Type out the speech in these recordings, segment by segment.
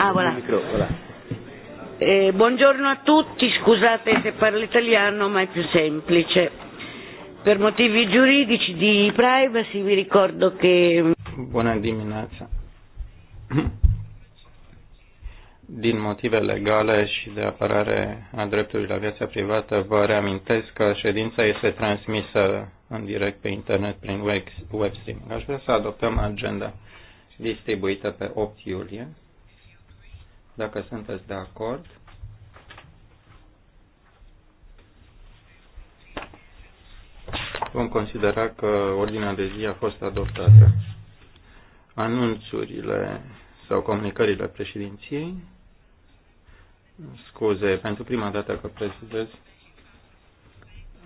Ah, voilà. Micro, voilà. Eh, buongiorno a tutti, scusate se parlo italiano ma è più semplice. Per motivi giuridici di privacy vi ricordo che... Buona dimineața. Din motive legale și de apărare a dreptului la viața privată, vă reamintesc că ședința este transmisă în direct pe internet prin web streaming. Aș vrea să adoptăm agenda distribuită pe 8 iulie dacă sunteți de acord. Vom considera că ordinea de zi a fost adoptată. Anunțurile sau comunicările președinției. Scuze, pentru prima dată că prezidez,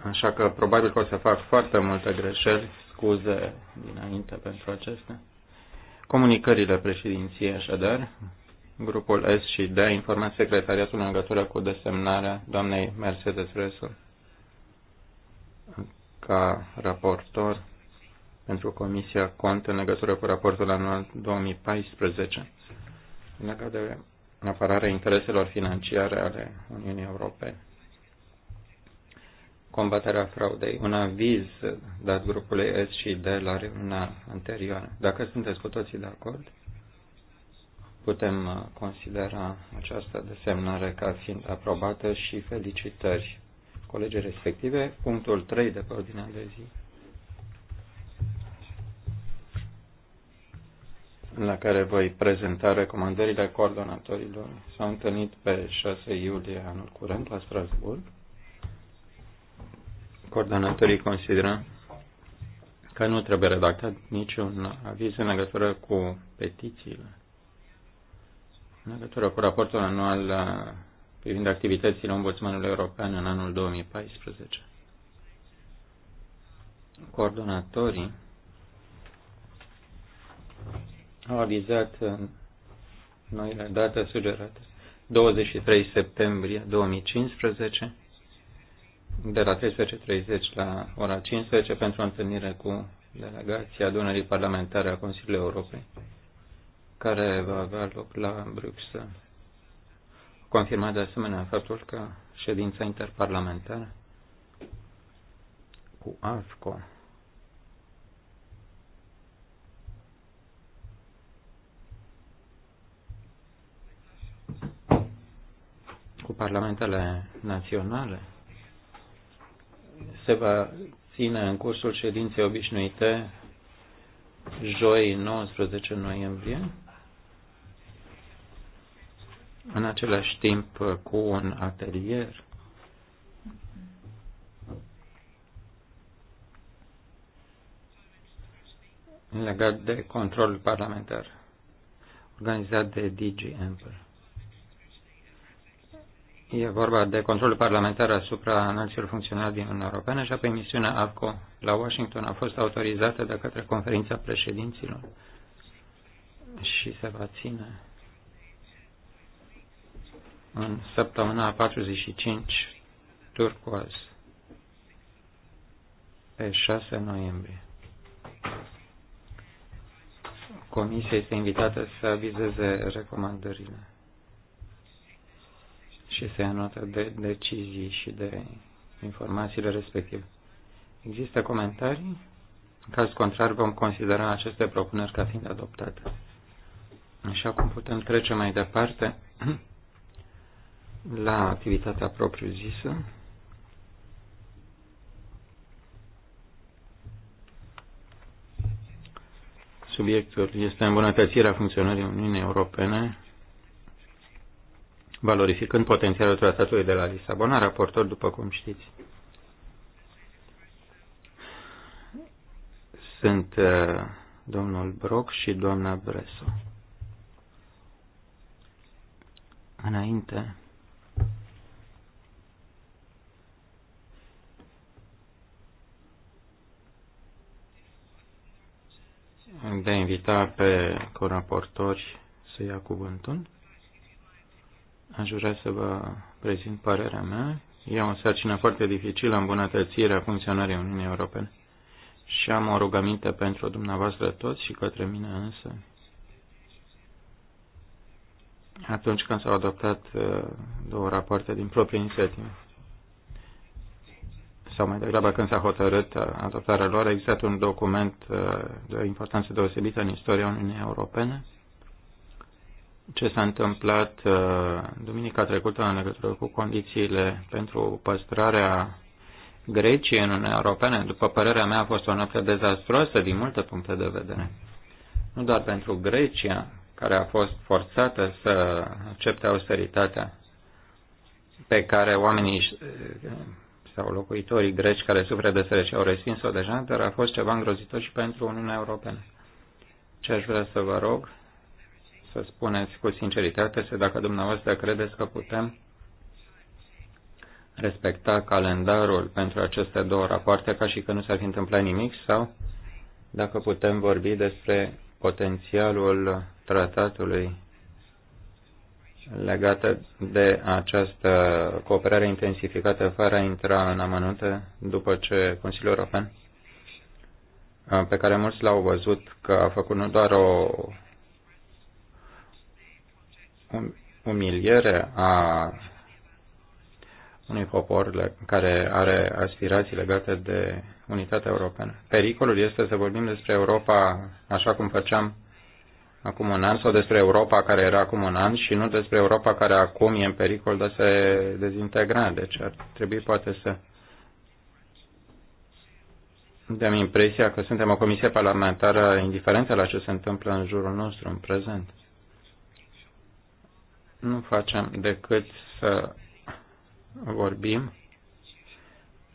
așa că probabil că o să fac foarte multe greșeli, scuze dinainte pentru acestea. Comunicările președinției, așadar, grupul S și D, informa secretariatul în legătură cu desemnarea doamnei Mercedes Resul ca raportor pentru Comisia Cont în legătură cu raportul anual 2014 legat de apărarea intereselor financiare ale Uniunii Europene. Combaterea fraudei. Un aviz dat grupului S și D la reuniunea anterioară. Dacă sunteți cu toții de acord, Putem uh, considera această desemnare ca fiind aprobată și felicitări colegii respective. Punctul 3 de pe ordinea de zi. la care voi prezenta recomandările coordonatorilor. S-au întâlnit pe 6 iulie anul curent la Strasburg. Coordonatorii consideră că nu trebuie redactat niciun aviz în legătură cu petițiile în legătură cu raportul anual uh, privind activitățile Ombudsmanului European în anul 2014, coordonatorii au avizat noile date sugerate 23 septembrie 2015 de la 13.30 la ora 15 pentru o întâlnire cu delegația adunării parlamentare a Consiliului Europei care va avea loc la Bruxelles. Confirmat de asemenea faptul că ședința interparlamentară cu AFCO cu parlamentele naționale se va ține în cursul ședinței obișnuite joi 19 noiembrie în același timp cu un atelier. legat de control parlamentar, organizat de DG Ample. E vorba de controlul parlamentar asupra înălților funcționari din Uniunea Europeană și apoi misiunea ACO la Washington a fost autorizată de către conferința președinților și se va ține în săptămâna 45 turcoaz pe 6 noiembrie. Comisia este invitată să avizeze recomandările și să ia notă de decizii și de informațiile respective. Există comentarii? În caz contrar, vom considera aceste propuneri ca fiind adoptate. Și acum putem trece mai departe la activitatea propriu-zisă. Subiectul este îmbunătățirea funcționării Uniunii Europene, valorificând potențialul tratatului de la Lisabona, raportor, după cum știți. Sunt uh, domnul Brock și doamna Breso. Înainte de a invita pe coraportori să ia cuvântul. Aș vrea să vă prezint părerea mea. E o sarcină foarte dificilă îmbunătățirea funcționării Uniunii Europene și am o rugăminte pentru dumneavoastră toți și către mine însă. Atunci când s-au adoptat uh, două rapoarte din proprie inițiativă sau mai degrabă când s-a hotărât uh, adoptarea lor, a existat un document uh, de importanță deosebită în istoria Uniunii Europene. Ce s-a întâmplat uh, duminica trecută în legătură cu condițiile pentru păstrarea Greciei în Uniunea Europeană, după părerea mea, a fost o noapte dezastroasă din multe puncte de vedere. Nu doar pentru Grecia, care a fost forțată să accepte austeritatea pe care oamenii sau locuitorii greci care suferă de sărăcie au respins-o deja, dar a fost ceva îngrozitor și pentru Uniunea Europeană. Ce aș vrea să vă rog să spuneți cu sinceritate este dacă dumneavoastră credeți că putem respecta calendarul pentru aceste două rapoarte ca și că nu s-ar fi întâmplat nimic sau dacă putem vorbi despre potențialul tratatului legată de această cooperare intensificată fără a intra în amănunte după ce Consiliul European, pe care mulți l-au văzut că a făcut nu doar o um, umiliere a unui popor care are aspirații legate de unitatea europeană. Pericolul este să vorbim despre Europa așa cum făceam acum un an sau despre Europa care era acum un an și nu despre Europa care acum e în pericol de a se dezintegra. Deci ar trebui poate să dăm impresia că suntem o comisie parlamentară indiferentă la ce se întâmplă în jurul nostru în prezent. Nu facem decât să vorbim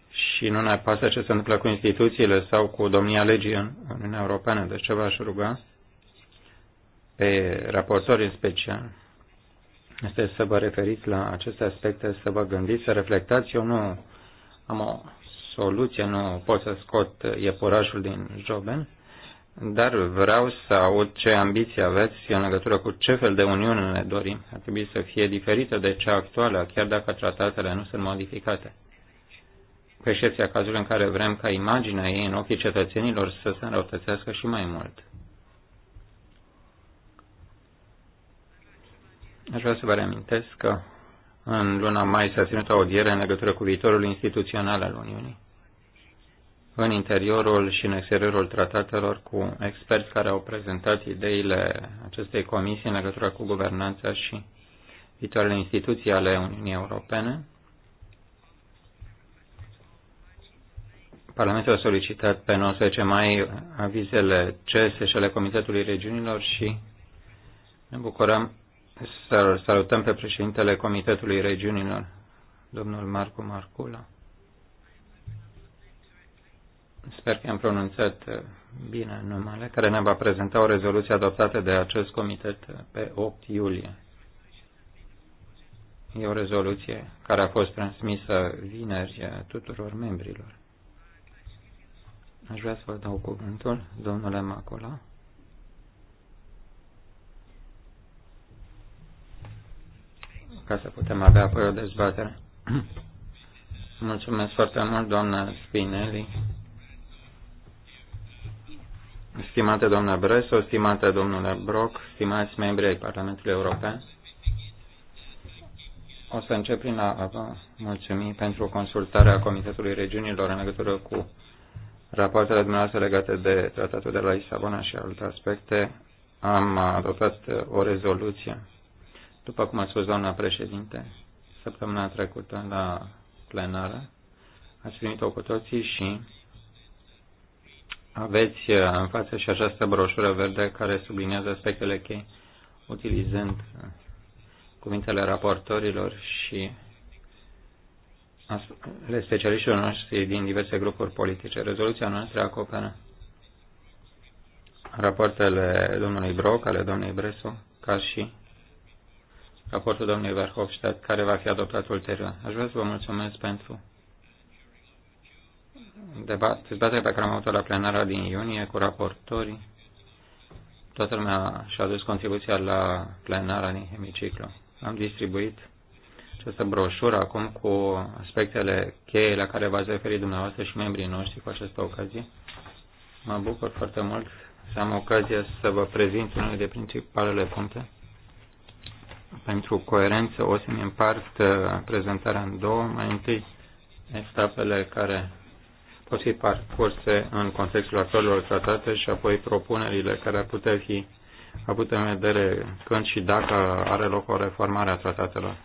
și nu ne pasă ce se întâmplă cu instituțiile sau cu domnia legii în Uniunea Europeană. De deci ce v-aș ruga? pe raportori în special, este să vă referiți la aceste aspecte, să vă gândiți, să reflectați. Eu nu am o soluție, nu pot să scot iepurașul din Joben, dar vreau să aud ce ambiții aveți în legătură cu ce fel de uniune ne dorim. Ar trebui să fie diferită de cea actuală, chiar dacă tratatele nu sunt modificate. Cu excepția cazului în care vrem ca imaginea ei în ochii cetățenilor să se înrăutățească și mai mult. Aș vrea să vă reamintesc că în luna mai s-a ținut o audiere în legătură cu viitorul instituțional al Uniunii, în interiorul și în exteriorul tratatelor cu experți care au prezentat ideile acestei comisii în legătură cu guvernanța și viitoarele instituții ale Uniunii Europene. Parlamentul a solicitat pe 19 mai avizele CESE și ale Comitetului Regiunilor și ne bucurăm să salutăm pe președintele Comitetului Regiunilor, domnul Marco Marcula. Sper că am pronunțat uh, bine numele, care ne va prezenta o rezoluție adoptată de acest comitet uh, pe 8 iulie. E o rezoluție care a fost transmisă vineri uh, tuturor membrilor. Aș vrea să vă dau cuvântul, domnule Macola. ca să putem avea apoi o dezbatere. Mulțumesc foarte mult, doamna Spinelli. Stimată doamna Breso, stimată domnule Brock, stimați membri ai Parlamentului European, o să încep prin a vă mulțumi pentru consultarea Comitetului Regiunilor în legătură cu rapoartele dumneavoastră legate de Tratatul de la Lisabona și alte aspecte. Am adoptat o rezoluție după cum a spus doamna președinte, săptămâna trecută la plenară, ați primit-o cu toții și aveți uh, în față și această broșură verde care sublinează aspectele chei, utilizând uh, cuvintele raportorilor și ale specialiștilor noștri din diverse grupuri politice. Rezoluția noastră acoperă rapoartele domnului Broc, ale domnului Bresu, ca și raportul domnului Verhofstadt, care va fi adoptat ulterior. Aș vrea să vă mulțumesc pentru dezbaterea pe care am avut-o la plenara din iunie cu raportorii. Toată lumea și-a adus contribuția la plenara din hemiciclu. Am distribuit această broșură acum cu aspectele cheie la care v-ați referit dumneavoastră și membrii noștri cu această ocazie. Mă bucur foarte mult să am ocazia să vă prezint unele de principalele puncte pentru coerență o să-mi împart uh, prezentarea în două. Mai întâi etapele care pot fi parcurse în contextul actualelor tratate și apoi propunerile care ar putea fi avute în vedere când și dacă are loc o reformare a tratatelor.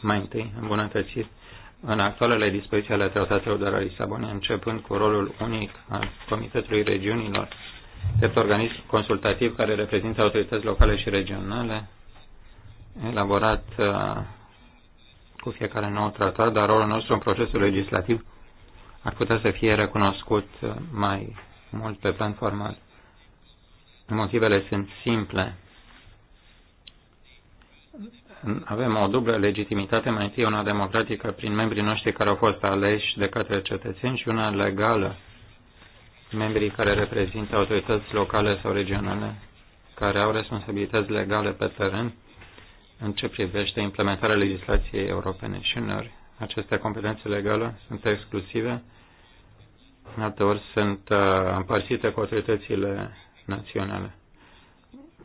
Mai întâi, îmbunătățit în actualele dispoziții ale tratatelor de la Lisabona, începând cu rolul unic al Comitetului Regiunilor, drept organism consultativ care reprezintă autorități locale și regionale, elaborat uh, cu fiecare nou tratat, dar rolul nostru în procesul legislativ ar putea să fie recunoscut uh, mai mult pe plan formal. Motivele sunt simple. Avem o dublă legitimitate, mai întâi una democratică prin membrii noștri care au fost aleși de către cetățeni și una legală, membrii care reprezintă autorități locale sau regionale, care au responsabilități legale pe teren în ce privește implementarea legislației europene și uneori aceste competențe legale sunt exclusive, ori sunt uh, împărțite cu autoritățile naționale.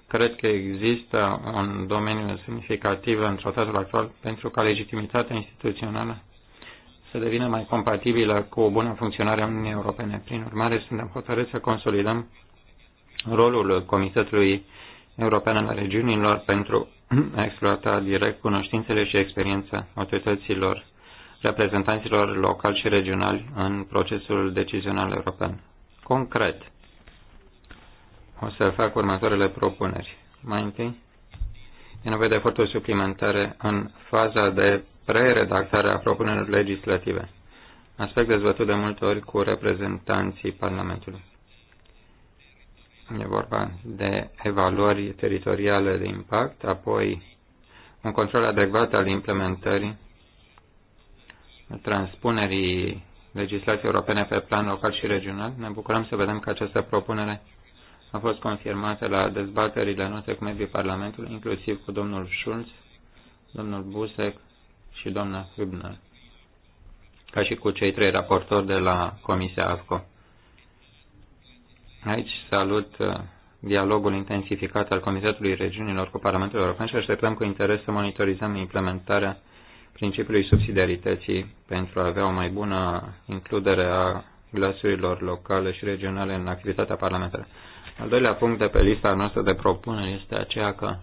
Cred că există un domeniu semnificativ în tratatul actual pentru ca legitimitatea instituțională să devină mai compatibilă cu o bună funcționare a Uniunii Europene. Prin urmare, suntem hotărâți să consolidăm rolul Comitetului European al Regiunilor pentru a exploata direct cunoștințele și experiența autorităților, reprezentanților locali și regionali în procesul decizional european. Concret, o să fac următoarele propuneri. Mai întâi, e nevoie de eforturi suplimentare în faza de preredactare a propunerilor legislative, aspect dezbătut de multe ori cu reprezentanții Parlamentului. E vorba de evaluări teritoriale de impact, apoi un control adecvat al implementării, transpunerii legislației europene pe plan local și regional. Ne bucurăm să vedem că această propunere a fost confirmată la dezbaterile noastre cu membrii Parlamentului, inclusiv cu domnul Schulz, domnul Busek și doamna Hübner, ca și cu cei trei raportori de la Comisia AFCO. Aici salut uh, dialogul intensificat al Comitetului Regiunilor cu Parlamentul European și așteptăm cu interes să monitorizăm implementarea principiului subsidiarității pentru a avea o mai bună includere a glasurilor locale și regionale în activitatea parlamentară. Al doilea punct de pe lista noastră de propuneri este aceea că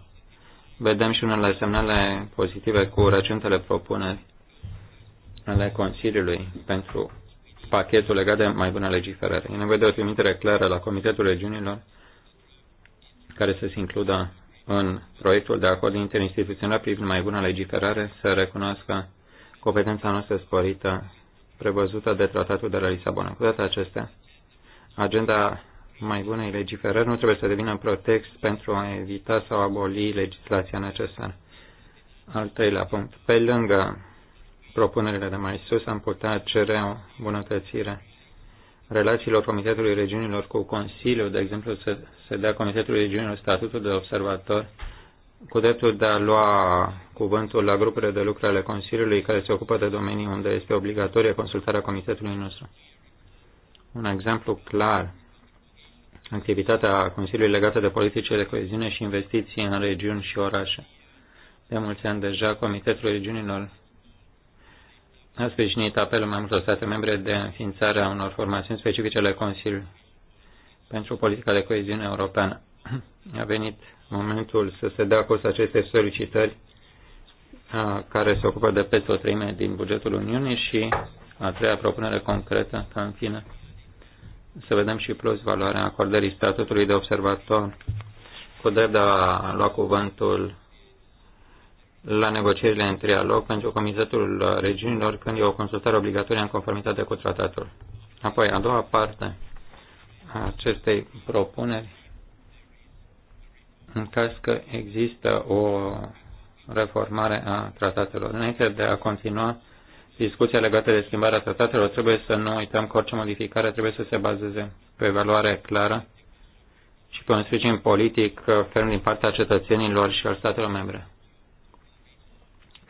vedem și unele semnale pozitive cu recentele propuneri ale Consiliului pentru pachetul legat de mai bună legiferare. E nevoie de o trimitere clară la Comitetul Regiunilor care să se includă în proiectul de acord interinstituțional privind mai bună legiferare să recunoască competența noastră sporită prevăzută de Tratatul de la Lisabona. Cu toate acestea, agenda mai bunei legiferări nu trebuie să devină un pretext pentru a evita sau aboli legislația necesară. Al treilea punct. Pe lângă propunerile de mai sus, am putea cere o bunătățire relațiilor Comitetului Regiunilor cu Consiliul, de exemplu, să se dea Comitetului Regiunilor statutul de observator cu dreptul de a lua cuvântul la grupurile de lucru ale Consiliului care se ocupă de domenii unde este obligatorie consultarea Comitetului nostru. Un exemplu clar, activitatea Consiliului legată de politicile de coeziune și investiții în regiuni și orașe. De mulți ani deja, Comitetul Regiunilor a sprijinit apelul mai multor state membre de înființarea unor formațiuni specifice ale Consiliului pentru politica de coeziune europeană. A venit momentul să se dea curs aceste solicitări care se ocupă de peste o treime din bugetul Uniunii și a treia propunere concretă, ca în fine, să vedem și plus valoarea acordării statutului de observator cu drept de a lua cuvântul la negocierile în trialog pentru Comitetul Regiunilor când e o consultare obligatorie în conformitate cu tratatul. Apoi, a doua parte a acestei propuneri, în caz că există o reformare a tratatelor. Înainte de a continua discuția legată de schimbarea tratatelor, trebuie să nu uităm că orice modificare trebuie să se bazeze pe evaluare clară și pe un sprijin politic ferm din partea cetățenilor și al statelor membre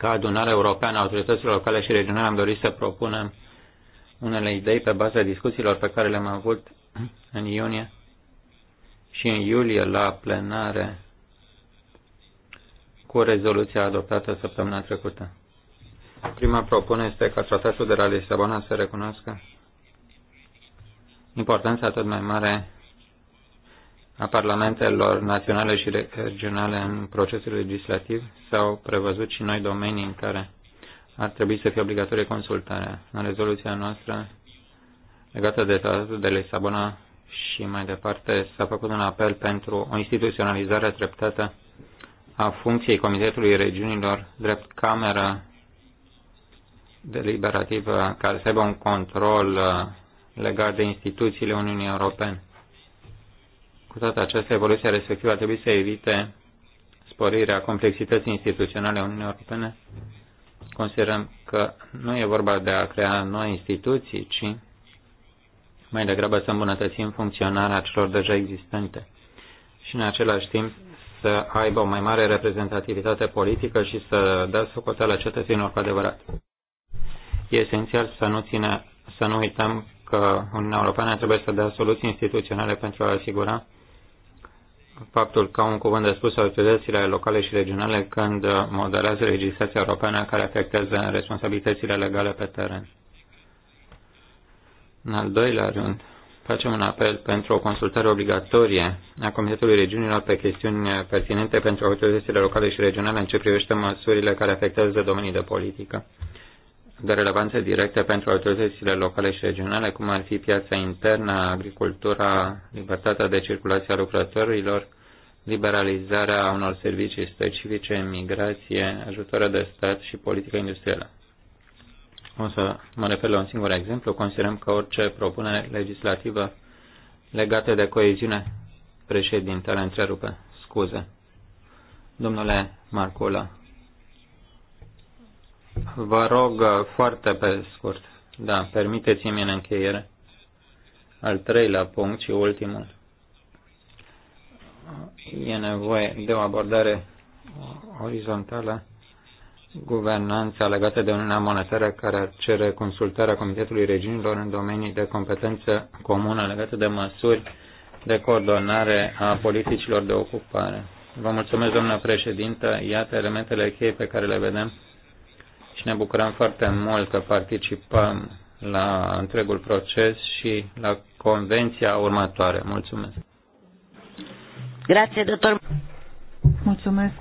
ca adunare europeană a autorităților locale și regionale am dorit să propunem unele idei pe baza discuțiilor pe care le-am avut în iunie și în iulie la plenare cu rezoluția adoptată săptămâna trecută. Prima propunere este ca tratatul de la Lisabona să recunoască importanța tot mai mare a parlamentelor naționale și regionale în procesul legislativ s-au prevăzut și noi domenii în care ar trebui să fie obligatorie consultarea. În rezoluția noastră legată de tratatul de Lisabona și mai departe s-a făcut un apel pentru o instituționalizare treptată a funcției Comitetului Regiunilor drept cameră deliberativă care să aibă un control uh, legat de instituțiile Uniunii Europene cu toate acestea, evoluția respectivă ar trebui să evite sporirea complexității instituționale a Uniunii Europene. Considerăm că nu e vorba de a crea noi instituții, ci mai degrabă să îmbunătățim funcționarea celor deja existente și în același timp să aibă o mai mare reprezentativitate politică și să dea socoteală cetățenilor cu adevărat. E esențial să nu, ține, să nu uităm că Uniunea Europeană trebuie să dea soluții instituționale pentru a asigura faptul că au un cuvânt de spus autoritățile locale și regionale când modelează legislația europeană care afectează responsabilitățile legale pe teren. În al doilea rând, facem un apel pentru o consultare obligatorie a Comitetului Regiunilor pe chestiuni pertinente pentru autoritățile locale și regionale în ce privește măsurile care afectează domenii de politică de relevanță directă pentru autoritățile locale și regionale, cum ar fi piața internă, agricultura, libertatea de circulație a lucrătorilor, liberalizarea unor servicii specifice, migrație, ajutoare de stat și politică industrială. O să mă refer la un singur exemplu. Considerăm că orice propunere legislativă legată de coeziune președintele întrerupe. Scuze. Domnule Marcola, Vă rog uh, foarte pe scurt. Da, permiteți-mi în încheiere. Al treilea punct și ultimul. E nevoie de o abordare orizontală guvernanța legată de Uniunea Monetară care cere consultarea Comitetului Regiunilor în domenii de competență comună legată de măsuri de coordonare a politicilor de ocupare. Vă mulțumesc, domnule președinte. Iată elementele cheie pe care le vedem și ne bucurăm foarte mult că participăm la întregul proces și la convenția următoare. Mulțumesc! Grație, doctor! Mulțumesc,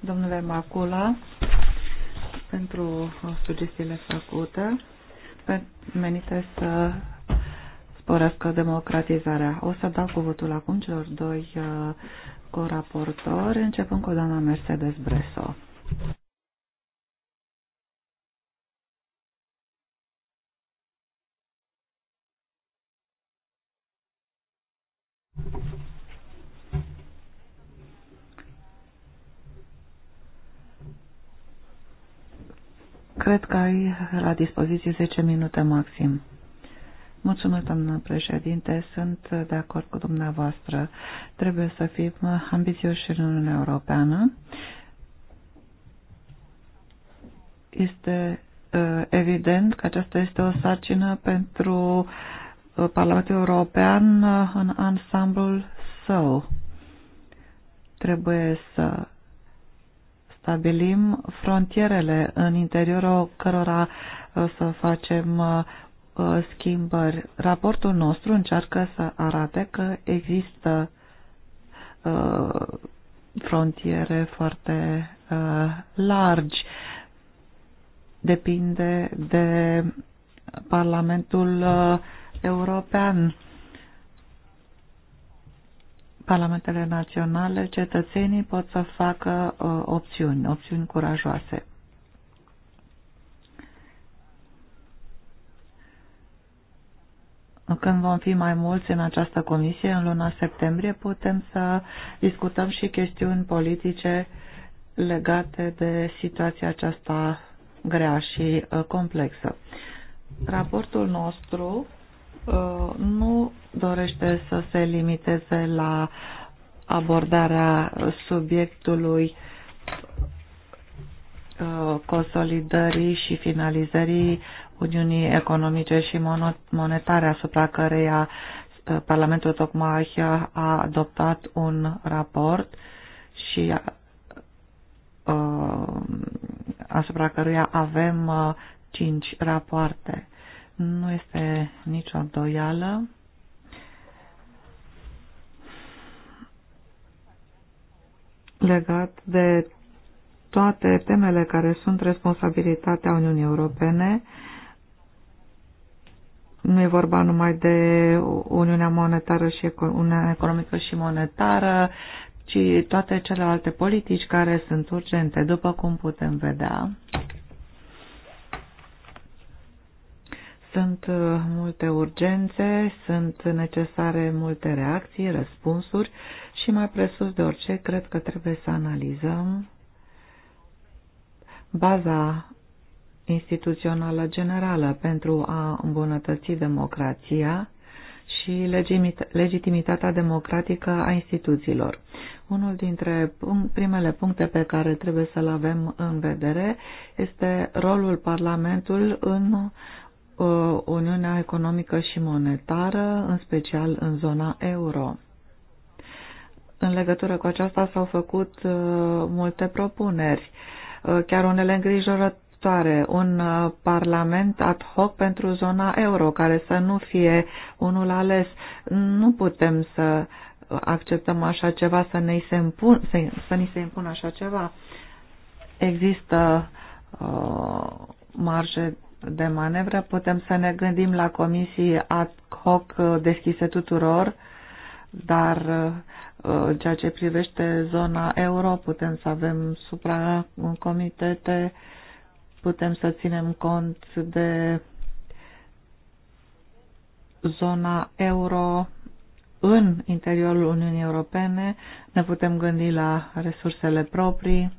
domnule Macula, pentru sugestiile făcute, menite să sporească democratizarea. O să dau cuvântul acum celor doi uh, coraportori, începând cu doamna Mercedes Breso. Cred că ai la dispoziție 10 minute maxim. Mulțumesc, doamnă președinte. Sunt de acord cu dumneavoastră. Trebuie să fim ambițioși în Uniunea Europeană. Este uh, evident că aceasta este o sarcină pentru uh, Parlamentul European uh, în ansamblul său. Trebuie să stabilim frontierele în interiorul cărora uh, să facem uh, uh, schimbări. Raportul nostru încearcă să arate că există frontiere foarte largi. Depinde de Parlamentul European parlamentele naționale, cetățenii pot să facă uh, opțiuni, opțiuni curajoase. Când vom fi mai mulți în această comisie, în luna septembrie, putem să discutăm și chestiuni politice legate de situația aceasta grea și uh, complexă. Raportul nostru Uh, nu dorește să se limiteze la abordarea subiectului uh, consolidării și finalizării Uniunii Economice și Monetare, asupra căreia uh, Parlamentul tocmai a adoptat un raport și asupra căruia avem cinci rapoarte. Nu este nicio doială. legat de toate temele care sunt responsabilitatea Uniunii Europene. Nu e vorba numai de Uniunea Monetară și Uniunea Economică și Monetară, ci toate celelalte politici care sunt urgente, după cum putem vedea. Sunt uh, multe urgențe, sunt necesare multe reacții, răspunsuri și mai presus de orice, cred că trebuie să analizăm baza instituțională generală pentru a îmbunătăți democrația și legitimitatea democratică a instituțiilor. Unul dintre primele puncte pe care trebuie să-l avem în vedere este rolul parlamentului în Uh, Uniunea Economică și Monetară, în special în zona euro. În legătură cu aceasta s-au făcut uh, multe propuneri, uh, chiar unele îngrijorătoare, un parlament ad hoc pentru zona euro, care să nu fie unul ales. Nu putem să acceptăm așa ceva, să, ne se impun, să, să ni se impună așa ceva. Există uh, marge de manevră, putem să ne gândim la comisii ad hoc uh, deschise tuturor, dar uh, în ceea ce privește zona euro putem să avem supra supra-comitete, putem să ținem cont de zona euro în interiorul Uniunii Europene, ne putem gândi la resursele proprii,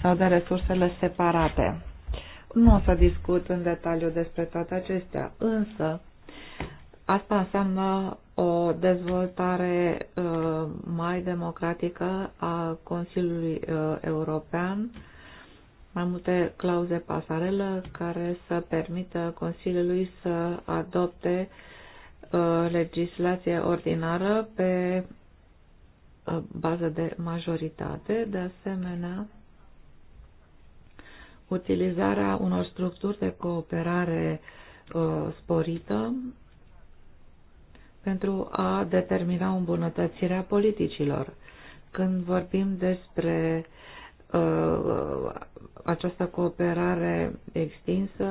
sau de resursele separate. Nu o să discut în detaliu despre toate acestea, însă asta înseamnă o dezvoltare uh, mai democratică a Consiliului uh, European, mai multe clauze pasarelă care să permită Consiliului să adopte uh, legislație ordinară pe bază de majoritate, de asemenea utilizarea unor structuri de cooperare uh, sporită pentru a determina îmbunătățirea politicilor. Când vorbim despre uh, această cooperare extinsă,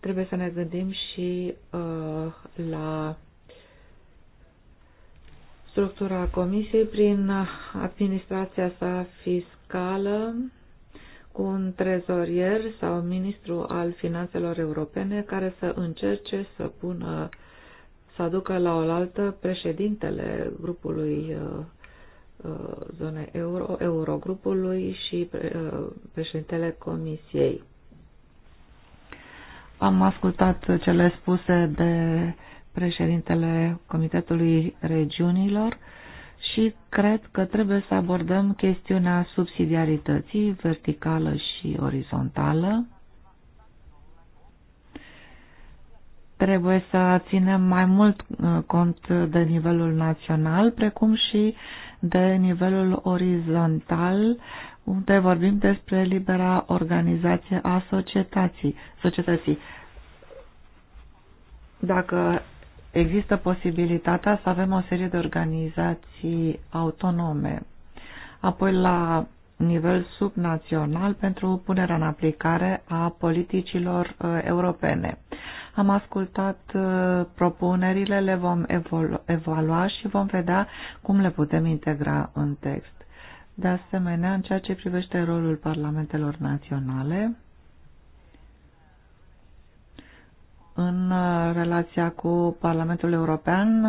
trebuie să ne gândim și uh, la structura comisiei prin administrația sa fiscală fiscală cu un trezorier sau ministru al finanțelor europene care să încerce să pună, să aducă la oaltă președintele grupului uh, uh, zone euro, eurogrupului și uh, președintele comisiei. Am ascultat cele spuse de președintele Comitetului Regiunilor și cred că trebuie să abordăm chestiunea subsidiarității verticală și orizontală. Trebuie să ținem mai mult uh, cont de nivelul național, precum și de nivelul orizontal, unde vorbim despre libera organizație a societății. societății. Dacă există posibilitatea să avem o serie de organizații autonome. Apoi la nivel subnațional pentru punerea în aplicare a politicilor uh, europene. Am ascultat uh, propunerile, le vom evalua și vom vedea cum le putem integra în text. De asemenea, în ceea ce privește rolul parlamentelor naționale, în uh, relația cu Parlamentul European.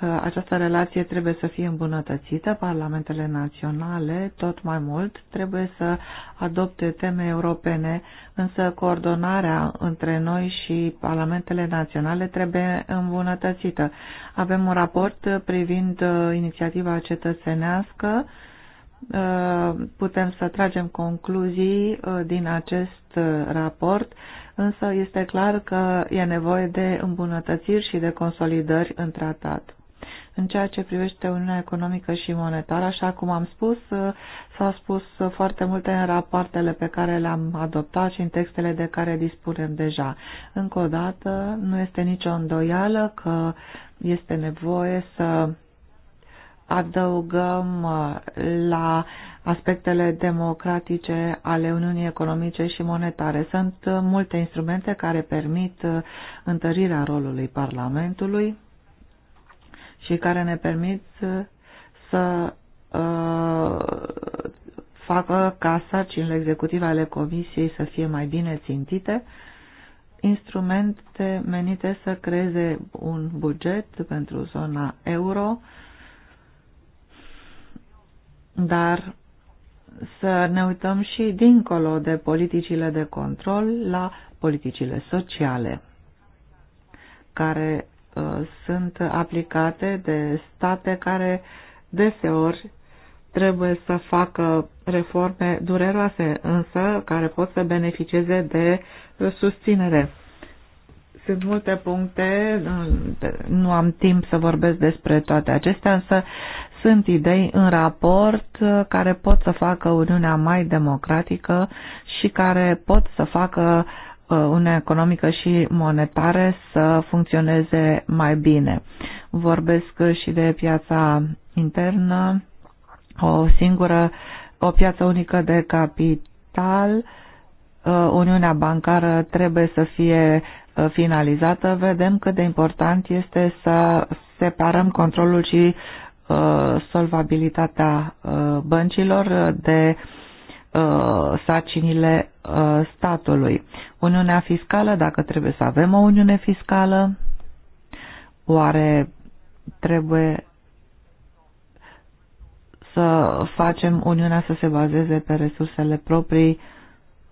Uh, această relație trebuie să fie îmbunătățită. Parlamentele naționale, tot mai mult, trebuie să adopte teme europene, însă coordonarea între noi și Parlamentele naționale trebuie îmbunătățită. Avem un raport privind uh, inițiativa cetățenească putem să tragem concluzii uh, din acest uh, raport, însă este clar că e nevoie de îmbunătățiri și de consolidări în tratat. În ceea ce privește Uniunea Economică și Monetară, așa cum am spus, uh, s-a spus foarte multe în rapoartele pe care le-am adoptat și în textele de care dispunem deja. Încă o dată, nu este nicio îndoială că este nevoie să adăugăm uh, la aspectele democratice ale Uniunii Economice și Monetare. Sunt uh, multe instrumente care permit uh, întărirea rolului Parlamentului și care ne permit să facă ca sarcinile executive ale Comisiei să fie mai bine țintite, instrumente menite să creeze un buget pentru zona euro, uh, dar să ne uităm și dincolo de politicile de control la politicile sociale care uh, sunt aplicate de state care deseori trebuie să facă reforme dureroase, însă care pot să beneficieze de uh, susținere. Sunt multe puncte, uh, nu am timp să vorbesc despre toate acestea, însă sunt idei în raport uh, care pot să facă Uniunea mai democratică și care pot să facă uh, Uniunea economică și monetare să funcționeze mai bine. Vorbesc și de piața internă, o singură, o piață unică de capital, uh, Uniunea bancară trebuie să fie finalizată, vedem cât de important este să separăm controlul și Uh, solvabilitatea uh, băncilor, de uh, sacinile statului. Uniunea fiscală, dacă trebuie să avem o uniune fiscală, oare trebuie să facem uniunea să se bazeze pe resursele proprii,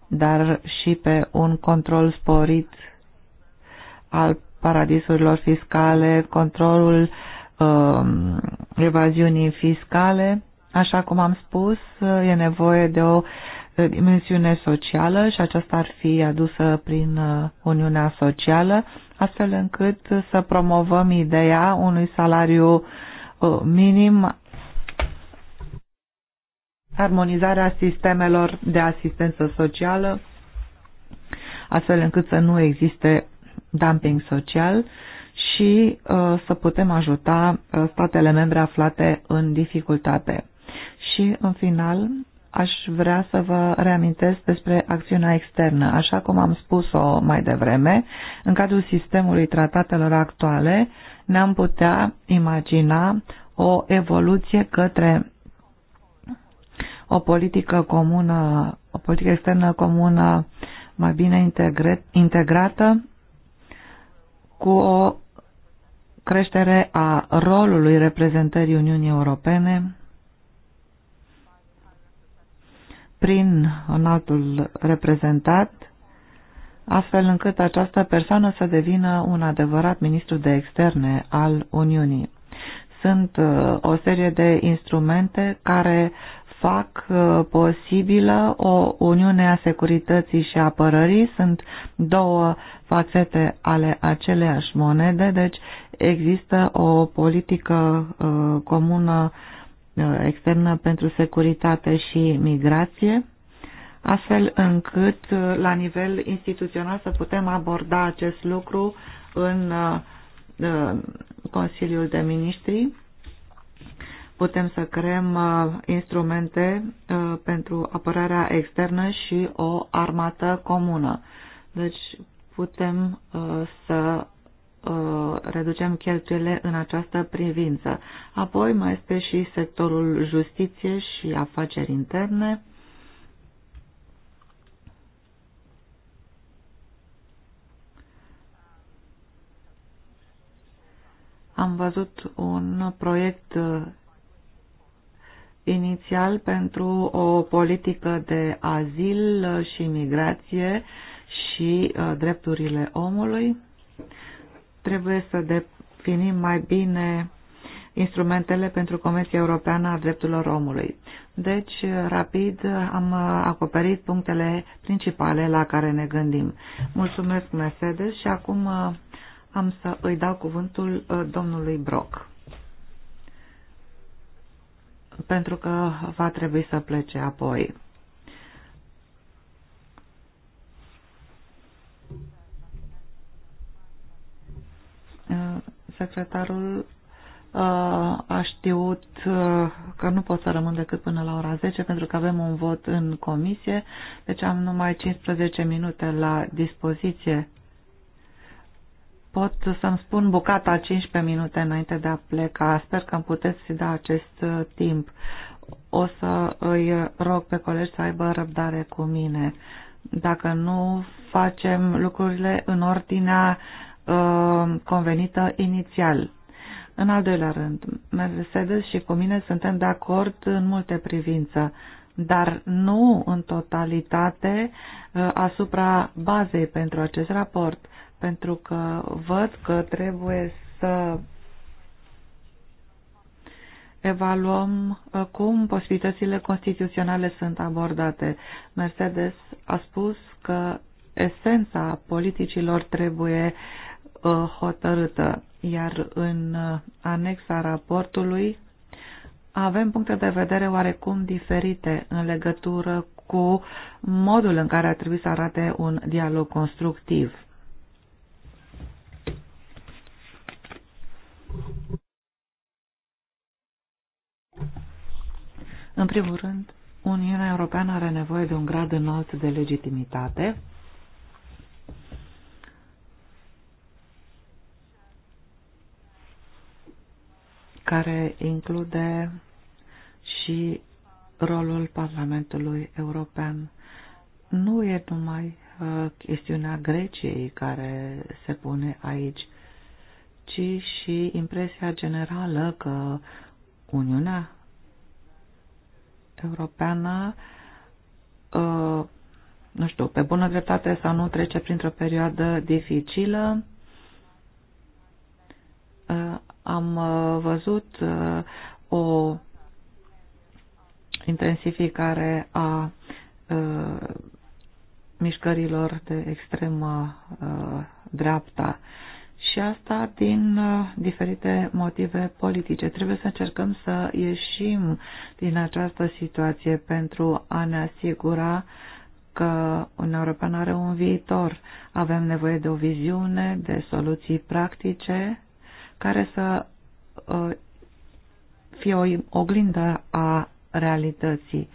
dar și pe un control sporit al paradisurilor fiscale, controlul uh, Um, evaziunii fiscale. Așa cum am spus, uh, e nevoie de o uh, dimensiune socială și aceasta ar fi adusă prin uh, Uniunea Socială, astfel încât să promovăm ideea unui salariu minim, armonizarea sistemelor de asistență socială, astfel încât să nu existe dumping social și uh, să putem ajuta uh, statele membre aflate în dificultate. Și, în final, aș vrea să vă reamintesc despre acțiunea externă. Așa cum am spus-o mai devreme, în cadrul sistemului tratatelor actuale ne-am putea imagina o evoluție către o politică comună, o politică externă comună mai bine integrată cu o creștere a rolului reprezentării Uniunii Europene prin înaltul reprezentat, astfel încât această persoană să devină un adevărat ministru de externe al Uniunii. Sunt uh, o serie de instrumente care fac uh, posibilă o uniune a securității și apărării. Sunt două fațete ale aceleași monede, deci există o politică uh, comună uh, externă pentru securitate și migrație, astfel încât la nivel instituțional să putem aborda acest lucru în Consiliul de Ministri putem să creăm uh, instrumente uh, pentru apărarea externă și o armată comună. Deci putem uh, să reducem cheltuielile în această privință. Apoi mai este și sectorul justiție și afaceri interne. Am văzut un proiect inițial pentru o politică de azil și migrație și uh, drepturile omului. Trebuie să definim mai bine instrumentele pentru Convenția Europeană a Drepturilor Omului. Deci, rapid, am acoperit punctele principale la care ne gândim. Mulțumesc, Mercedes, și acum uh, am să îi dau cuvântul uh, domnului Brock pentru că va trebui să plece apoi. Secretarul uh, a știut uh, că nu pot să rămân decât până la ora 10 pentru că avem un vot în comisie, deci am numai 15 minute la dispoziție pot să-mi spun bucata 15 minute înainte de a pleca. Sper că îmi puteți da acest uh, timp. O să îi rog pe colegi să aibă răbdare cu mine. Dacă nu facem lucrurile în ordinea uh, convenită inițial. În al doilea rând, Mercedes și cu mine suntem de acord în multe privințe, dar nu în totalitate uh, asupra bazei pentru acest raport pentru că văd că trebuie să evaluăm uh, cum posibilitățile constituționale sunt abordate. Mercedes a spus că esența politicilor trebuie uh, hotărâtă, iar în uh, anexa raportului avem puncte de vedere oarecum diferite în legătură cu modul în care ar trebui să arate un dialog constructiv. În primul rând, Uniunea Europeană are nevoie de un grad înalt de legitimitate care include și rolul Parlamentului European. Nu e numai uh, chestiunea Greciei care se pune aici ci și impresia generală că Uniunea Europeană, uh, nu știu, pe bună dreptate sau nu, trece printr-o perioadă dificilă. Uh, am uh, văzut o intensificare a mișcărilor de extremă dreapta și asta din uh, diferite motive politice. Trebuie să încercăm să ieșim din această situație pentru a ne asigura că Uniunea Europeană are un viitor. Avem nevoie de o viziune, de soluții practice care să uh, fie o oglindă a realității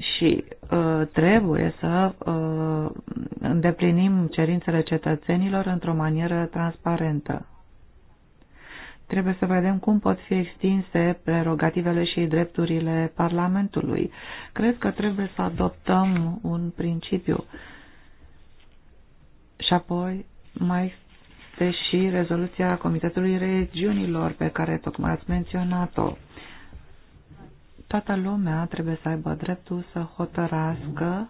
și uh, trebuie să uh, îndeplinim cerințele cetățenilor într-o manieră transparentă. Trebuie să vedem cum pot fi extinse prerogativele și drepturile Parlamentului. Cred că trebuie să adoptăm un principiu. Și apoi mai este și rezoluția Comitetului Regiunilor pe care tocmai ați menționat-o toată lumea trebuie să aibă dreptul să hotărască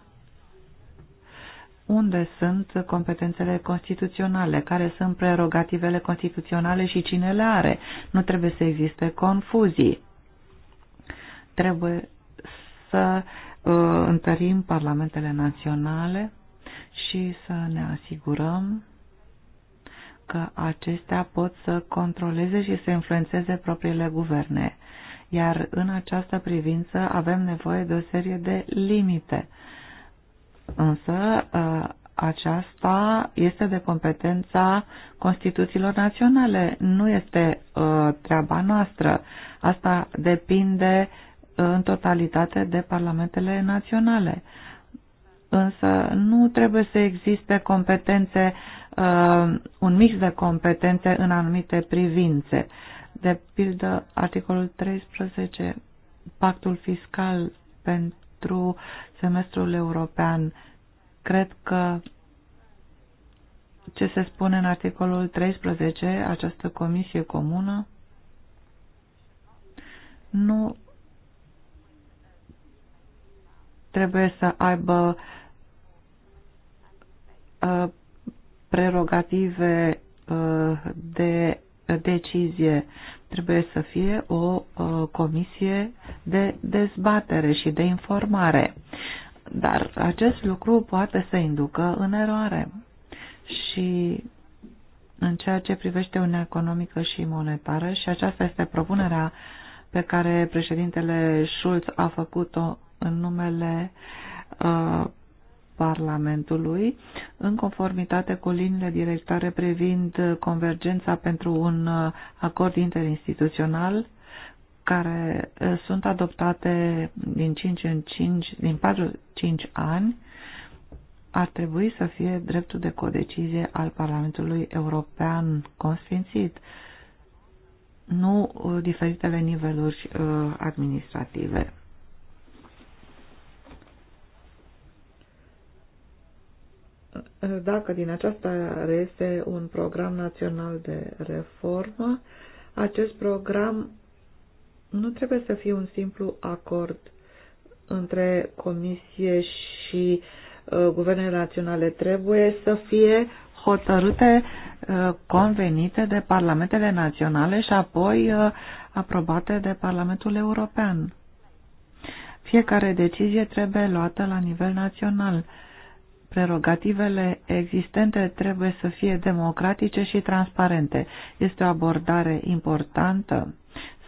unde sunt competențele constituționale, care sunt prerogativele constituționale și cine le are. Nu trebuie să existe confuzii. Trebuie să uh, întărim parlamentele naționale și să ne asigurăm că acestea pot să controleze și să influențeze propriile guverne. Uh, iar în această privință avem nevoie de o serie de limite. Însă ă, aceasta este de competența Constituțiilor Naționale, nu este ă, treaba noastră. Asta depinde ă, în totalitate de parlamentele naționale. Însă nu trebuie să existe competențe, un mix de competențe în anumite privințe de pildă articolul 13, pactul fiscal pentru semestrul european. Cred că ce se spune în articolul 13, această comisie comună, nu trebuie să aibă uh, prerogative uh, de decizie. Trebuie să fie o comisie de dezbatere și de informare. Dar acest lucru poate să inducă în eroare. Și în ceea ce privește Uniunea Economică și Monetară, și aceasta este propunerea pe care președintele Schulz a făcut-o în numele uh, Parlamentului în conformitate cu liniile directoare privind convergența pentru un uh, acord interinstituțional care uh, sunt adoptate din 5 în 5, din 4-5 ani, ar trebui să fie dreptul de codecizie al Parlamentului European consfințit, nu uh, diferitele niveluri administrative. dacă din aceasta reiese un program național de reformă, acest program nu trebuie să fie un simplu acord între Comisie și uh, Guvernele Naționale. Trebuie să fie hotărâte, uh, convenite de Parlamentele Naționale și apoi uh, aprobate de Parlamentul European. Fiecare decizie trebuie luată la nivel național. Uh, Prerogativele existente trebuie să fie democratice și transparente. Este o abordare importantă.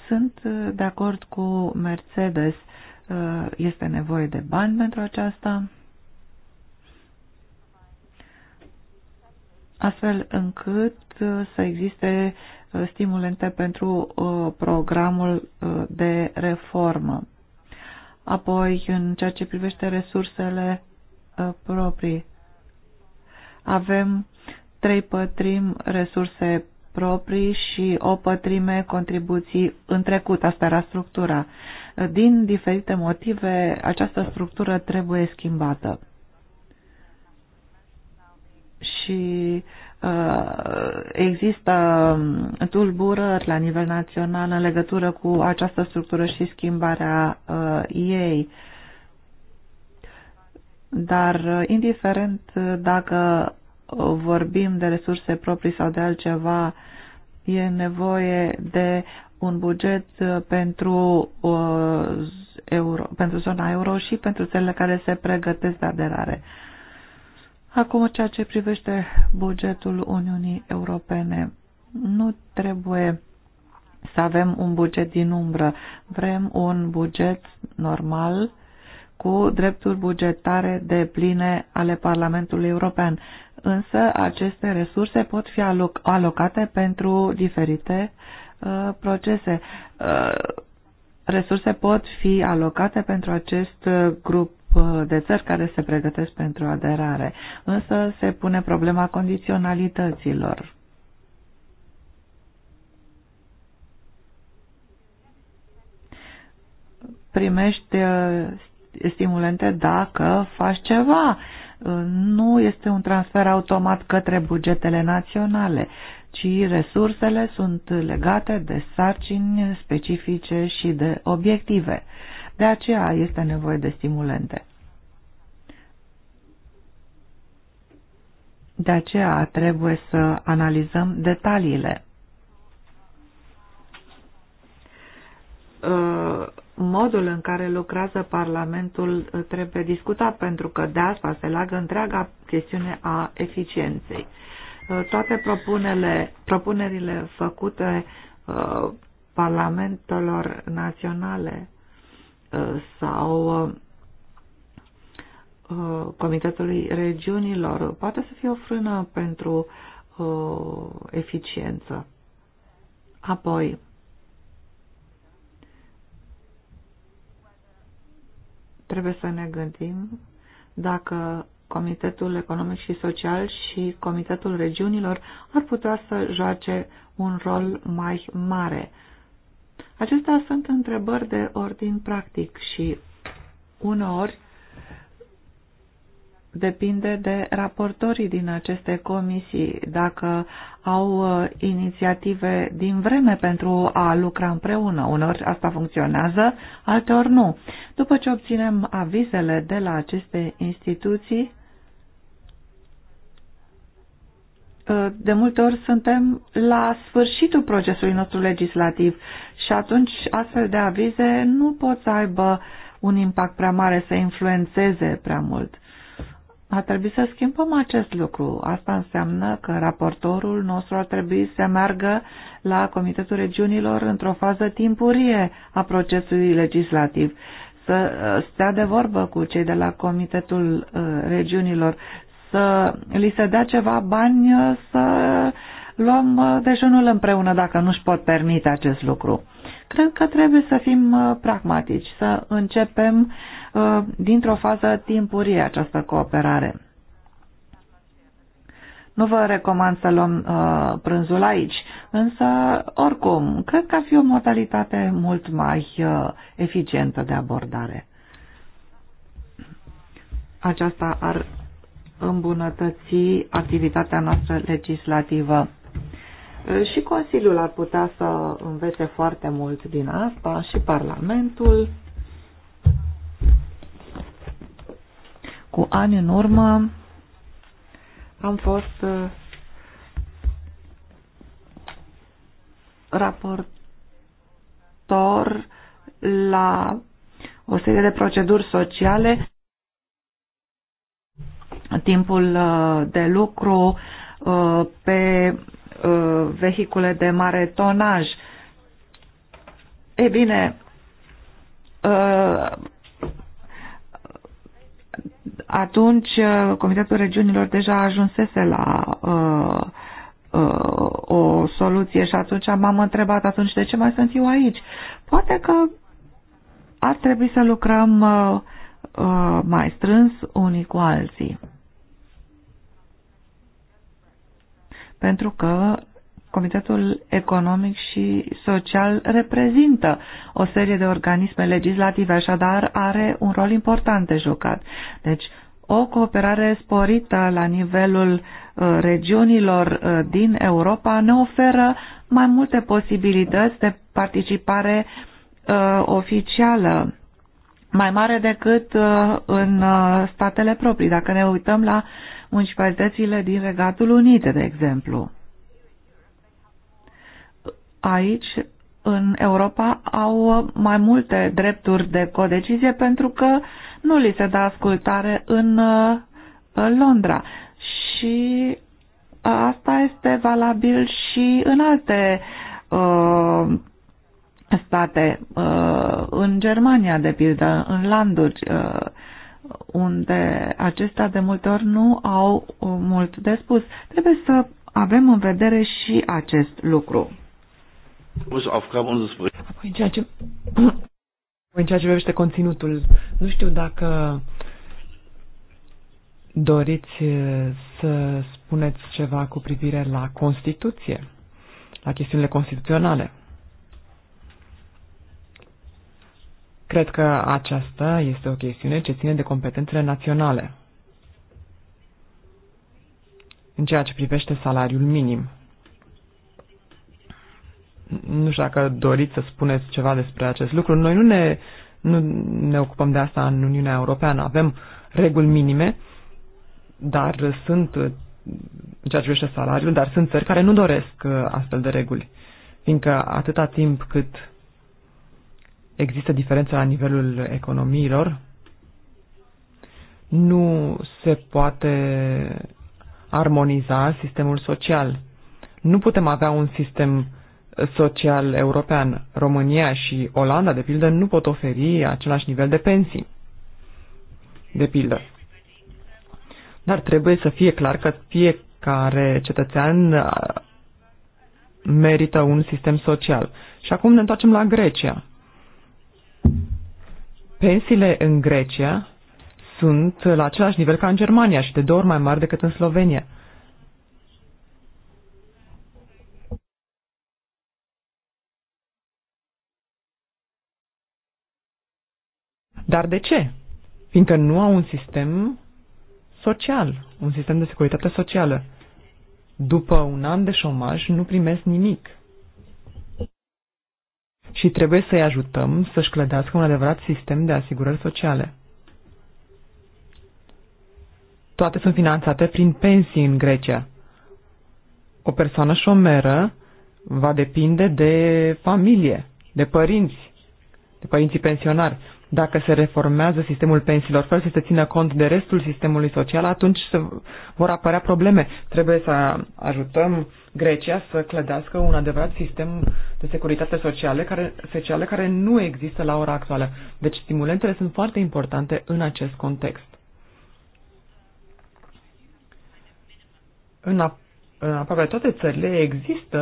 Sunt uh, de acord cu Mercedes. Uh, este nevoie de bani pentru aceasta. astfel încât uh, să existe stimulente pentru programul de reformă. Apoi, în ceea ce privește resursele Uh, proprii. Avem trei pătrimi resurse proprii și o pătrime contribuții în trecut. Asta era structura. Din diferite motive, această structură trebuie schimbată. Și uh, există tulburări la nivel național în legătură cu această structură și schimbarea uh, ei. Uh, dar uh, indiferent uh, dacă uh, vorbim de resurse proprii sau de altceva, e nevoie de un buget pentru, uh, euro, pentru zona euro și pentru țările care se pregătesc de aderare. Acum, ceea ce privește bugetul Uniunii Europene, nu trebuie să avem un buget din umbră. Vrem un buget normal cu drepturi bugetare de pline ale Parlamentului European, însă aceste resurse pot fi aloc alocate pentru diferite uh, procese. Uh, resurse pot fi alocate pentru acest uh, grup uh, de țări care se pregătesc pentru aderare, însă se pune problema condiționalităților. Primește uh, stimulente dacă faci ceva. Nu este un transfer automat către bugetele naționale, ci resursele sunt legate de sarcini specifice și de obiective. De aceea este nevoie de stimulente. De aceea trebuie să analizăm detaliile. Uh, modul în care lucrează Parlamentul uh, trebuie discutat, pentru că de asta se leagă întreaga chestiune a eficienței. Uh, toate propunele, propunerile făcute uh, parlamentelor naționale uh, sau uh, uh Comitetului Regiunilor poate să fie o frână pentru eficiență. Apoi, Trebuie să ne gândim dacă Comitetul Economic și Social și Comitetul Regiunilor ar putea să joace un rol mai mare. Acestea sunt întrebări de ordin practic și uneori depinde de raportorii din aceste comisii, dacă au uh, inițiative din vreme pentru a lucra împreună. Unor asta funcționează, alteori nu. După ce obținem avizele de la aceste instituții, uh, de multe ori suntem la sfârșitul procesului nostru legislativ și atunci astfel de avize nu pot să aibă un impact prea mare, să influențeze prea mult. A trebuit să schimbăm acest lucru. Asta înseamnă că raportorul nostru ar trebui să meargă la Comitetul Regiunilor într-o fază timpurie a procesului legislativ, să uh, stea de vorbă cu cei de la Comitetul uh, Regiunilor, să li se dea ceva bani uh, să luăm dejunul împreună dacă nu-și pot permite acest lucru. Cred că trebuie să fim pragmatici, să începem uh, Uh, dintr-o fază timpurie această cooperare. Nu vă recomand să luăm uh, prânzul aici, însă, oricum, cred că ar fi o modalitate mult mai uh, eficientă de abordare. Aceasta ar îmbunătăți activitatea noastră legislativă. Și Consiliul ar putea să învețe foarte mult din asta, și Parlamentul. Cu ani în urmă am fost uh, raportor la o serie de proceduri sociale. Timpul uh, de lucru uh, pe vehicule de mare tonaj. E bine, atunci uh, Comitetul Regiunilor deja ajunsese la uh, uh, o soluție și atunci m-am întrebat atunci de ce mai sunt eu aici. Poate că ar trebui să lucrăm uh, uh, mai strâns unii cu alții. Pentru că Comitetul Economic și Social reprezintă o serie de organisme legislative, așadar are un rol important de jucat. Deci, o cooperare sporită la nivelul uh, regiunilor uh, din Europa ne oferă mai multe posibilități de participare uh, oficială, mai mare decât în statele proprii, dacă ne uităm la municipalitățile din Regatul Unit, de exemplu aici, în Europa, au mai multe drepturi de codecizie pentru că nu li se dă ascultare în uh, Londra. Și uh, asta este valabil și în alte uh, state, uh, în Germania, de pildă, în landuri, uh, unde acestea de multe ori nu au uh, mult de spus. Trebuie să avem în vedere și acest lucru. Apoi, în ceea ce, în ceea privește conținutul, nu știu dacă doriți să spuneți ceva cu privire la Constituție, la chestiunile constituționale. Cred că aceasta este o chestiune ce ține de competențele naționale. În ceea ce privește salariul minim, nu știu dacă doriți să spuneți ceva despre acest lucru. Noi nu ne, nu ne ocupăm de asta în Uniunea Europeană. Avem reguli minime, dar sunt, în ceea ce privește salariul, dar sunt țări care nu doresc uh, astfel de reguli. Fiindcă atâta timp cât există diferențe la nivelul economiilor, nu se poate armoniza sistemul social. Nu putem avea un sistem social european. România și Olanda, de pildă, nu pot oferi același nivel de pensii. De pildă. Dar trebuie să fie clar că fiecare cetățean merită un sistem social. Și acum ne întoarcem la Grecia. Pensiile în Grecia sunt la același nivel ca în Germania și de două ori mai mari decât în Slovenia. Dar de ce? Fiindcă nu au un sistem social, un sistem de securitate socială. După un an de șomaj nu primesc nimic. Și trebuie să-i ajutăm să-și clădească un adevărat sistem de asigurări sociale. Toate sunt finanțate prin pensii în Grecia. O persoană șomeră va depinde de familie, de părinți, de părinții pensionari dacă se reformează sistemul pensiilor fără să se țină cont de restul sistemului social, atunci se vor apărea probleme. Trebuie să ajutăm Grecia să clădească un adevărat sistem de securitate sociale care, sociale care nu există la ora actuală. Deci stimulentele sunt foarte importante în acest context. În, a, în aproape toate țările există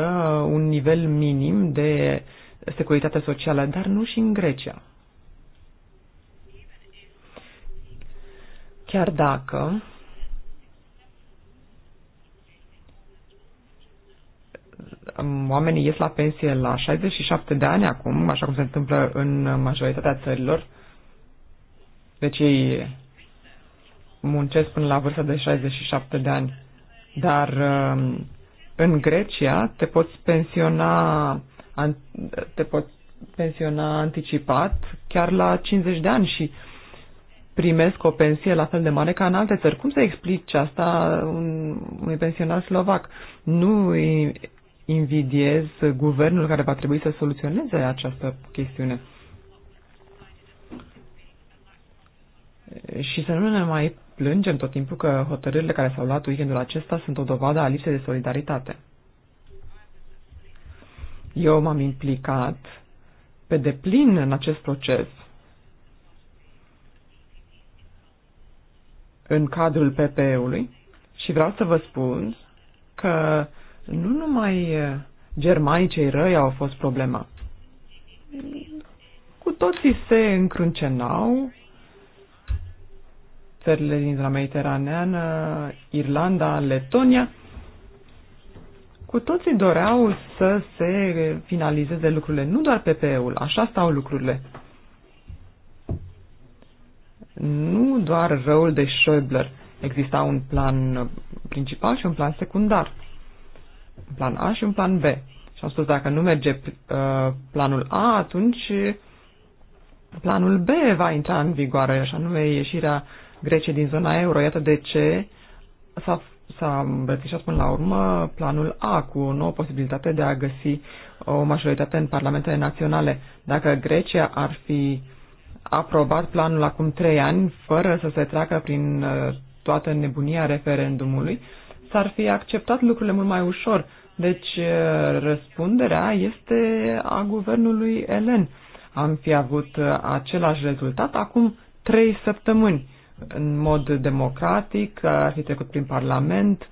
un nivel minim de securitate socială, dar nu și în Grecia. Chiar dacă oamenii ies la pensie la 67 de ani acum, așa cum se întâmplă în majoritatea țărilor, deci ei muncesc până la vârsta de 67 de ani. Dar um, în Grecia te poți pensiona te poți pensiona anticipat chiar la 50 de ani și uh, primesc o pensie la fel de mare ca în alte țări. Cum se explice asta un, unui pensionar slovac? Nu invidiez guvernul care va trebui să soluționeze această chestiune. Și să nu ne mai plângem tot timpul că hotărârile care s-au luat weekendul acesta sunt o dovadă a lipsei de solidaritate. Eu m-am implicat pe deplin în acest proces în cadrul PPE-ului și vreau să vă spun că nu numai eh, germanicei răi au fost problema. Cu toții se încrâncenau, țările din zona mediteraneană, Irlanda, Letonia, cu toții doreau să se finalizeze lucrurile, nu doar PPE-ul, așa stau lucrurile nu doar răul de Schäuble. Exista un plan principal și un plan secundar. Un plan A și un plan B. Și am spus, dacă nu merge uh, planul A, atunci uh, planul B va intra în vigoare, așa nume ieșirea Greciei din zona euro. Iată de ce s-a, s-a îmbrățișat până la urmă planul A cu o nouă posibilitate de a găsi o majoritate în parlamentele naționale. Dacă Grecia ar fi uh, aprobat planul acum trei ani, fără să se treacă prin uh, toată nebunia referendumului, s-ar fi acceptat lucrurile mult mai ușor. Deci uh, răspunderea este a guvernului Elen. Am fi avut uh, același rezultat acum trei săptămâni. În mod democratic, ar fi trecut prin Parlament,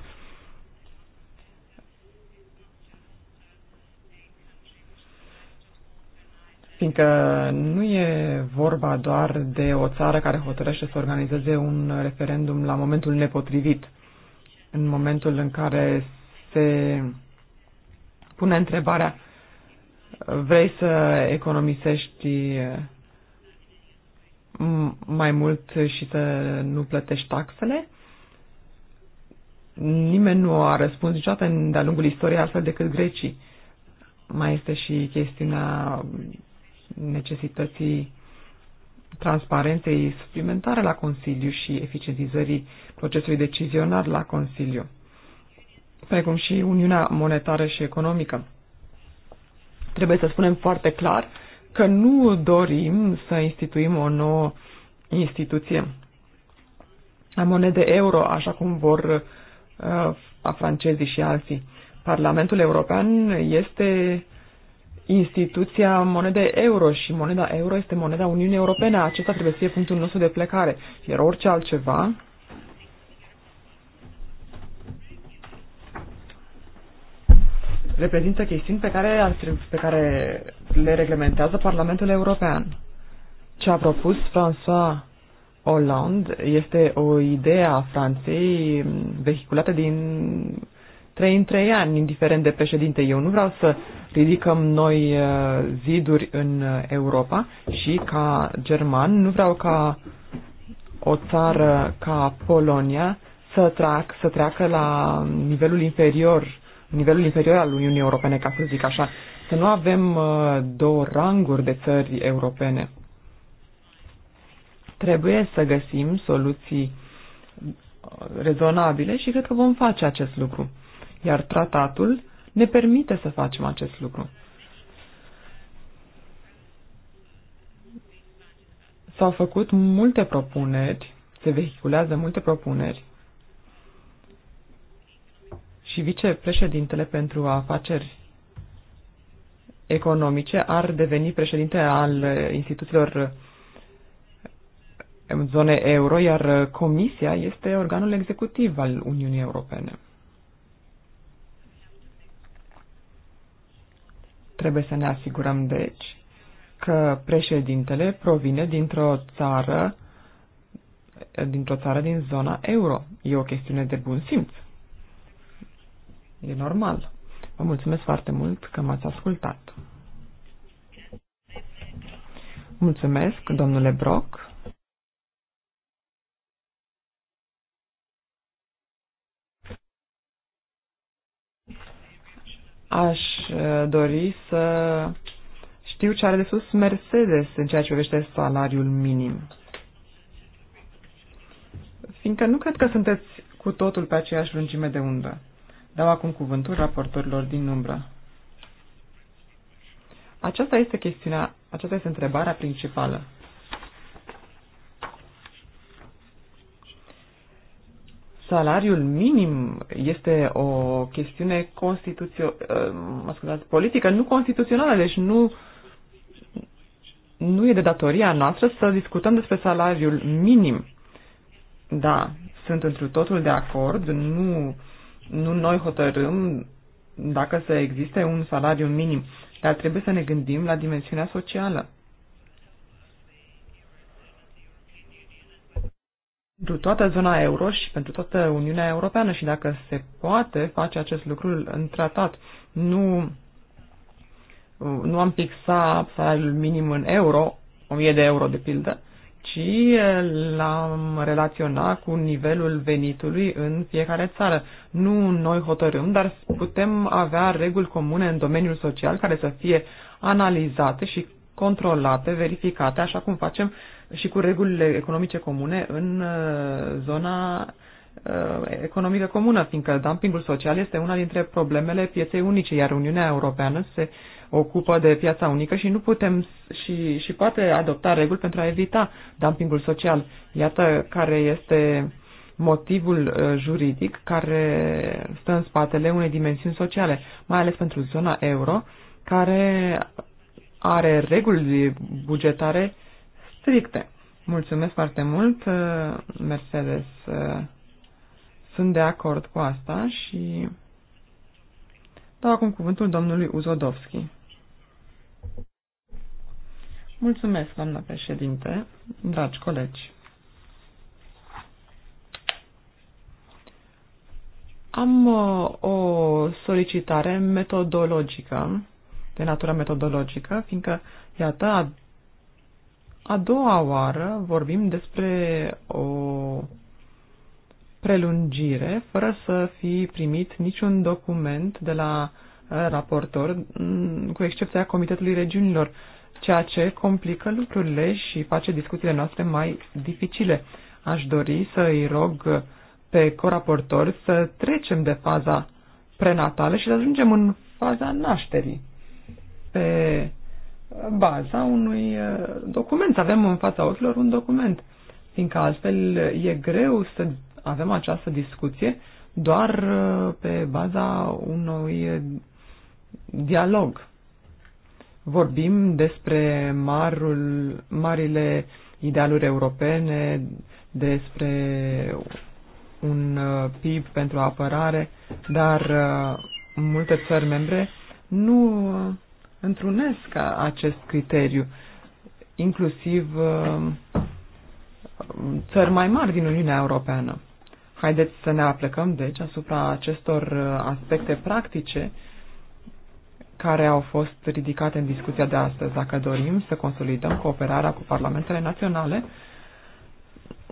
fiindcă nu e vorba doar de o țară care hotărăște să organizeze un referendum la momentul nepotrivit, în momentul în care se pune întrebarea vrei să economisești mai mult și să nu plătești taxele? Nimeni nu a răspuns niciodată de-a lungul istoriei altfel decât grecii. Mai este și chestiunea necesității transparenței suplimentare la Consiliu și eficientizării procesului decizionar la Consiliu, precum și Uniunea Monetară și Economică. Trebuie să spunem foarte clar că nu dorim să instituim o nouă instituție a monede euro, așa cum vor uh, francezii și alții. Parlamentul European este instituția monedei euro și moneda euro este moneda Uniunii Europene. Acesta trebuie să fie punctul nostru de plecare. Iar orice altceva reprezintă chestiuni pe care, pe care le reglementează Parlamentul European. Ce a propus François Hollande este o idee a Franței vehiculată din trei în trei ani, indiferent de președinte. Eu nu vreau să ridicăm noi uh, ziduri în uh, Europa și ca german nu vreau ca o țară ca Polonia să, trac, să treacă la nivelul inferior, nivelul inferior al Uniunii Europene, ca să zic așa. Să nu avem uh, două ranguri de țări europene. Trebuie să găsim soluții rezonabile și cred că vom face acest lucru iar tratatul ne permite să facem acest lucru. S-au făcut multe propuneri, se vehiculează multe propuneri și vicepreședintele pentru afaceri economice ar deveni președinte al instituțiilor zone euro, iar Comisia este organul executiv al Uniunii Europene. Trebuie să ne asigurăm, deci, că președintele provine dintr-o țară dintr-o țară din zona euro. E o chestiune de bun simț. E normal. Vă mulțumesc foarte mult că m-ați ascultat. Mulțumesc, domnule Brock. Aș Eh, dori să știu ce are de sus Mercedes în ceea ce privește salariul minim. Fiindcă nu cred că sunteți cu totul pe aceeași lungime de undă. Dau acum cuvântul raportorilor din umbră. Aceasta este chestiunea, aceasta este întrebarea principală. salariul minim este o chestiune constituțio- ă, mă scuzați, politică, nu constituțională, deci nu, nu e de datoria noastră să discutăm despre salariul minim. Da, sunt într totul de acord, nu, nu noi hotărâm dacă să existe un salariu minim, dar trebuie să ne gândim la dimensiunea socială. pentru toată zona euro și pentru toată Uniunea Europeană și dacă se poate face acest lucru în tratat. Nu, nu am fixat salariul minim în euro, 1000 de euro de pildă, ci eh, l-am relaționat cu nivelul venitului în fiecare țară. Nu noi hotărâm, dar putem avea reguli comune în domeniul social care să fie analizate și controlate, verificate, așa cum facem uh, și cu regulile economice comune în uh, zona uh, economică comună, fiindcă dumpingul social este una dintre problemele pieței unice, iar Uniunea Europeană se ocupă de piața unică și nu putem și, și poate adopta reguli pentru a evita dumpingul social. Iată care este motivul uh, juridic care stă în spatele unei dimensiuni sociale, mai ales pentru zona euro, care are reguli bugetare uh, stricte. Mulțumesc foarte mult, uh, Mercedes. Uh, sunt de acord cu asta și dau acum cuvântul domnului Uzodovski. Mulțumesc, doamna președinte, dragi colegi. Am uh, o solicitare metodologică, de natură metodologică, fiindcă, iată, a doua oară vorbim despre o prelungire fără să fi primit niciun document de la uh, raportor, mm, cu excepția Comitetului Regiunilor, ceea ce complică lucrurile și face discuțiile noastre mai dificile. Aș dori să îi rog pe coraportori să trecem de faza prenatală și să ajungem în faza nașterii. Pe baza unui uh, document, să avem în fața ochilor un document, fiindcă altfel e greu să avem această discuție doar uh, pe baza unui dialog. Vorbim despre marul, marile idealuri europene, despre un uh, PIB pentru apărare, dar multe țări membre nu întrunesc acest criteriu, inclusiv um, țări mai mari din Uniunea Europeană. Haideți să ne aplecăm, deci, asupra acestor uh, aspecte practice care au fost ridicate în discuția de astăzi. Dacă dorim să consolidăm cooperarea cu parlamentele naționale,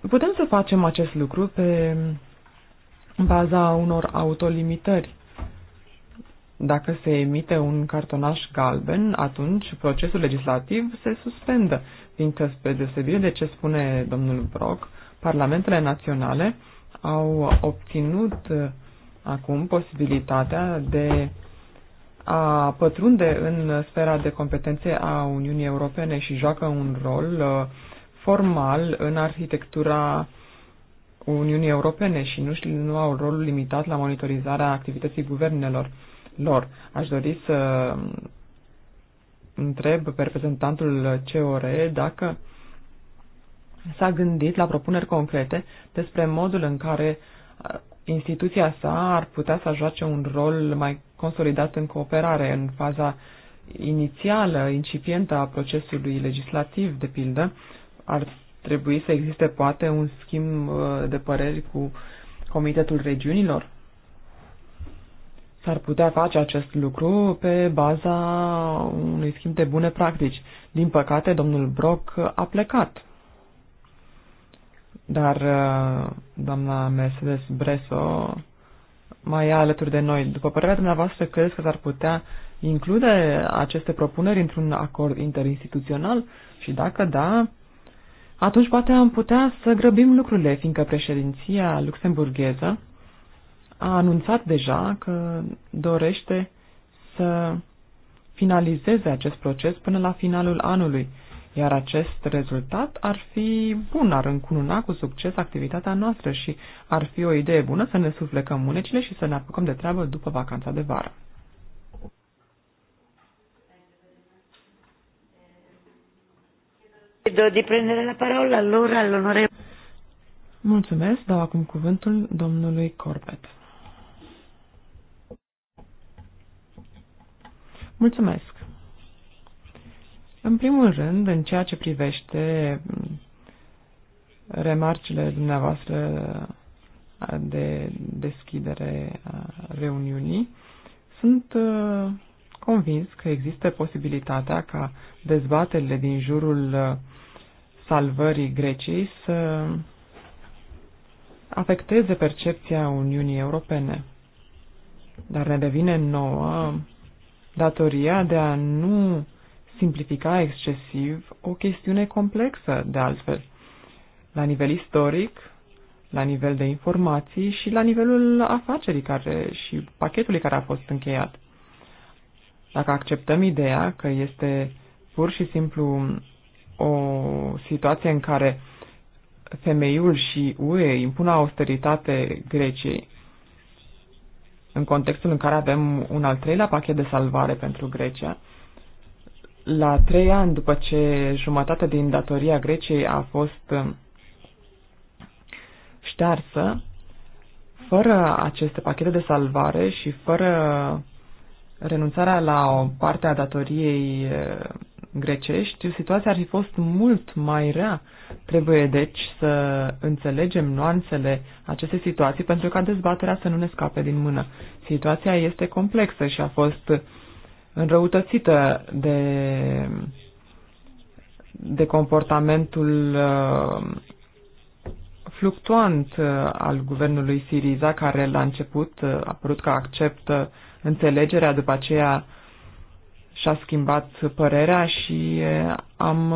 putem să facem acest lucru pe baza unor autolimitări dacă se emite un cartonaș galben, atunci procesul legislativ se suspendă, fiindcă, spre deosebire de ce spune domnul Brock, parlamentele naționale au obținut uh, acum posibilitatea de a pătrunde în sfera de competențe a Uniunii Europene și joacă un rol uh, formal în arhitectura Uniunii Europene și nu, nu au rolul limitat la monitorizarea activității guvernelor lor. Aș dori să întreb pe reprezentantul COR dacă s-a gândit la propuneri concrete despre modul în care uh, instituția sa ar putea să joace un rol mai consolidat în cooperare în faza inițială, incipientă a procesului legislativ, de pildă, ar trebui să existe poate un schimb uh, de păreri cu Comitetul Regiunilor? s-ar putea face acest lucru pe baza unui schimb de bune practici. Din păcate, domnul Brock a plecat. Dar uh, doamna Mercedes Breso mai e alături de noi. După părerea dumneavoastră, credeți că s-ar putea include aceste propuneri într-un acord interinstituțional? Și dacă da, atunci poate am putea să grăbim lucrurile, fiindcă președinția luxemburgheză a anunțat deja că dorește să finalizeze acest proces până la finalul anului, iar acest rezultat ar fi bun, ar încununa cu succes activitatea noastră și ar fi o idee bună să ne suflecăm mânecile și să ne apucăm de treabă după vacanța de vară. Do prendere la parola allora all'onorevole. Mulțumesc, dau acum cuvântul domnului Corbett. Mulțumesc! În primul rând, în ceea ce privește mm, remarcile dumneavoastră de deschidere a reuniunii, sunt uh, convins că există posibilitatea ca dezbaterile din jurul uh, salvării Greciei să afecteze percepția Uniunii Europene. Dar ne devine nouă datoria de a nu simplifica excesiv o chestiune complexă, de altfel, la nivel istoric, la nivel de informații și la nivelul afacerii care, și pachetului care a fost încheiat. Dacă acceptăm ideea că este pur și simplu o situație în care femeiul și UE impun austeritate Greciei, în contextul în care avem un al treilea pachet de salvare pentru Grecia, la trei ani după ce jumătate din datoria Greciei a fost uh, ștearsă, fără aceste pachete de salvare și fără renunțarea la o parte a datoriei uh, grecești, situația ar fi fost mult mai rea. Trebuie deci să înțelegem nuanțele acestei situații pentru ca dezbaterea să nu ne scape din mână. Situația este complexă și a fost înrăutățită de, de comportamentul uh, fluctuant uh, al guvernului Siriza, care la început uh, a părut că acceptă înțelegerea, după aceea și-a schimbat părerea și am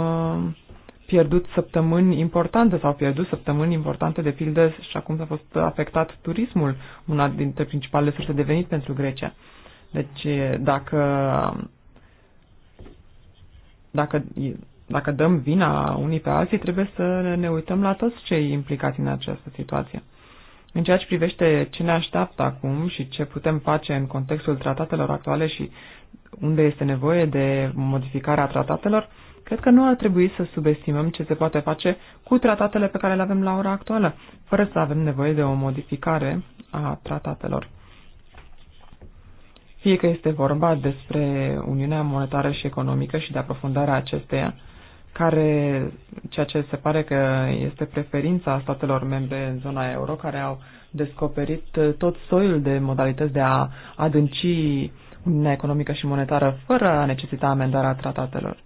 pierdut săptămâni importante, s-au pierdut săptămâni importante, de pildă, și acum s-a fost afectat turismul, una dintre principalele surse de venit pentru Grecia. Deci, dacă, dacă, dacă dăm vina unii pe alții, trebuie să ne uităm la toți cei implicați în această situație. În ceea ce privește ce ne așteaptă acum și ce putem face în contextul tratatelor actuale și unde este nevoie de modificarea tratatelor, cred că nu ar trebui să subestimăm ce se poate face cu tratatele pe care le avem la ora actuală, fără să avem nevoie de o modificare a tratatelor. Fie că este vorba despre Uniunea Monetară și Economică și de aprofundarea acesteia, care, ceea ce se pare că este preferința statelor membre în zona euro, care au descoperit tot soiul de modalități de a adânci Uniunea Economică și Monetară fără a necesita amendarea tratatelor.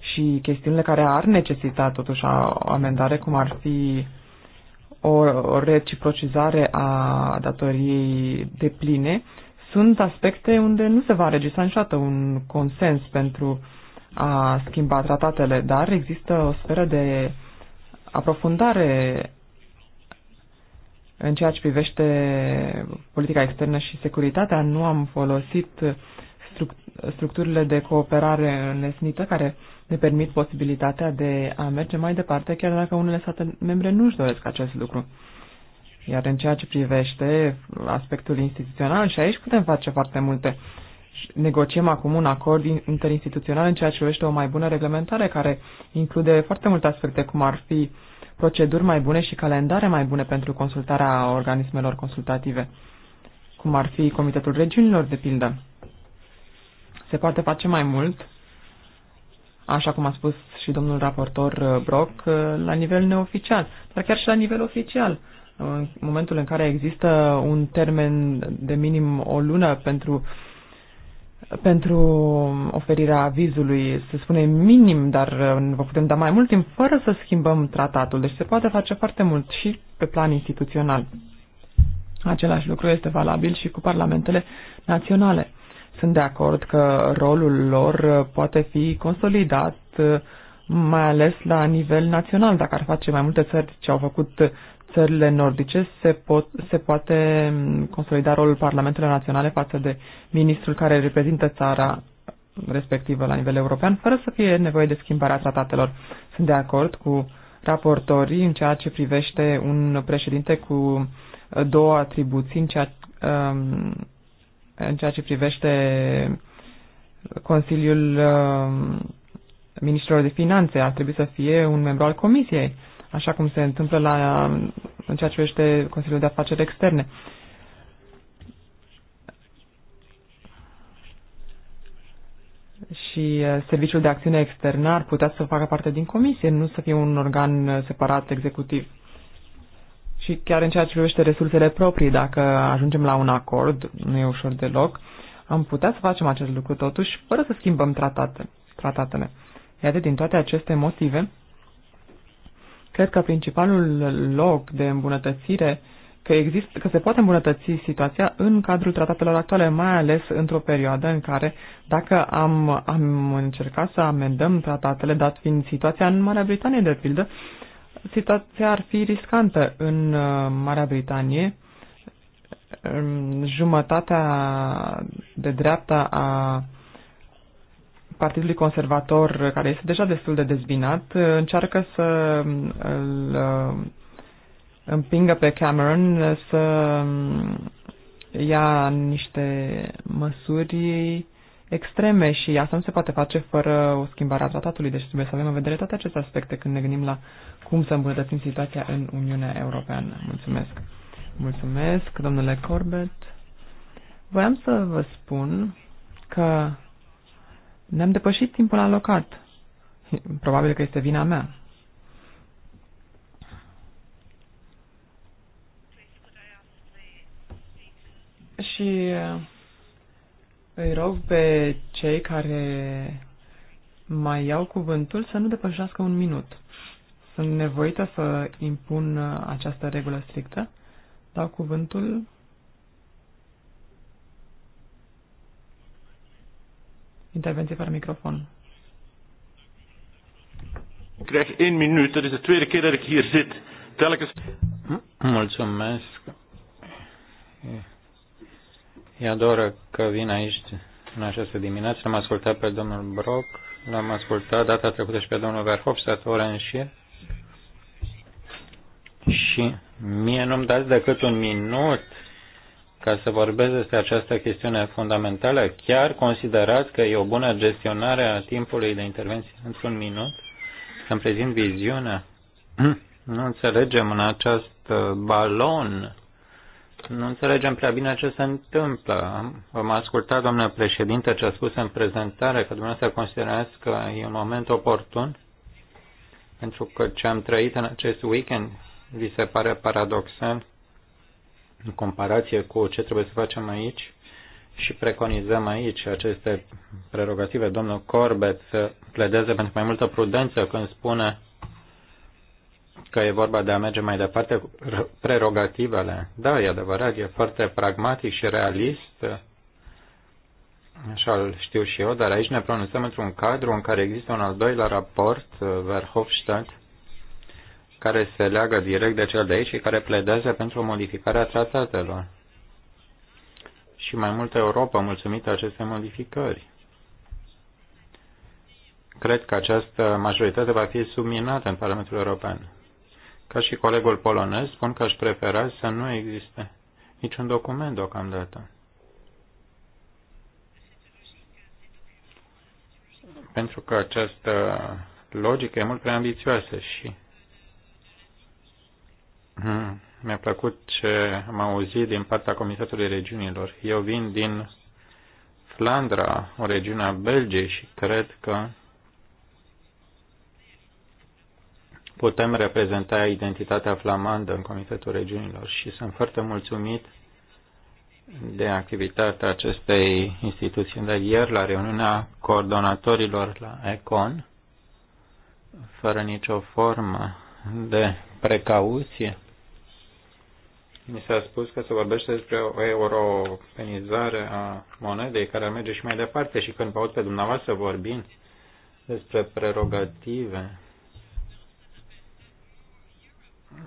Și chestiunile care ar necesita totuși o amendare, cum ar fi o, reciprocizare a datoriei de pline, sunt aspecte unde nu se va registra niciodată un consens pentru a schimba tratatele, dar există o sferă de aprofundare în ceea ce privește politica externă și securitatea, nu am folosit structurile de cooperare înlesnită care ne permit posibilitatea de a merge mai departe, chiar dacă unele state membre nu își doresc acest lucru. Iar în ceea ce privește aspectul instituțional, și aici putem face foarte multe. Negociem acum un acord interinstituțional în ceea ce privește o mai bună reglementare, care include foarte multe aspecte, cum ar fi proceduri mai bune și calendare mai bune pentru consultarea organismelor consultative, cum ar fi Comitetul Regiunilor, de pildă. Se poate face mai mult, așa cum a spus și domnul raportor uh, Brock, uh, la nivel neoficial, dar chiar și la nivel oficial. În momentul în care există un termen de minim o lună pentru uh, pentru oferirea vizului, se spune minim, dar vă uh, putem da mai mult timp fără să schimbăm tratatul. Deci se poate face foarte mult și pe plan instituțional. Același lucru este valabil și cu parlamentele naționale. Sunt de acord că rolul lor uh, poate fi consolidat, uh, mai ales la nivel național, dacă ar face mai multe țări ce au făcut țările nordice se, pot, se poate mm, consolida rolul Parlamentului naționale față de ministrul care reprezintă țara respectivă la nivel european, fără să fie nevoie de schimbarea tratatelor. Sunt de acord cu raportorii în ceea ce privește un președinte cu uh, două atribuții în ceea, um, în ceea ce privește Consiliul um, Ministrilor de Finanțe. Ar trebui să fie un membru al Comisiei așa cum se întâmplă la, în ceea ce privește Consiliul de Afaceri Externe. și eh, Serviciul de Acțiune Externă ar putea să facă parte din comisie, nu să fie un organ eh, separat executiv. Și chiar în ceea ce privește resursele proprii, dacă ajungem la un acord, nu e ușor deloc, am putea să facem acest lucru totuși fără să schimbăm tratate, tratatele. Iată, din toate aceste motive, Cred că principalul loc de îmbunătățire că, exist, că se poate îmbunătăți situația în cadrul tratatelor actuale, mai ales într-o perioadă în care, dacă am, am încercat să amendăm tratatele, dat fiind situația în Marea Britanie, de pildă, situația ar fi riscantă. În uh, Marea Britanie, um, jumătatea de dreapta a Partidului Conservator, care este deja destul de dezbinat, încearcă să îl uh, împingă pe Cameron să ia niște măsuri extreme și asta nu se poate face fără o schimbare a tratatului, deci trebuie să avem în vedere toate aceste aspecte când ne gândim la cum să îmbunătățim situația în Uniunea Europeană. Mulțumesc! Mulțumesc, domnule Corbett! Voiam să vă spun că ne-am depășit timpul alocat. Probabil că este vina mea. Și uh, îi rog pe cei care mai iau cuvântul să nu depășească un minut. Sunt nevoită să impun uh, această regulă strictă. Dau cuvântul Intervenție fără microfon. Krijg één minuut. Dat is de tweede keer dat ik hier zit. Telkens. Mulțumesc. E adoră că vin aici în această dimineață. L-am ascultat pe domnul Brock, l-am ascultat data trecută și pe domnul Verhofstadt, ora în șir. Și mie nu-mi dați decât un minut ca să vorbesc despre această chestiune fundamentală, chiar considerați că e o bună gestionare a timpului de intervenție într-un minut? Să-mi prezint viziunea? Nu înțelegem în acest uh, balon, nu înțelegem prea bine ce se întâmplă. Am ascultat, domnule președinte, ce a spus în prezentare, că dumneavoastră considerați că e un moment oportun, pentru că ce am trăit în acest weekend vi se pare paradoxal în comparație cu ce trebuie să facem aici și preconizăm aici aceste prerogative. Domnul Corbett pledeze pentru mai multă prudență când spune că e vorba de a merge mai departe cu prerogativele. Da, e adevărat, e foarte pragmatic și realist. Așa îl știu și eu, dar aici ne pronunțăm într-un cadru în care există un al doilea raport, eh, Verhofstadt, care se leagă direct de cel de aici și care pledează pentru modificarea tratatelor. Și mai multă Europa mulțumită acestei modificări. Cred că această majoritate va fi subminată în Parlamentul European. Ca și colegul polonez, spun că aș prefera să nu existe niciun document deocamdată. Pentru că această logică e mult prea ambițioasă și Mhm. Mi-a plăcut ce am auzit din partea Comitetului Regiunilor. Eu vin din Flandra, o regiune a Belgiei și cred că putem reprezenta identitatea flamandă în Comitetul Regiunilor și sunt foarte mulțumit de activitatea acestei instituții. de ieri, la reuniunea coordonatorilor la ECON, fără nicio formă de precauție, mi s-a spus că se vorbește despre o europenizare a monedei care merge și mai departe și când vă aud pe dumneavoastră vorbind despre prerogative,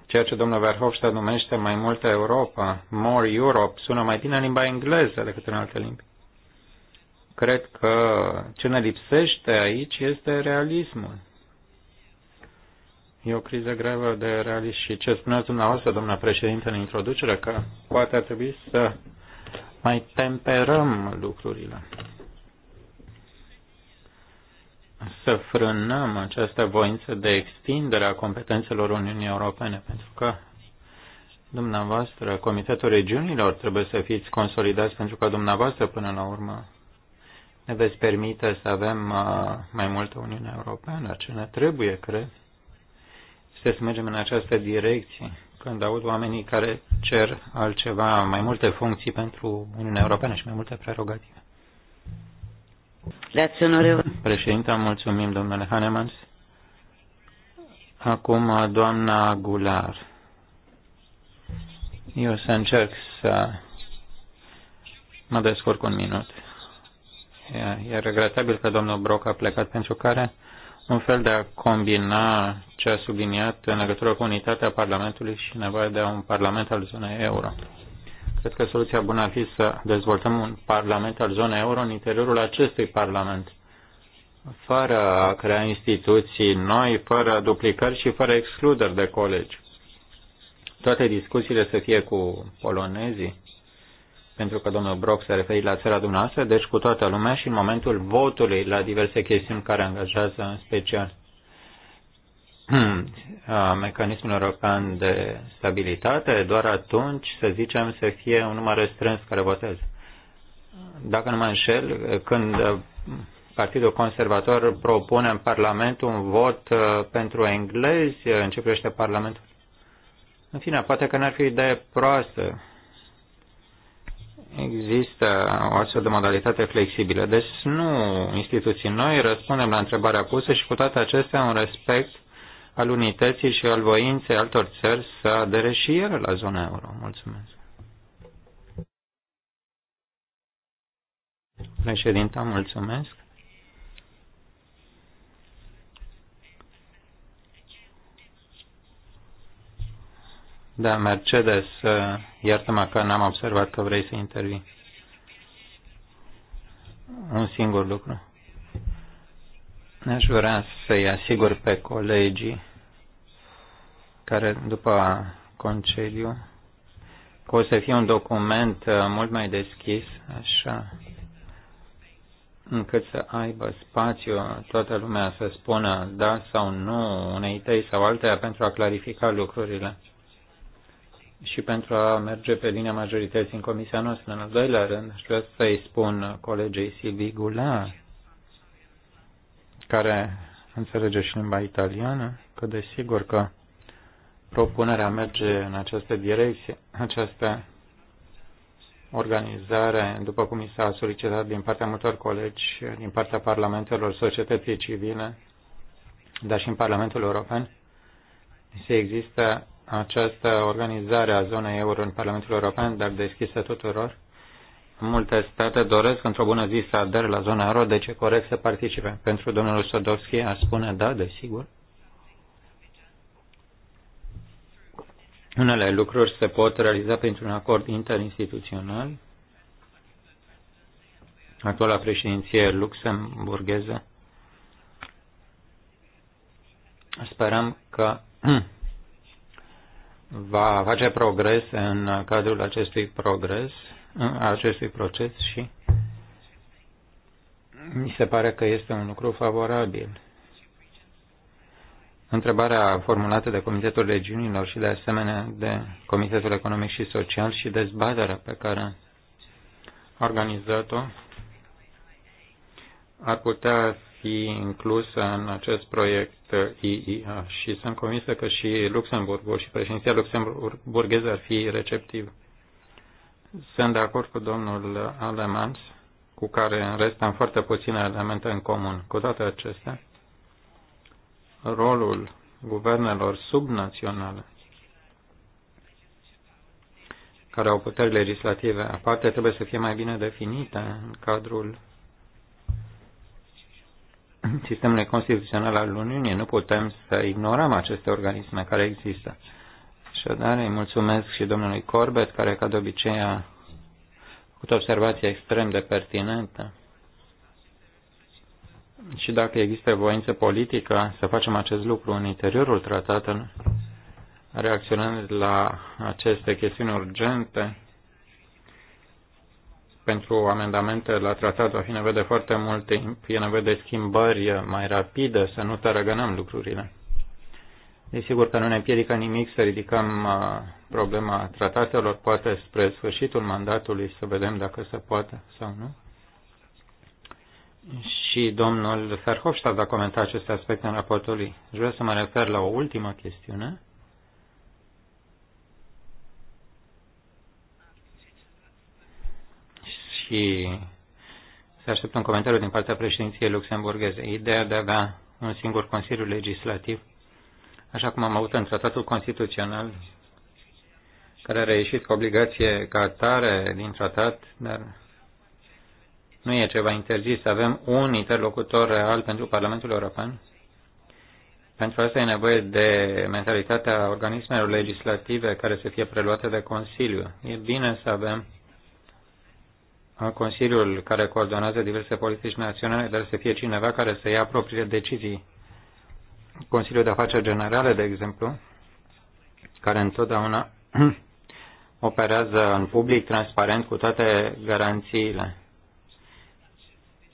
ceea ce domnul Verhofstadt numește mai multă Europa, more Europe, sună mai bine în limba engleză decât în alte limbi. Cred că ce ne lipsește aici este realismul. E o criză gravă de realiști și ce spuneați dumneavoastră, domnule președinte, în introducere, că poate ar trebui să mai temperăm lucrurile. Să frânăm această voință de extindere a competențelor Uniunii Europene, pentru că dumneavoastră, Comitetul Regiunilor, trebuie să fiți consolidați, pentru că dumneavoastră, până la urmă, ne veți permite să avem uh, mai multă Uniune Europeană, ce ne trebuie, cred să mergem în această direcție. Când aud oamenii care cer altceva, mai multe funcții pentru Uniunea Europeană și mai multe prerogative. Președinte, mulțumim, domnule Hanemans. Acum, doamna Gular. Eu să încerc să mă descurc un minut. E, e regretabil că domnul Broc a plecat, pentru care un fel de a combina ce a subliniat în legătură cu unitatea Parlamentului și nevoia de un Parlament al zonei euro. Cred că soluția bună ar fi să dezvoltăm un Parlament al zonei euro în interiorul acestui Parlament, fără a crea instituții noi, fără duplicări și fără excluderi de colegi. Toate discuțiile să fie cu polonezii, pentru că domnul Brock se referi la țara dumneavoastră, deci cu toată lumea și în momentul votului la diverse chestiuni care angajează în special mecanismul european de stabilitate, doar atunci, să zicem, să fie un număr restrâns care votează. Dacă nu mă înșel, când Partidul Conservator propune în Parlament un vot uh, pentru englezi, uh, începește Parlamentul. În fine, poate că n-ar fi idee proastă există o astfel de modalitate flexibilă. Deci nu instituții noi răspundem la întrebarea pusă și cu toate acestea un respect al unității și al voinței altor țări să adere și ele la zona euro. Mulțumesc. Președinta, mulțumesc. Da, Mercedes, uh, iartă-mă că n-am observat că vrei să intervii. Un singur lucru. Aș vrea să-i asigur pe colegii care după concediu că o să fie un document uh, mult mai deschis, așa, încât să aibă spațiu toată lumea să spună da sau nu unei idei sau alteia pentru a clarifica lucrurile și pentru a merge pe linia majorității în comisia noastră. În al doilea rând, aș vrea să-i spun colegei Silvii Gula, care înțelege și limba italiană, că desigur că propunerea merge în această direcție. Această organizare, după cum mi s-a solicitat din partea multor colegi, din partea parlamentelor societății civile, dar și în Parlamentul European, se există această organizare a zonei euro în Parlamentul European, dar deschisă tuturor. Multe state doresc într-o bună zi să adere la zona euro, deci e corect să participe. Pentru domnul Sodovski a spune da, desigur. Unele lucruri se pot realiza printr-un acord interinstituțional. Actuala președinție luxemburgheză. Sperăm că va face progres în cadrul acestui progres, acestui proces și mi se pare că este un lucru favorabil. Întrebarea formulată de Comitetul Regiunilor și de asemenea de Comitetul Economic și Social și dezbaterea pe care a organizat-o ar putea fi inclusă în acest proiect IIA și sunt convinsă că și Luxemburgul și președinția luxemburgheză ar fi receptiv, Sunt de acord cu domnul Alemans, cu care în rest am foarte puține elemente în comun. Cu toate acestea, rolul guvernelor subnaționale care au puteri legislative aparte trebuie să fie mai bine definite în cadrul sistemului constituțional al Uniunii. Nu putem să ignorăm aceste organisme care există. Așadar, îi mulțumesc și domnului Corbett, care, ca de obicei, a făcut observație extrem de pertinentă. Și dacă există voință politică să facem acest lucru în interiorul tratatelor, reacționând la aceste chestiuni urgente, pentru amendamente la tratat va fi nevoie de foarte mult timp, e nevoie de schimbări mai rapide, să nu tărăgănăm lucrurile. Desigur că nu ne împiedică nimic să ridicăm uh, problema tratatelor, poate spre sfârșitul mandatului, să vedem dacă se poate sau nu. Și domnul Ferhofstadt va comenta aceste aspecte în raportul lui. Vreau să mă refer la o ultimă chestiune și să aștept un comentariu din partea președinției luxemburgheze. Ideea de a avea un singur Consiliu Legislativ, așa cum am avut în Tratatul Constituțional, care a reieșit ca obligație ca tare din tratat, dar nu e ceva interzis. Avem un interlocutor real pentru Parlamentul European. Pentru asta e nevoie de mentalitatea organismelor legislative care să fie preluate de Consiliu. E bine să avem Consiliul care coordonează diverse politici naționale, dar să fie cineva care să ia propriile decizii. Consiliul de Afaceri Generale, de exemplu, care întotdeauna operează în public, transparent, cu toate garanțiile.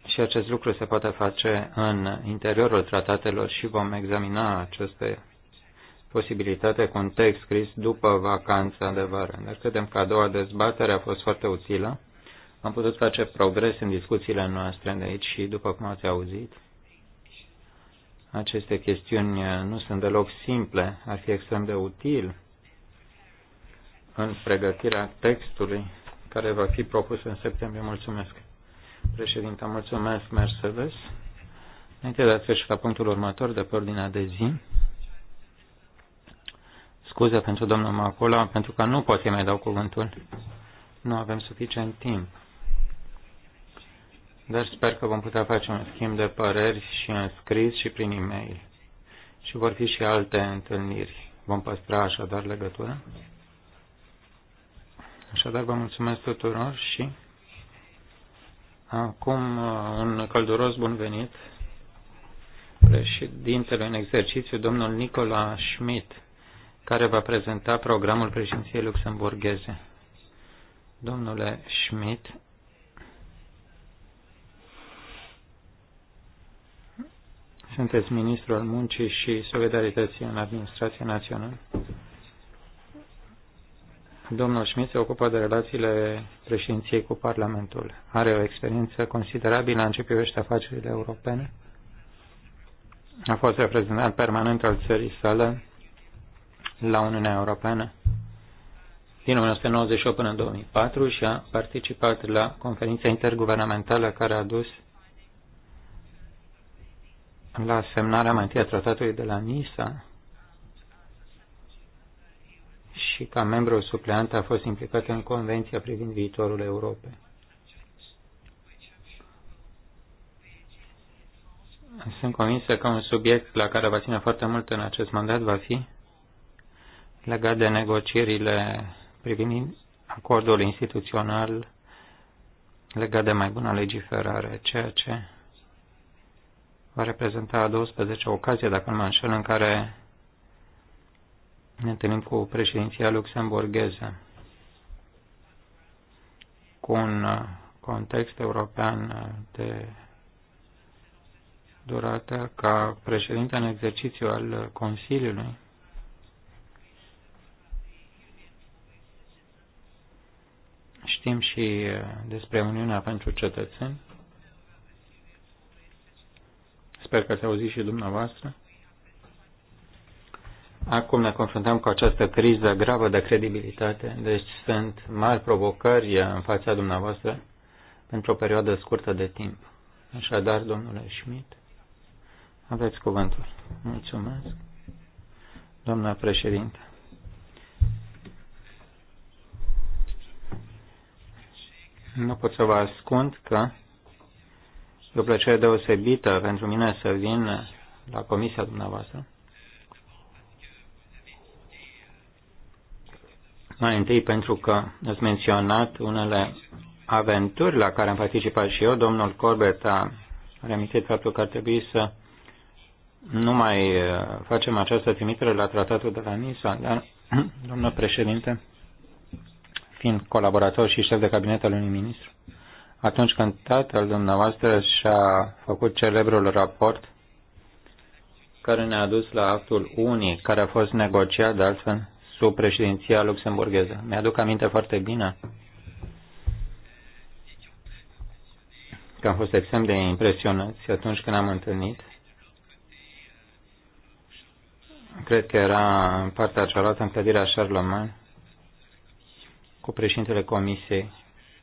Și acest lucru se poate face în interiorul tratatelor și vom examina aceste posibilitate cu un text scris după vacanța de vară. Dar credem că a doua dezbatere a fost foarte utilă am putut face progres în discuțiile noastre de aici și, după cum ați auzit, aceste chestiuni uh, nu sunt deloc simple. Ar fi extrem de util în pregătirea textului care va fi propus în septembrie. Mulțumesc. președinte. mulțumesc, Mercedes. Înainte de a trece la punctul următor de pe ordinea de zi, scuze pentru domnul Macola, pentru că nu pot să mai dau cuvântul. Nu avem suficient timp. Dar deci sper că vom putea face un schimb de păreri și în scris și prin e-mail. Și vor fi și alte întâlniri. Vom păstra așadar legătura. Așadar, vă mulțumesc tuturor și acum uh, un călduros bun venit președintele în exercițiu, domnul Nicola Schmidt, care va prezenta programul președinției luxemburgheze. Domnule Schmidt, sunteți ministru al muncii și solidarității în administrația națională. Domnul Schmidt se ocupă de relațiile președinției cu Parlamentul. Are o experiență considerabilă în ce privește afacerile europene. A fost reprezentant permanent al țării sale la Uniunea Europeană din 1998 până în 2004 și a participat la conferința interguvernamentală care a dus la semnarea mai întâi a tratatului de la Nisa și ca membru supleant a fost implicat în Convenția privind viitorul Europei. Sunt convinsă că un subiect la care va ține foarte mult în acest mandat va fi legat de negocierile privind acordul instituțional legat de mai bună legiferare, ceea ce va reprezenta a 12 ocazie, dacă nu mă înșel, în care ne întâlnim cu președinția luxemburgheză, cu un uh, context european uh, de durată ca președinte în exercițiu al uh, Consiliului. Știm și despre Uniunea pentru Cetățeni, Sper că ați auzit și dumneavoastră. Acum ne confruntăm cu această criză gravă de credibilitate, deci sunt mari provocări în fața dumneavoastră pentru o perioadă scurtă de timp. Așadar, domnule Schmidt, aveți cuvântul. Mulțumesc, doamna președinte. Nu pot să vă ascund că o plăcere deosebită pentru mine să vin la comisia dumneavoastră. Mai întâi pentru că ați menționat unele aventuri la care am participat și eu. Domnul Corbett a remitit faptul că ar trebui să nu mai uh, facem această trimitere la tratatul de la Nisa, dar, domnul președinte, fiind colaborator și șef de cabinet al unui ministru, atunci când tatăl dumneavoastră și-a făcut celebrul raport care ne-a dus la actul unii, care a fost negociat de altfel sub președinția luxemburgheză. Mi-aduc aminte foarte bine că am fost extrem de impresionați atunci când am întâlnit. Cred că era în partea cealaltă în clădirea Charlemagne cu președintele Comisiei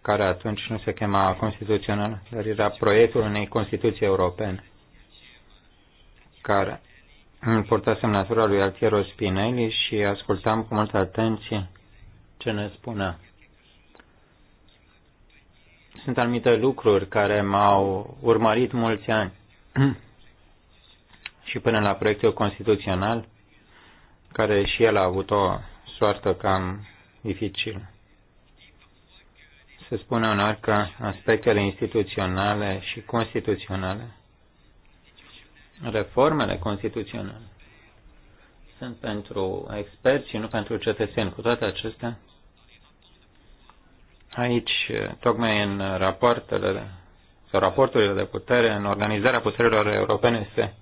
care atunci nu se chema constituțional, dar era proiectul unei Constituții europene, care purta semnătura lui Altiero Spinelli și ascultam cu multă atenție ce ne spunea. Sunt anumite lucruri care m-au urmărit mulți ani și până la proiectul constituțional, care și el a avut o soartă cam dificilă. Se spune uneori că aspectele instituționale și constituționale, reformele constituționale, sunt pentru experți și nu pentru cetățeni. Cu toate acestea, aici, tocmai în rapoartele sau raporturile de putere, în organizarea puterilor europene, se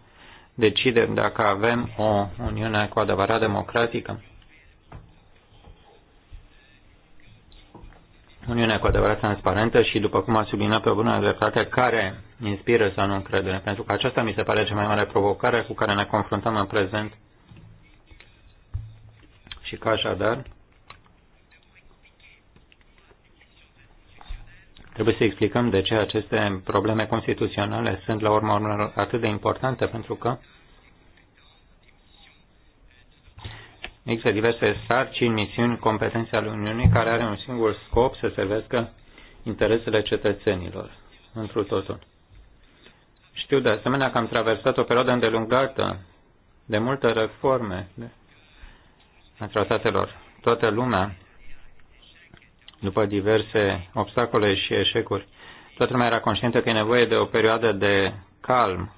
decide dacă avem o Uniune cu adevărat democratică Uniunea cu adevărat transparentă și, după cum a subliniat pe bună dreptate, care inspiră sau nu încredere. Pentru că aceasta mi se pare cea mai mare provocare cu care ne confruntăm în prezent și ca așadar trebuie să explicăm de ce aceste probleme constituționale sunt la urma urmelor atât de importante, pentru că Există diverse sarcini, misiuni, competențe ale Uniunii care are un singur scop să servească interesele cetățenilor întru totul. Știu de asemenea că am traversat o perioadă îndelungată de multe reforme a tratatelor. Toată lumea, după diverse obstacole și eșecuri, toată lumea era conștientă că e nevoie de o perioadă de calm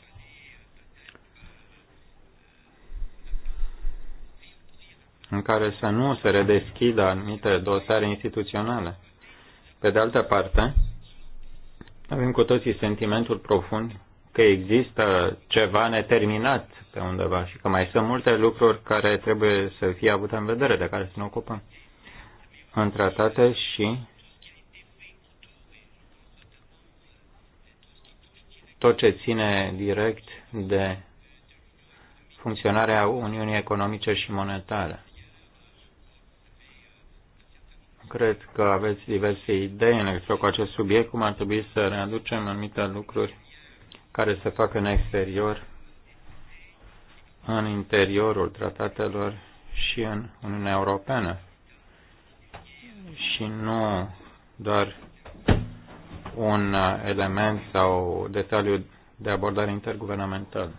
în care să nu se redeschidă anumite dosare instituționale. Pe de altă parte, avem cu toții sentimentul profund că există ceva neterminat pe undeva și că mai sunt multe lucruri care trebuie să fie avute în vedere, de care să ne ocupăm în tratate și tot ce ține direct de funcționarea Uniunii Economice și Monetare cred că aveți diverse idei în legătură cu acest subiect, cum ar trebui să readucem anumite lucruri care se fac în exterior, în interiorul tratatelor și în Uniunea Europeană. Și nu doar un element sau detaliu de abordare interguvernamentală.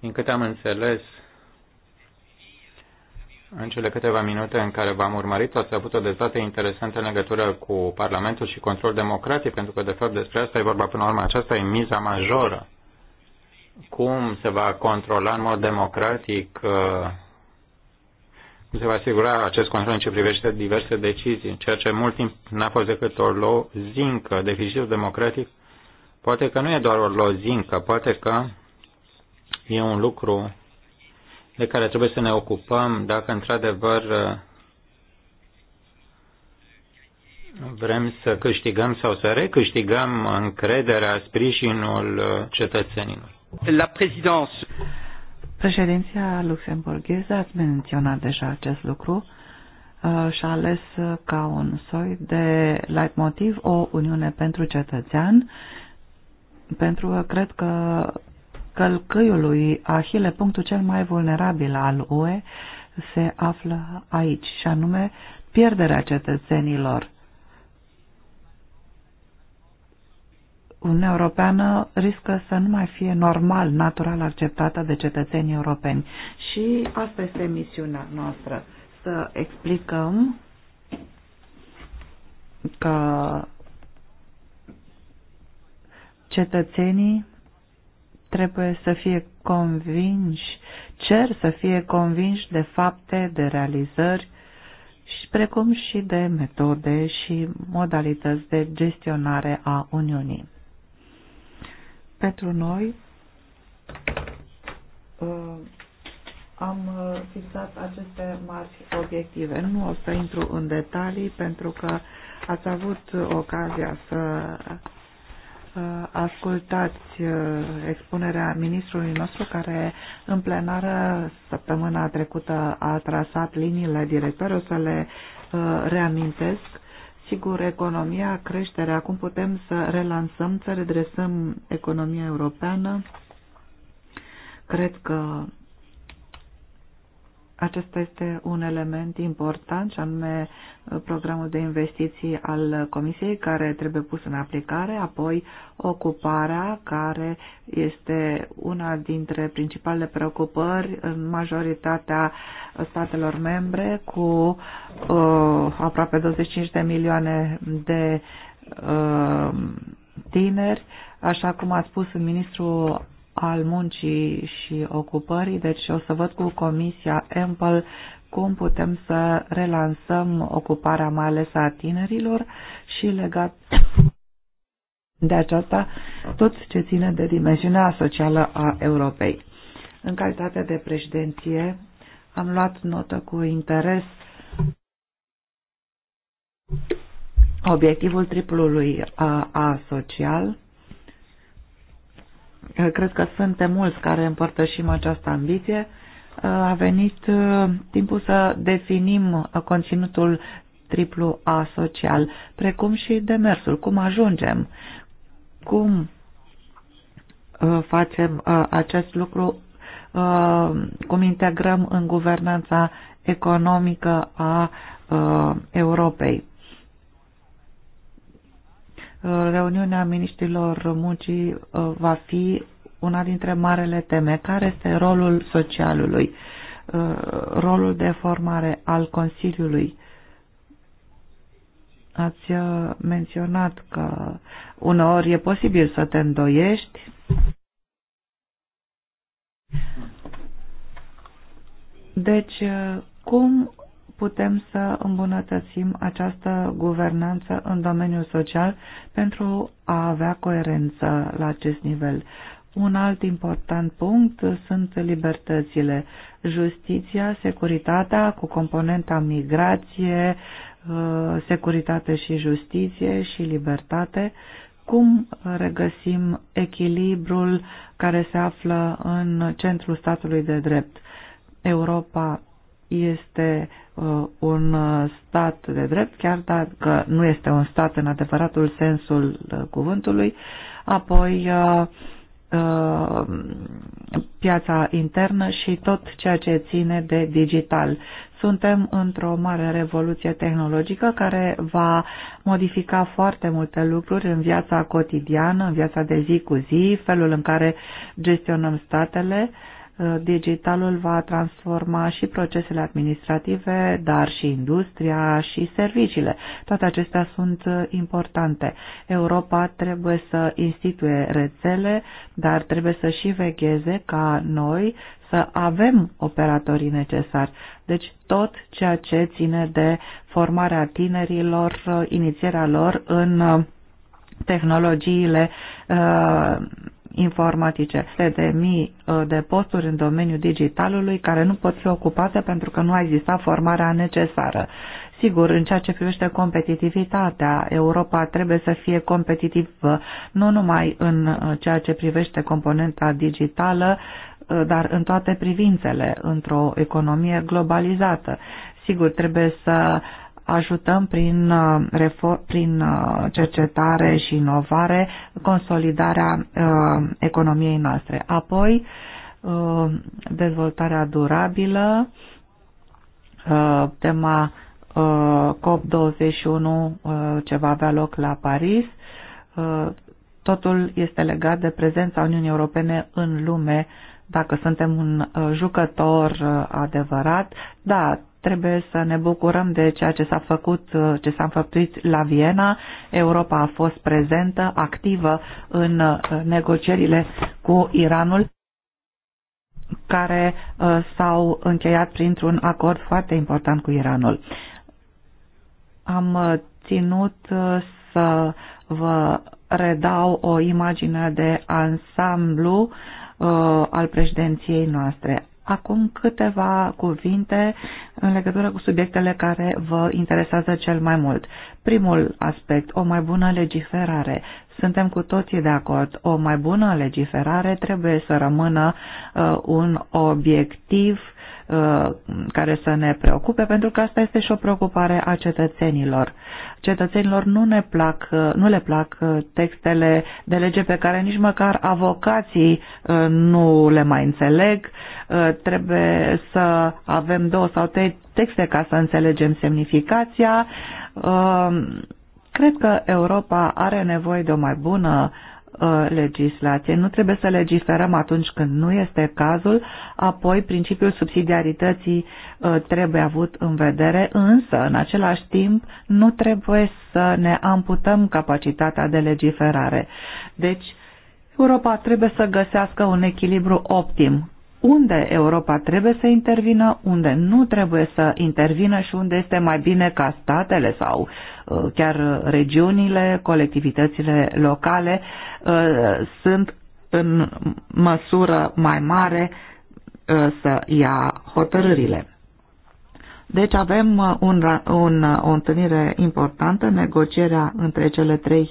Din câte am înțeles, în cele câteva minute în care v-am urmărit, ați avut o dezbatere interesantă în legătură cu Parlamentul și control democratic, pentru că, de fapt, despre asta e vorba până la urmă. Aceasta e miza majoră. Cum se va controla în mod democratic, uh, cum se va asigura acest control în ce privește diverse decizii, ceea ce mult timp n-a fost decât o lozincă, deficitul democratic. Poate că nu e doar o lozincă, poate că e un lucru de care trebuie să ne ocupăm dacă într-adevăr vrem să câștigăm sau să recâștigăm încrederea, sprijinul cetățenilor. La prezidență. Președinția luxemburgheză, ați menționat deja acest lucru, uh, și-a ales ca un soi de leitmotiv o Uniune pentru cetățean, pentru că cred că călcăiului Ahile, punctul cel mai vulnerabil al UE, se află aici, și anume pierderea cetățenilor. Uniunea Europeană riscă să nu mai fie normal, natural acceptată de cetățenii europeni. Și asta este misiunea noastră, să explicăm că cetățenii trebuie să fie convinși, cer să fie convinși de fapte, de realizări, și precum și de metode și modalități de gestionare a Uniunii. Pentru noi uh, am uh, fixat aceste mari obiective. Nu o să intru în detalii pentru că ați avut ocazia să ascultați uh, expunerea ministrului nostru care în plenară săptămâna trecută a trasat liniile directoare. O să le uh, reamintesc. Sigur, economia, creșterea, acum putem să relansăm, să redresăm economia europeană. Cred că acesta este un element important, și anume uh, programul de investiții al Comisiei, care trebuie pus în aplicare, apoi ocuparea, care este una dintre principalele preocupări în majoritatea statelor membre, cu uh, aproape 25 de milioane de uh, tineri, așa cum a spus ministrul al muncii și ocupării, deci o să văd cu Comisia EMPL cum putem să relansăm ocuparea, mai ales a tinerilor și legat de aceasta tot ce ține de dimensiunea socială a Europei. În calitate de președinție am luat notă cu interes obiectivul triplului A, A social, Eh, cred că suntem mulți care împărtășim această ambiție, eh, a venit eh, timpul să definim conținutul triplu A social, precum și demersul, cum ajungem, cum facem acest lucru, cum integrăm în guvernanța economică a Europei reuniunea ministrilor muncii uh, va fi una dintre marele teme. Care este rolul socialului? Uh, rolul de formare al Consiliului? Ați uh, menționat că uneori e posibil să te îndoiești. Deci, cum putem să îmbunătățim această guvernanță în domeniul social pentru a avea coerență la acest nivel. Un alt important punct sunt libertățile, justiția, securitatea cu componenta migrație, uh, securitate și justiție și libertate, cum regăsim echilibrul care se află în centrul statului de drept. Europa este uh, un uh, stat de drept, chiar dacă nu este un stat în adevăratul sensul uh, cuvântului, apoi uh, uh, piața internă și tot ceea ce ține de digital. Suntem într-o mare revoluție tehnologică care va modifica foarte multe lucruri în viața cotidiană, în viața de zi cu zi, felul în care gestionăm statele, uh, Uh, digitalul va transforma și procesele administrative, dar și industria și serviciile. Toate acestea sunt uh, importante. Europa trebuie să instituie rețele, dar trebuie să și vegheze ca noi să avem operatorii necesari. Deci tot ceea ce ține de formarea tinerilor, uh, inițierea lor în tehnologiile informatice, sute de mii uh, de posturi în domeniul digitalului care nu pot fi ocupate pentru că nu a existat formarea necesară. Sigur, în ceea ce privește competitivitatea, Europa trebuie să fie competitivă nu numai în uh, ceea ce privește componenta digitală, uh, dar în toate privințele, într-o economie globalizată. Sigur, trebuie să ajutăm prin, uh, prin uh, cercetare și inovare consolidarea uh, economiei noastre. Apoi, dezvoltarea durabilă, tema COP21 ce va avea loc la Paris. Totul este legat de prezența Uniunii Europene în lume, dacă suntem un jucător adevărat. Da, Trebuie să ne bucurăm de ceea ce s-a făcut, ce s-a înfăptuit la Viena. Europa a fost prezentă, activă în uh, negocierile cu Iranul care uh, s-au încheiat printr-un acord foarte important cu Iranul. Am uh, ținut să vă redau o imagine de ansamblu al președinției noastre. Acum câteva cuvinte în legătură cu subiectele care vă interesează cel mai mult. Primul aspect, o mai bună legiferare. Suntem cu toții de acord. O mai bună legiferare trebuie să rămână uh, un obiectiv uh, Uh, care să ne preocupe, pentru că asta este și o preocupare a cetățenilor. Cetățenilor nu, ne plac, uh, nu le plac uh, textele de lege pe care nici măcar avocații nu le mai înțeleg. Trebuie să avem două sau trei texte ca să înțelegem semnificația. Cred că Europa are nevoie de o mai bună Uh, legislație. Nu trebuie să legiferăm atunci când nu este cazul, apoi principiul subsidiarității uh, trebuie avut în vedere, însă în același timp nu trebuie să ne amputăm capacitatea de legiferare. Deci Europa trebuie să găsească un echilibru optim unde Europa trebuie să intervină, unde nu trebuie să intervină și unde este mai bine ca statele sau uh, chiar regiunile, colectivitățile locale uh, sunt în măsură mai mare uh, să ia hotărârile. Deci avem un, un, o întâlnire importantă, negocierea între cele trei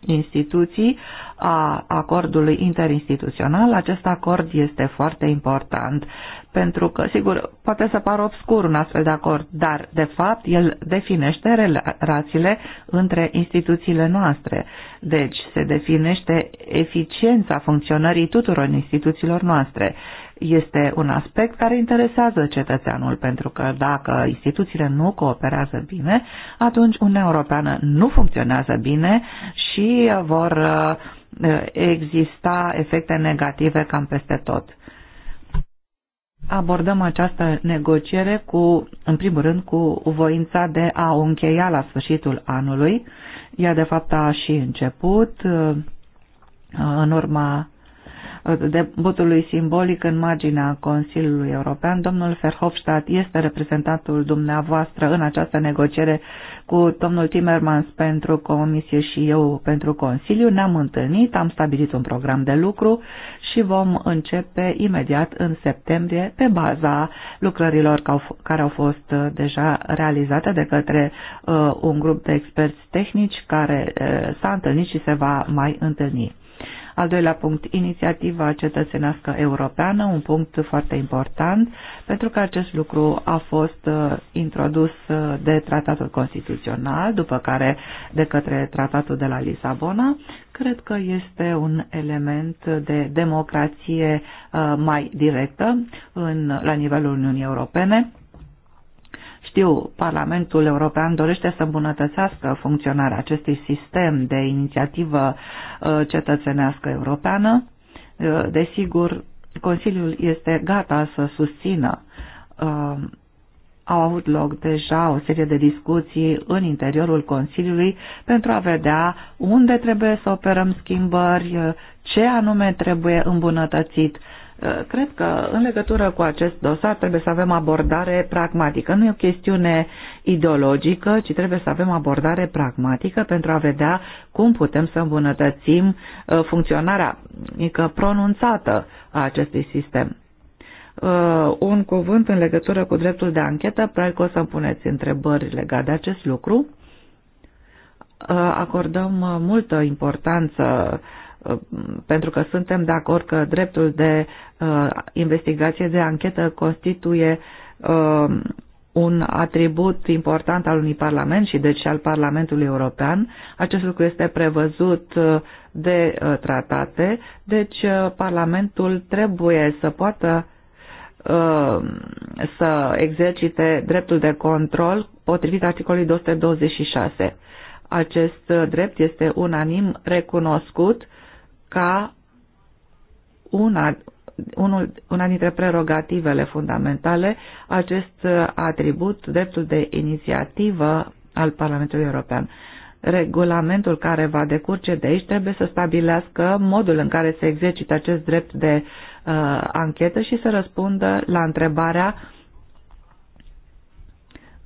instituții a acordului interinstituțional. Acest acord este foarte important pentru că, sigur, poate să pară obscur un astfel de acord, dar, de fapt, el definește relațiile între instituțiile noastre. Deci, se definește eficiența funcționării tuturor instituțiilor noastre. Este un aspect care interesează cetățeanul, pentru că dacă instituțiile nu cooperează bine, atunci Uniunea Europeană nu funcționează bine și vor exista efecte negative cam peste tot. Abordăm această negociere cu, în primul rând, cu voința de a o încheia la sfârșitul anului. Ea, de fapt, a și început în urma debutului simbolic în marginea Consiliului European. Domnul Verhofstadt este reprezentantul dumneavoastră în această negociere cu domnul Timmermans pentru Comisie și eu pentru Consiliu. Ne-am întâlnit, am stabilit un program de lucru și vom începe imediat în septembrie pe baza lucrărilor care au fost uh, deja realizate de către uh, un grup de experți tehnici care uh, s-a întâlnit și se va mai întâlni. Al doilea punct, inițiativa cetățenească europeană, un punct foarte important, pentru că acest lucru a fost uh, introdus uh, de tratatul constituțional, după care de către tratatul de la Lisabona. Cred că este un element de democrație uh, mai directă în, la nivelul Uniunii Europene știu, Parlamentul European dorește să îmbunătățească funcționarea acestui sistem de inițiativă uh, cetățenească europeană. Uh, desigur, Consiliul este gata să susțină. Uh, au avut loc deja o serie de discuții în interiorul Consiliului pentru a vedea unde trebuie să operăm schimbări, ce anume trebuie îmbunătățit Cred că în legătură cu acest dosar trebuie să avem abordare pragmatică. Nu e o chestiune ideologică, ci trebuie să avem abordare pragmatică pentru a vedea cum putem să îmbunătățim uh, funcționarea mică pronunțată a acestui sistem. Uh, un cuvânt în legătură cu dreptul de anchetă, probabil că o să-mi puneți întrebări legate de acest lucru uh, acordăm multă importanță pentru că suntem de acord că dreptul de uh, investigație, de anchetă constituie uh, un atribut important al unui Parlament și deci al Parlamentului European. Acest lucru este prevăzut uh, de tratate, deci Parlamentul trebuie să poată să exercite dreptul de control potrivit articolului 226. Acest drept este unanim recunoscut ca una, unul, una dintre prerogativele fundamentale acest atribut, dreptul de inițiativă al Parlamentului European. Regulamentul care va decurge de aici trebuie să stabilească modul în care se exercită acest drept de uh, anchetă și să răspundă la întrebarea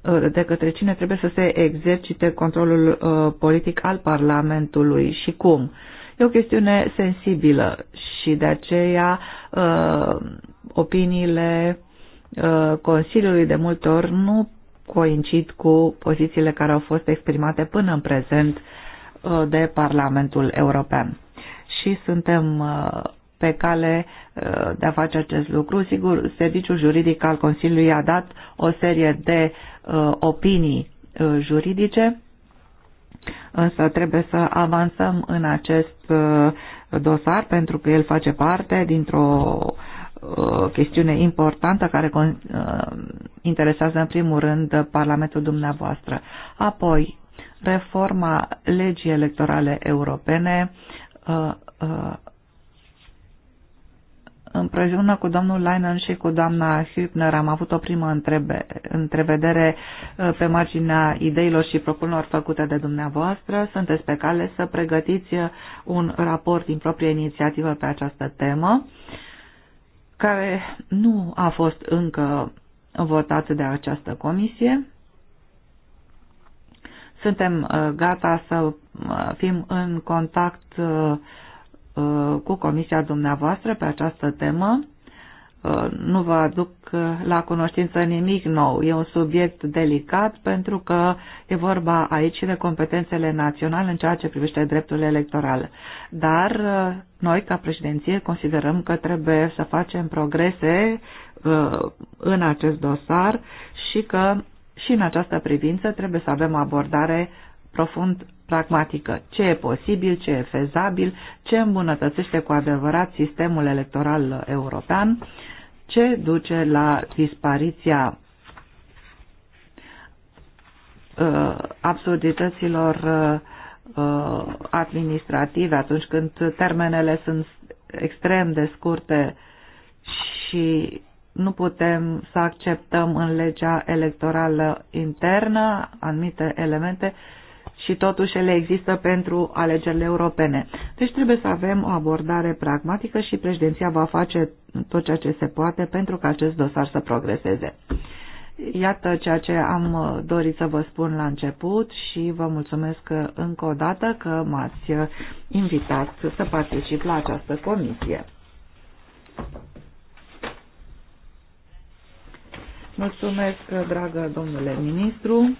uh, de către cine trebuie să se exercite controlul uh, politic al Parlamentului și cum. Uh, E o chestiune sensibilă și de aceea uh, opiniile uh, Consiliului de multe ori nu coincid cu pozițiile care au fost exprimate până în prezent uh, de Parlamentul European. Și suntem pe cale de a face acest lucru. Sigur, serviciul juridic al Consiliului a dat o serie de opinii juridice însă trebuie să avansăm în acest uh, dosar pentru că el face parte dintr-o uh, chestiune importantă care uh, interesează în primul rând Parlamentul dumneavoastră. Apoi, reforma legii electorale europene Împreună cu domnul Leinen și cu doamna Hübner am avut o primă întrebe, întrevedere uh, pe marginea ideilor și propunerilor făcute de dumneavoastră. Sunteți pe cale să pregătiți uh, un raport din proprie inițiativă pe această temă, care nu a fost încă votat de această comisie. Suntem uh, gata să fim în contact uh, Uh, cu comisia dumneavoastră pe această temă. Uh, nu vă aduc la cunoștință nimic nou. E un subiect delicat pentru că e vorba aici de competențele naționale în ceea ce privește drepturile electorale. Dar uh, noi, ca președinție, considerăm că trebuie să facem progrese în acest dosar și că și în această privință trebuie să avem abordare profund pragmatică. Ce e posibil, ce e fezabil, ce îmbunătățește cu adevărat sistemul electoral european, ce duce la dispariția uh, absurdităților uh, uh administrative atunci când termenele sunt extrem de scurte și nu putem să acceptăm în legea electorală internă anumite elemente uh, și totuși ele există pentru alegerile europene. Deci trebuie să avem o abordare pragmatică și președinția va face tot ceea ce se poate pentru ca acest dosar să progreseze. Iată ceea ce am dorit să vă spun la început și vă mulțumesc încă o dată că m-ați invitat să particip la această comisie. Mulțumesc, dragă domnule ministru.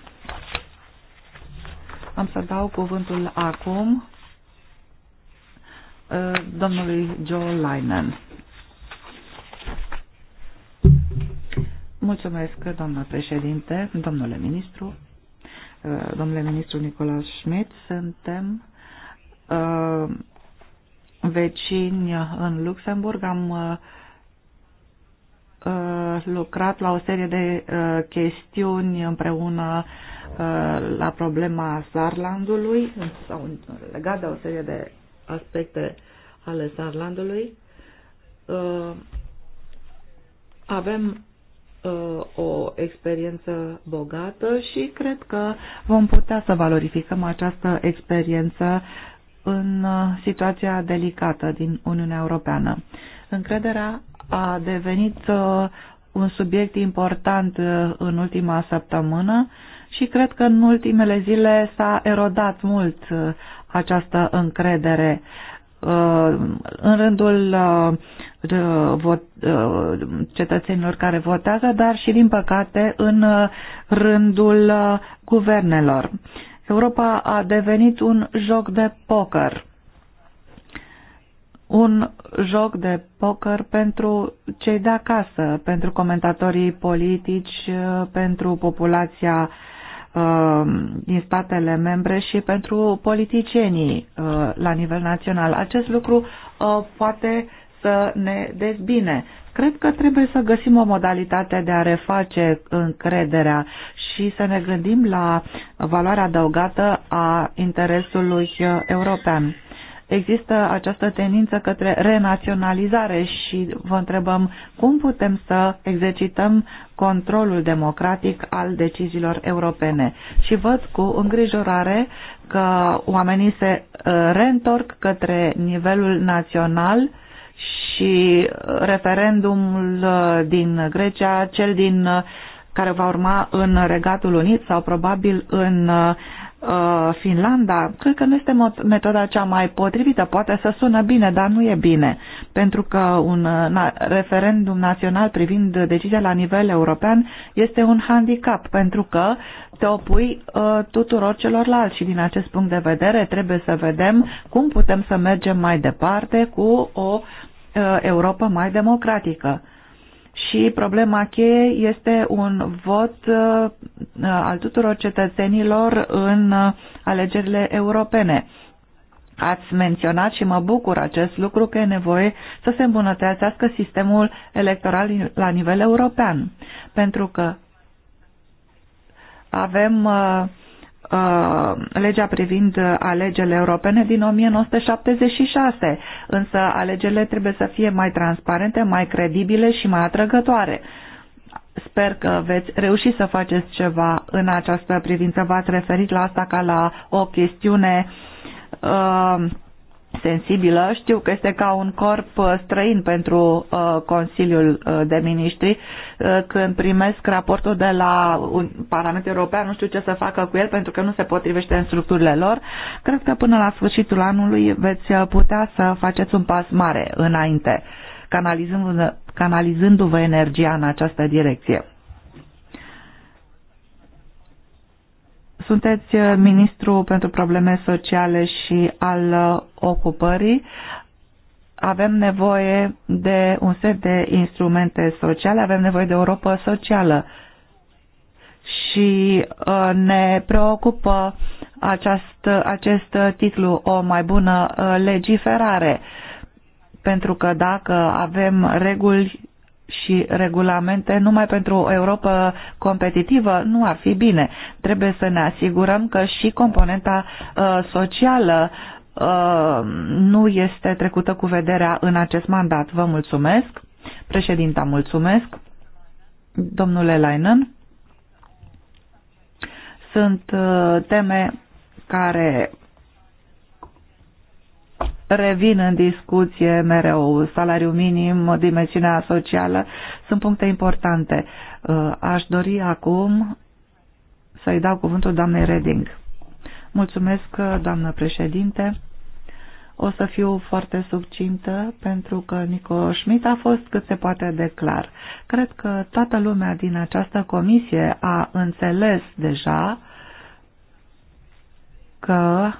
Am să dau cuvântul acum uh, domnului Joe Linen. Mulțumesc, doamnă președinte, domnule ministru, uh, domnule ministru Nicolae Schmidt, suntem uh, vecini în Luxemburg, am lucrat la o serie de chestiuni împreună Uh, la problema Sarlandului sau legat de o serie de aspecte ale Sarlandului. Uh, avem uh, o experiență bogată și cred că vom putea să valorificăm această experiență în situația delicată din Uniunea Europeană. Încrederea a devenit un subiect important în ultima săptămână și cred că în ultimele zile s-a erodat mult uh, această încredere uh, în rândul uh, cetățenilor care votează, dar și, din păcate, în rândul guvernelor. Europa a devenit un joc de poker. Un joc de poker pentru cei de acasă, pentru comentatorii politici, pentru populația din um, statele membre și pentru politicienii uh, la nivel național. Acest lucru uh, poate să ne dezbine. Cred că trebuie să găsim o modalitate de a reface încrederea și să ne gândim la valoarea adăugată a interesului european există această tendință către renaționalizare și vă întrebăm cum putem să exercităm controlul democratic al deciziilor europene. Și văd cu îngrijorare că oamenii se uh, reîntorc către nivelul național și referendumul uh, din Grecia, cel din uh, care va urma în Regatul Unit sau probabil în Uh, Finlanda, cred că nu este metoda cea mai potrivită. Poate să sună bine, dar nu e bine, pentru că un uh, referendum național privind decizia la nivel european este un handicap, pentru că te opui uh, tuturor celorlalți și din acest punct de vedere trebuie să vedem cum putem să mergem mai departe cu o Europa mai democratică și problema cheie este un vot uh, al tuturor cetățenilor în uh, alegerile europene. Ați menționat și mă bucur acest lucru că e nevoie să se îmbunătățească sistemul electoral la nivel european, pentru că avem uh, Uh, legea privind alegerile europene din 1976, însă alegerile trebuie să fie mai transparente, mai credibile și mai atrăgătoare. Sper că veți reuși să faceți ceva în această privință. V-ați referit la asta ca la o chestiune uh, sensibilă. Știu că este ca un corp uh, străin pentru uh, Consiliul uh, de Ministri. Când primesc raportul de la Parlamentul European, nu știu ce să facă cu el pentru că nu se potrivește în structurile lor. Cred că până la sfârșitul anului veți putea să faceți un pas mare înainte, canalizându-vă energia în această direcție. Sunteți uh, ministru pentru probleme sociale și al uh, ocupării. Avem nevoie de un set de instrumente sociale, avem nevoie de Europa socială și uh, ne preocupă aceast, acest titlu, o mai bună legiferare. Pentru că dacă avem reguli și regulamente numai pentru o Europa competitivă nu ar fi bine. Trebuie să ne asigurăm că și componenta uh, socială uh, nu este trecută cu vederea în acest mandat. Vă mulțumesc. Președinta, mulțumesc. Domnule Leinen, sunt uh, teme care revin în discuție mereu. Salariul minim, dimensiunea socială sunt puncte importante. Uh, aș dori acum să-i dau cuvântul doamnei Reding. Mulțumesc, uh, doamnă președinte. O să fiu foarte subcintă pentru că Nico Schmidt a fost cât se poate de clar. Cred că toată lumea din această comisie a înțeles deja că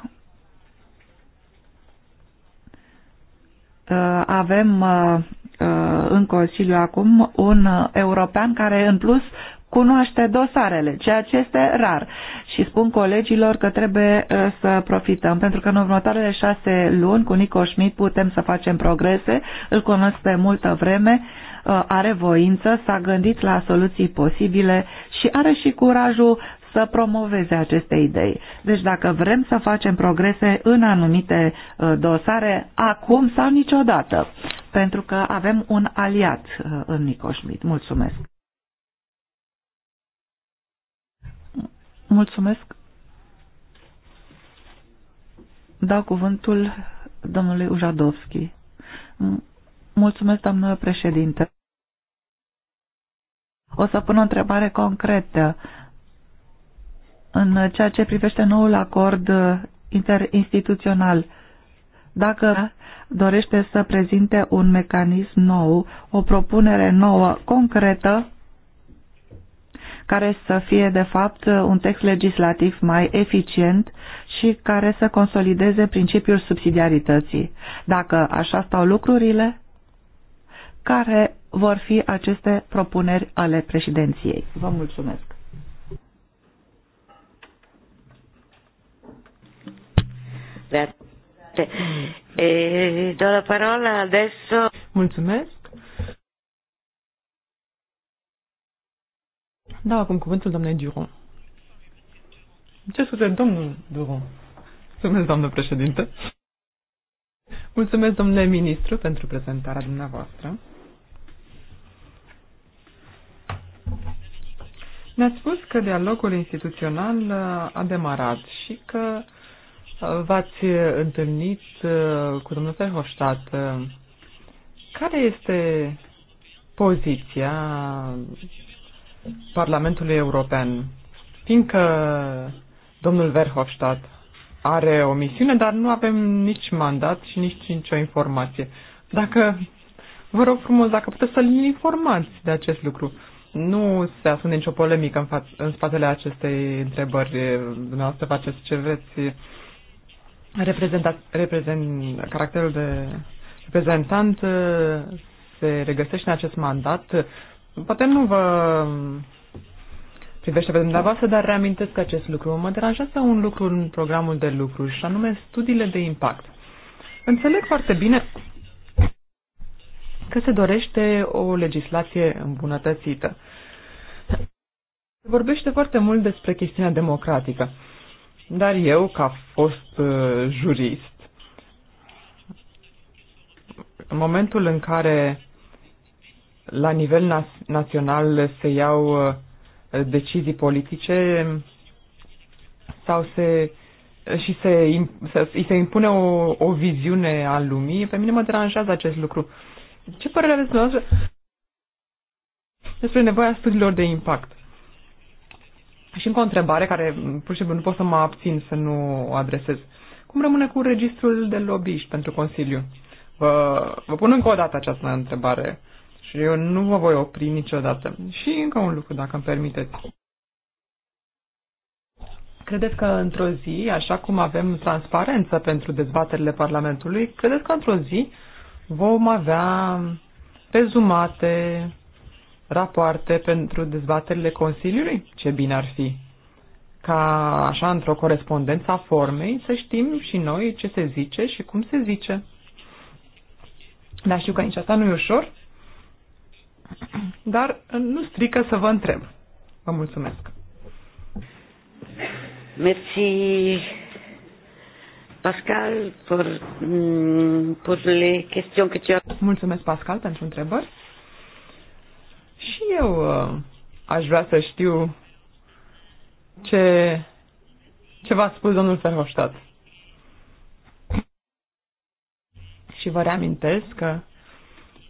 Uh, avem uh, uh, în Consiliu acum un european care în plus cunoaște dosarele, ceea ce este rar. Și spun colegilor că trebuie să profităm, pentru că în următoarele șase luni cu Nico Schmidt putem să facem progrese, îl cunosc pe multă vreme, are voință, s-a gândit la soluții posibile și are și curajul să promoveze aceste idei. Deci dacă vrem să facem progrese în anumite uh, dosare, acum sau niciodată, pentru că avem un aliat uh, în Nico Schmidt. Mulțumesc! Mulțumesc! Dau cuvântul domnului Ujadovski. Mulțumesc, doamnă președinte. O să pun o întrebare concretă în ceea ce privește noul acord uh, interinstituțional. Dacă dorește să prezinte un mecanism nou, o propunere nouă, concretă, care să fie, de fapt, un text legislativ mai eficient și care să consolideze principiul subsidiarității. Dacă așa stau lucrurile, care vor fi aceste propuneri ale președinției? Vă mulțumesc! Grazie. E eh, do la parola adesso. Mulțumesc. Da, acum cuvântul doamnei Duron. Ce scuze, domnul Duron? Mulțumesc, doamnă președinte. Mulțumesc, domnule ministru, pentru prezentarea dumneavoastră. Ne-ați spus că dialogul instituțional uh, a demarat și că V-ați întâlnit uh, cu domnul Verhofstadt. Uh, care este poziția Parlamentului European? Fiindcă domnul Verhofstadt are o misiune, dar nu avem nici mandat și nici nicio informație. Dacă, vă rog frumos, dacă puteți să-l informați de acest lucru. Nu se ascunde nicio polemică în, fa- în spatele acestei întrebări. Dumneavoastră faceți ce vreți reprezentat, reprezent, caracterul de reprezentant uh, se regăsește în acest mandat. Poate nu vă privește pe dumneavoastră, dar reamintesc acest lucru. Mă deranjează un lucru în programul de lucru și anume studiile de impact. Înțeleg foarte bine că se dorește o legislație îmbunătățită. Se vorbește foarte mult despre chestiunea democratică. Dar eu, ca fost uh, jurist, în momentul în care la nivel național se iau uh, decizii politice sau se și se, se, se impune o, o viziune a lumii, pe mine mă deranjează acest lucru. Ce părere aveți dumneavoastră despre nevoia studiilor de impact? Și încă o întrebare care pur și simplu nu pot să mă abțin să nu o adresez. Cum rămâne cu registrul de lobbyiști pentru Consiliu? Vă, vă pun încă o dată această întrebare și eu nu vă voi opri niciodată. Și încă un lucru, dacă îmi permiteți. Credeți că într-o zi, așa cum avem transparență pentru dezbaterile Parlamentului, credeți că într-o zi vom avea rezumate rapoarte pentru dezbaterile Consiliului? Ce bine ar fi! Ca așa, într-o corespondență a formei, să știm și noi ce se zice și cum se zice. Dar știu că nici asta nu e ușor, dar nu strică să vă întreb. Vă mulțumesc! Merci Pascal pour, mm, pour les questions que tu as. Mulțumesc Pascal pentru întrebări. Și eu uh, aș vrea să știu ce, ce v-a spus domnul Ferhoștat. Și vă reamintesc că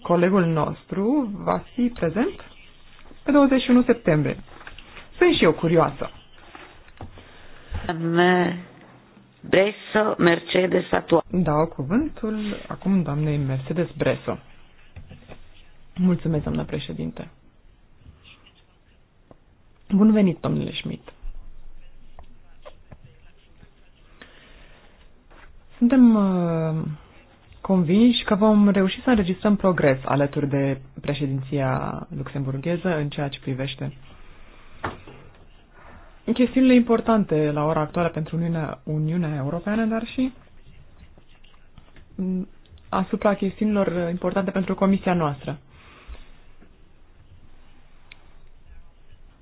colegul nostru va fi prezent pe 21 septembrie. Sunt și eu curioasă. Uh, Bresso, Mercedes Atua. Dau cuvântul acum doamnei Mercedes Bresso. Mulțumesc, doamnă președinte. Bun venit, domnule Schmidt. Suntem uh, convinși că vom reuși să înregistrăm progres alături de președinția luxemburgheză în ceea ce privește chestiunile importante la ora actuală pentru Uniunea, Uniunea Europeană, dar și mm, asupra chestiunilor importante pentru comisia noastră.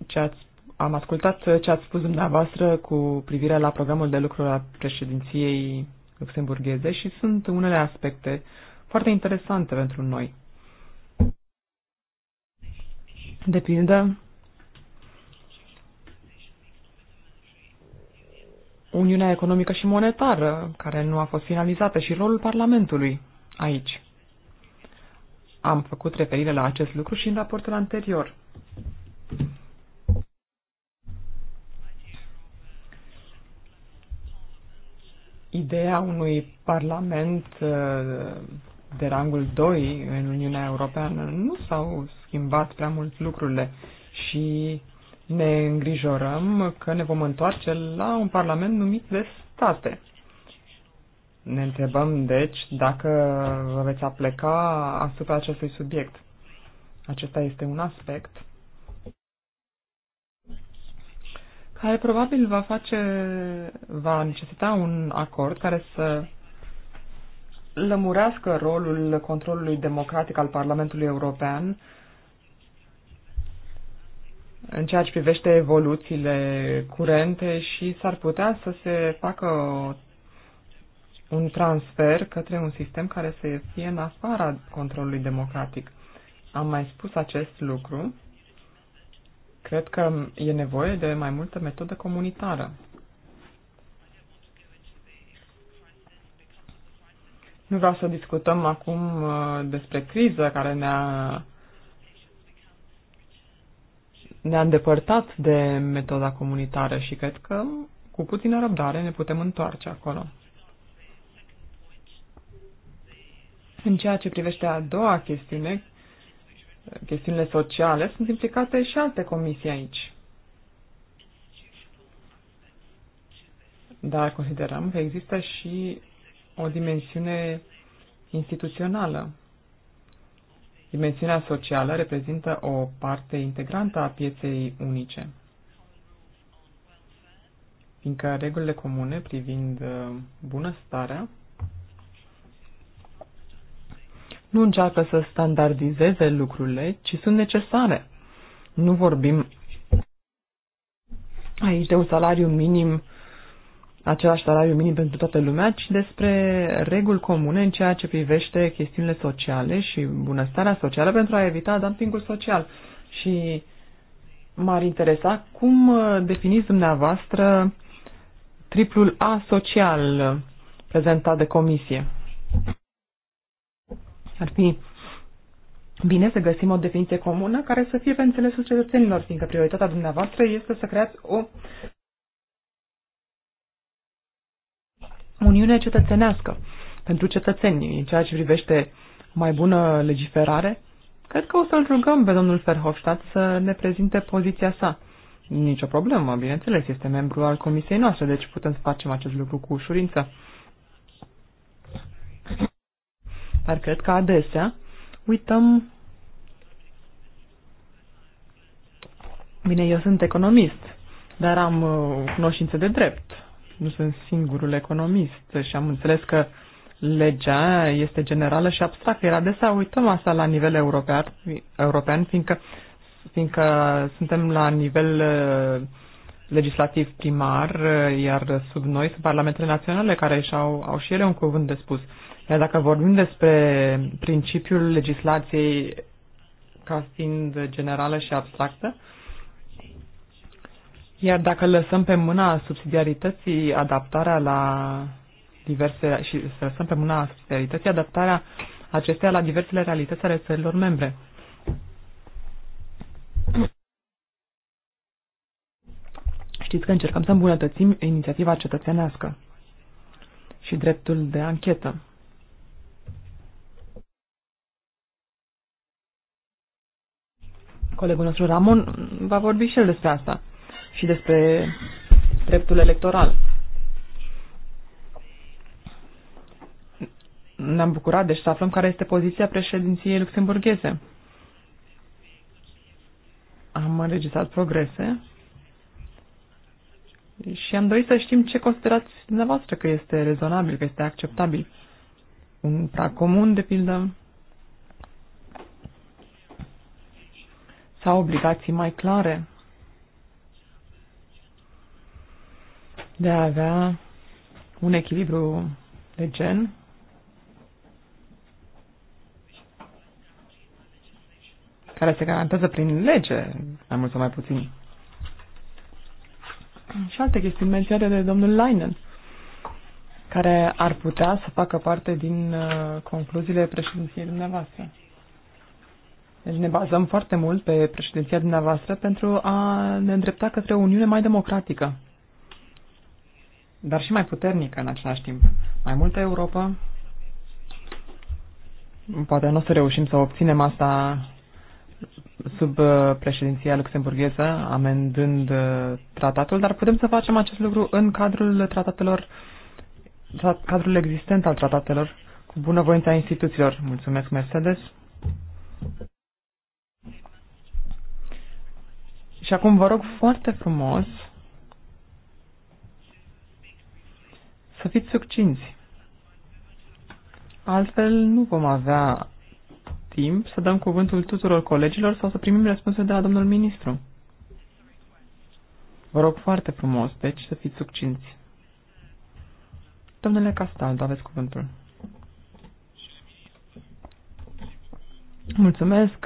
ce ați, am ascultat ce ați spus dumneavoastră cu privire la programul de lucru al președinției luxemburgheze și sunt unele aspecte foarte interesante pentru noi. De pildă, Uniunea Economică și Monetară, care nu a fost finalizată, și rolul Parlamentului aici. Am făcut referire la acest lucru și în raportul anterior. ideea unui parlament uh, de rangul 2 în Uniunea Europeană nu s-au schimbat prea mult lucrurile și ne îngrijorăm că ne vom întoarce la un parlament numit de state. Ne întrebăm, deci, dacă vă veți apleca asupra acestui subiect. Acesta este un aspect. care probabil va face, va necesita un acord care să lămurească rolul controlului democratic al Parlamentului European în ceea ce privește evoluțiile curente și s-ar putea să se facă un transfer către un sistem care să fie în afara controlului democratic. Am mai spus acest lucru Cred că e nevoie de mai multă metodă comunitară. Nu vreau să discutăm acum uh, despre criză care ne-a ne-a îndepărtat de metoda comunitară și cred că cu puțină răbdare ne putem întoarce acolo. În ceea ce privește a doua chestiune, chestiunile sociale, sunt implicate și alte comisii aici. Dar considerăm că există și o dimensiune instituțională. Dimensiunea socială reprezintă o parte integrantă a pieței unice, fiindcă regulile comune privind uh, bunăstarea nu încearcă să standardizeze lucrurile, ci sunt necesare. Nu vorbim aici de un salariu minim, același salariu minim pentru toată lumea, ci despre reguli comune în ceea ce privește chestiunile sociale și bunăstarea socială pentru a evita dumpingul social. Și m-ar interesa cum definiți dumneavoastră triplul A social prezentat de comisie. Ar fi bine să găsim o definiție comună care să fie pe înțelesul cetățenilor, fiindcă prioritatea dumneavoastră este să creați o uniune cetățenească pentru cetățenii, în ceea ce privește mai bună legiferare. Cred că o să-l rugăm pe domnul Ferhofstadt să ne prezinte poziția sa. Nicio problemă, bineînțeles, este membru al comisiei noastre, deci putem să facem acest lucru cu ușurință. Dar cred că adesea uităm... Bine, eu sunt economist, dar am uh, cunoștințe de drept. Nu sunt singurul economist și am înțeles că legea este generală și abstractă. Iar adesea uităm asta la nivel european, european fiindcă, fiindcă suntem la nivel uh, legislativ primar, uh, iar sub noi sunt parlamentele naționale care și-au, au și ele un cuvânt de spus. Iar dacă vorbim despre principiul legislației ca fiind generală și abstractă, iar dacă lăsăm pe mâna subsidiarității adaptarea la diverse, și să lăsăm pe mâna subsidiarității adaptarea acestea la diversele realități ale țărilor membre. Știți că încercăm să îmbunătățim inițiativa cetățenească și dreptul de anchetă. Colegul nostru Ramon va vorbi și el despre asta și despre dreptul electoral. Ne-am bucurat, deci, să aflăm care este poziția președinției luxemburgheze. Am înregistrat progrese și am dorit să știm ce considerați dumneavoastră că este rezonabil, că este acceptabil. Un prag comun, de pildă, sau obligații mai clare de a avea un echilibru de gen care se garantează prin lege, mai mult sau mai puțin. Și alte chestiuni menționate de domnul Leinen, care ar putea să facă parte din uh, concluziile președinției dumneavoastră. Deci ne bazăm foarte mult pe președinția dumneavoastră pentru a ne îndrepta către o Uniune mai democratică, dar și mai puternică în același timp. Mai multă Europa. Poate nu o să reușim să obținem asta sub uh, președinția luxemburgheză, amendând uh, tratatul, dar putem să facem acest lucru în cadrul tratatelor, cadrul existent al tratatelor, cu bunăvoința instituțiilor. Mulțumesc, Mercedes. Și acum vă rog foarte frumos să fiți succinți. Altfel nu vom avea timp să dăm cuvântul tuturor colegilor sau să primim răspunsul de la domnul ministru. Vă rog foarte frumos, deci, să fiți succinți. Domnule Castaldo, aveți cuvântul. Mulțumesc,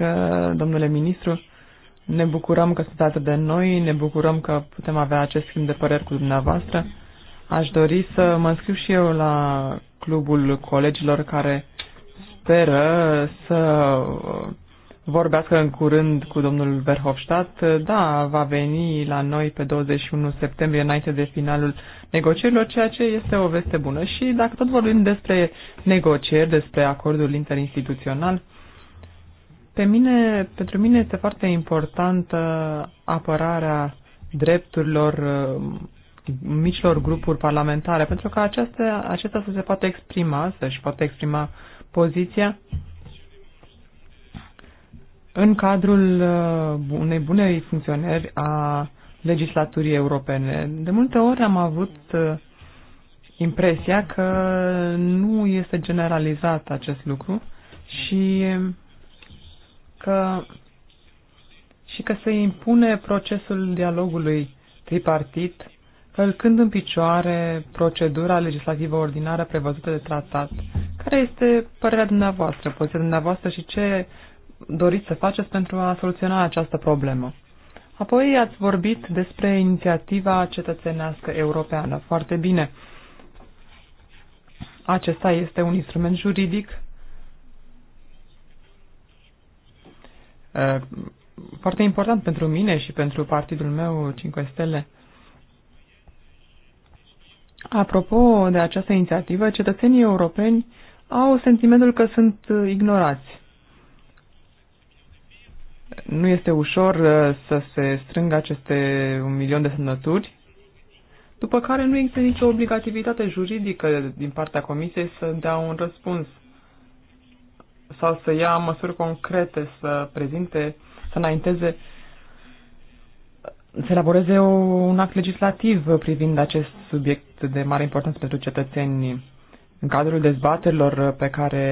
domnule ministru. Ne bucurăm că sunteți atât de noi, ne bucurăm că putem avea acest schimb de păreri cu dumneavoastră. Aș dori să mă înscriu și eu la clubul colegilor care speră să vorbească în curând cu domnul Verhofstadt. Da, va veni la noi pe 21 septembrie înainte de finalul negocierilor, ceea ce este o veste bună. Și dacă tot vorbim despre negocieri, despre acordul interinstituțional, pe mine, pentru mine este foarte importantă apărarea drepturilor uh, micilor grupuri parlamentare, pentru că aceasta acestea să se poată exprima, să-și poată exprima poziția în cadrul uh, unei bunei funcționări a legislaturii europene. De multe ori am avut uh, impresia că nu este generalizat acest lucru și că și că se impune procesul dialogului tripartit, călcând în picioare procedura legislativă ordinară prevăzută de tratat. Care este părerea dumneavoastră, poziția dumneavoastră și ce doriți să faceți pentru a soluționa această problemă? Apoi ați vorbit despre inițiativa cetățenească europeană. Foarte bine. Acesta este un instrument juridic Eh, foarte important pentru mine și pentru partidul meu 5 Stele. Apropo de această inițiativă, cetățenii europeni au sentimentul că sunt ignorați. Nu este ușor eh, să se strângă aceste un milion de semnături, după care nu există nicio obligativitate juridică din partea Comisiei să dea un răspuns sau să ia măsuri concrete, să prezinte, să înainteze, să elaboreze o, un act legislativ privind acest subiect de mare importanță pentru cetățeni. În cadrul dezbaterilor pe care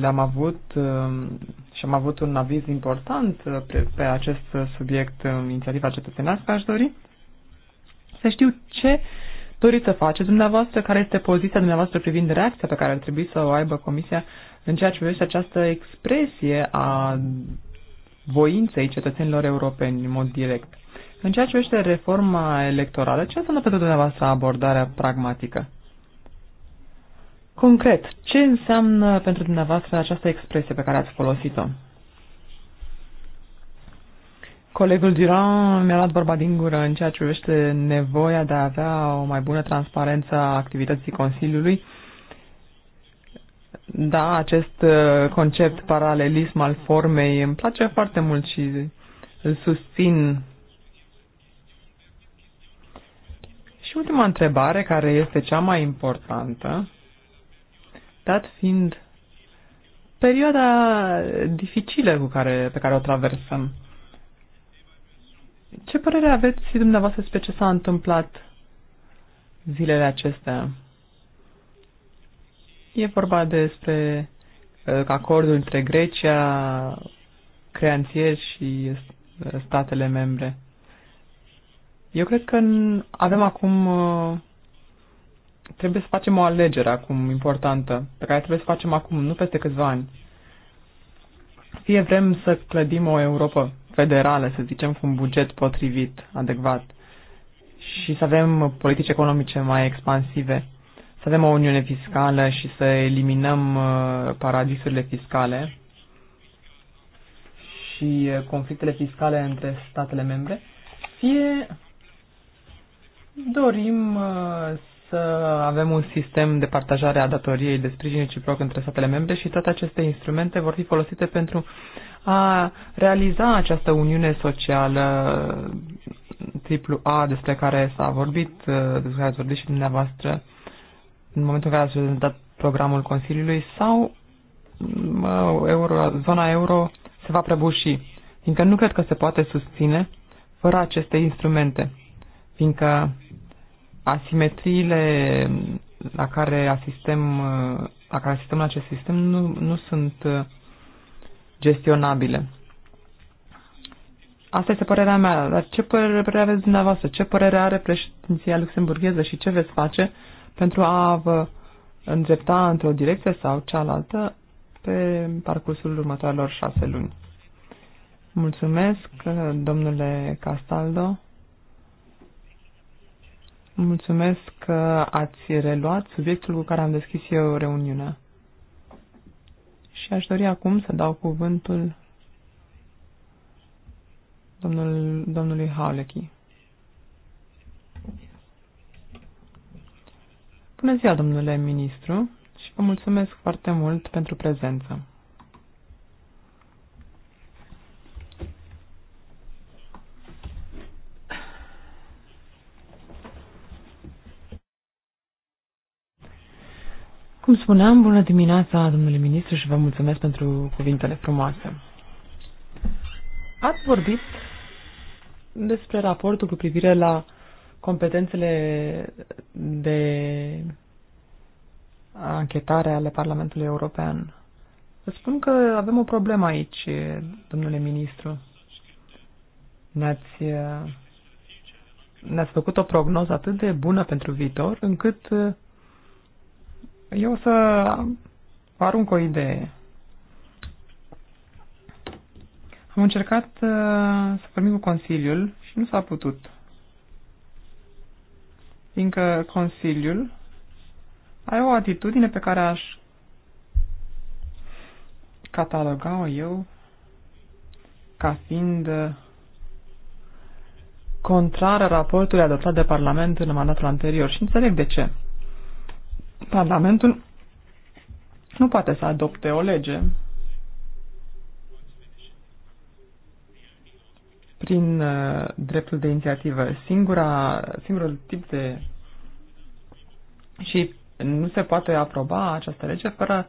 le-am avut um, și am avut un aviz important pe, pe acest subiect, um, inițiativa cetățenească, aș dori să știu ce doriți să faceți dumneavoastră, care este poziția dumneavoastră privind reacția pe care ar trebui să o aibă Comisia în ceea ce privește această expresie a voinței cetățenilor europeni în mod direct. În ceea ce privește reforma electorală, ce înseamnă pentru dumneavoastră abordarea pragmatică? Concret, ce înseamnă pentru dumneavoastră această expresie pe care ați folosit-o? Colegul Giran mi-a luat vorba din gură în ceea ce privește nevoia de a avea o mai bună transparență a activității Consiliului da, acest uh, concept paralelism al formei îmi place foarte mult și îl susțin. Și ultima întrebare, care este cea mai importantă, dat fiind perioada dificilă cu care, pe care o traversăm. Ce părere aveți dumneavoastră despre ce s-a întâmplat zilele acestea? E vorba despre uh, acordul între Grecia, creanțieri și uh, statele membre. Eu cred că avem acum. Uh, trebuie să facem o alegere acum importantă, pe care trebuie să facem acum, nu peste câțiva ani. Fie vrem să clădim o Europa federală, să zicem, cu un buget potrivit, adecvat, și să avem politici economice mai expansive, avem o uniune fiscală și să eliminăm uh, paradisurile fiscale și uh, conflictele fiscale între statele membre, fie dorim uh, să avem un sistem de partajare a datoriei de sprijin reciproc între statele membre și toate aceste instrumente vor fi folosite pentru a realiza această uniune socială triplu A despre care s-a vorbit, despre care ați vorbit și dumneavoastră în momentul în care ați prezentat programul Consiliului sau mm, euro, zona euro se va prăbuși, fiindcă nu cred că se poate susține fără aceste instrumente, fiindcă asimetriile la care asistăm, la care asistăm la acest sistem nu, nu sunt uh, gestionabile. Asta este părerea mea, dar ce părere aveți dumneavoastră? Ce părere are președinția luxemburgheză și ce veți face uh, pentru a vă îndrepta într-o direcție sau cealaltă pe parcursul următoarelor șase luni. Mulțumesc, domnule Castaldo. Mulțumesc că ați reluat subiectul cu care am deschis eu reuniunea. Și aș dori acum să dau cuvântul domnul, domnului Haulechi. Bună ziua, domnule ministru, și vă mulțumesc foarte mult pentru prezență. Cum spuneam, bună dimineața, domnule ministru, și vă mulțumesc pentru cuvintele frumoase. Ați vorbit despre raportul cu privire la competențele de anchetare ale Parlamentului European. Vă spun că avem o problemă aici, domnule ministru. Ne-ați, ne-ați făcut o prognoză atât de bună pentru viitor, încât eu o să arunc o idee. Am încercat uh, să formim cu Consiliul și nu s-a putut fiindcă Consiliul are o atitudine pe care aș cataloga-o eu ca fiind contrară raportului adoptat de Parlament în mandatul anterior și înțeleg de ce. Parlamentul nu poate să adopte o lege prin uh, dreptul de inițiativă. Singura, singurul tip de... Și nu se poate aproba această lege fără,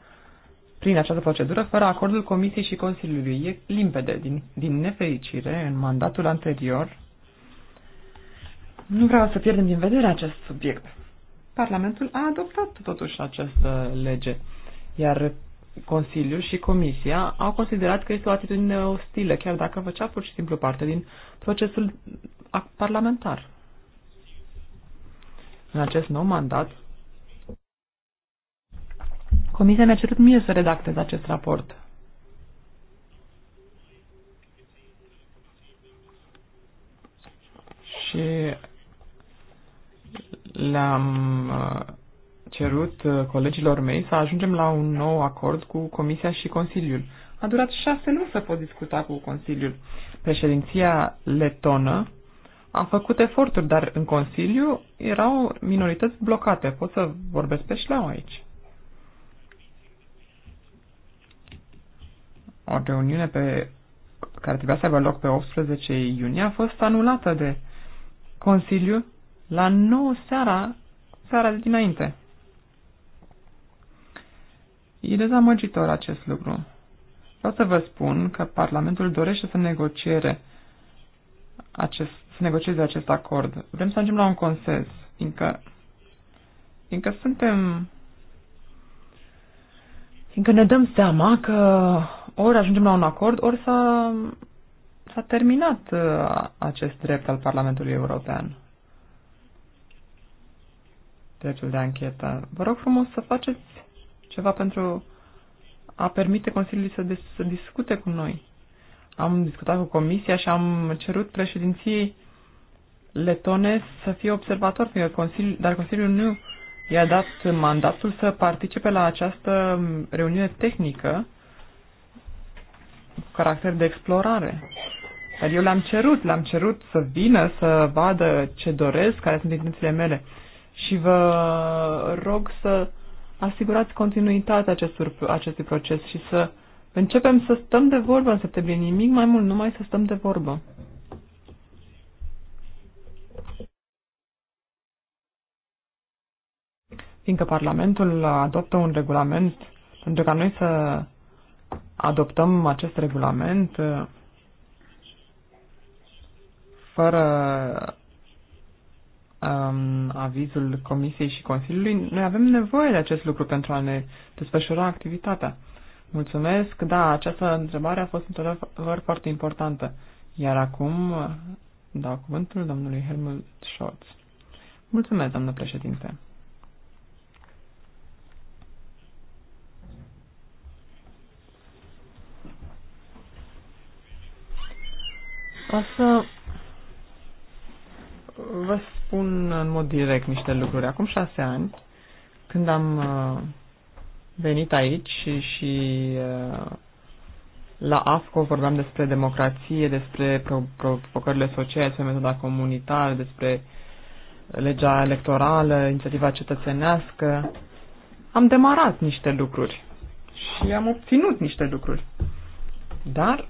prin această procedură fără acordul Comisiei și Consiliului. E limpede. Din, din nefericire, în mandatul anterior, nu vreau să pierdem din vedere acest subiect. Parlamentul a adoptat totuși această lege, iar Consiliul și Comisia au considerat că este o atitudine ostilă, chiar dacă făcea pur și simplu parte din procesul parlamentar. În acest nou mandat, Comisia mi-a cerut mie să redactez acest raport. Și le-am uh, cerut uh, colegilor mei să ajungem la un nou acord cu Comisia și Consiliul. A durat șase luni să pot discuta cu Consiliul. Președinția letonă a făcut eforturi, dar în Consiliu erau minorități blocate. Pot să vorbesc pe șleau aici. O reuniune pe care trebuia să aibă loc pe 18 iunie a fost anulată de Consiliu la 9 seara, seara de dinainte. E dezamăgitor acest lucru. Vreau să vă spun că Parlamentul dorește să negociere acest, să negocieze acest acord. Vrem să ajungem la un consens, fiindcă, fiindcă suntem fiindcă ne dăm seama că ori ajungem la un acord, ori s-a, s-a terminat uh, acest drept al Parlamentului European. Dreptul de anchetă. Vă rog frumos să faceți ceva pentru a permite Consiliului să, să discute cu noi. Am discutat cu Comisia și am cerut președinției letone să fie observator, fiindcă Consiliul, dar Consiliul nu i-a dat mandatul să participe la această reuniune tehnică cu caracter de explorare. Dar eu le-am cerut, le-am cerut să vină, să vadă ce doresc, care sunt intențiile mele. Și vă rog să asigurați continuitatea acestor, acestui proces și să începem să stăm de vorbă în septembrie, nimic mai mult, numai să stăm de vorbă. Fiindcă Parlamentul adoptă un regulament, pentru ca noi să adoptăm acest regulament fără um, avizul Comisiei și Consiliului, noi avem nevoie de acest lucru pentru a ne desfășura activitatea. Mulțumesc, da, această întrebare a fost într-adevăr foarte importantă. Iar acum uh, dau cuvântul domnului Helmut Scholz. Mulțumesc, doamnă președinte. O să vă spun în mod direct niște lucruri. Acum șase ani, când am uh, venit aici și, și uh, la AFCO vorbeam despre democrație, despre provocările sociale, despre metoda comunitară, despre legea electorală, inițiativa cetățenească. Am demarat niște lucruri și am obținut niște lucruri. Dar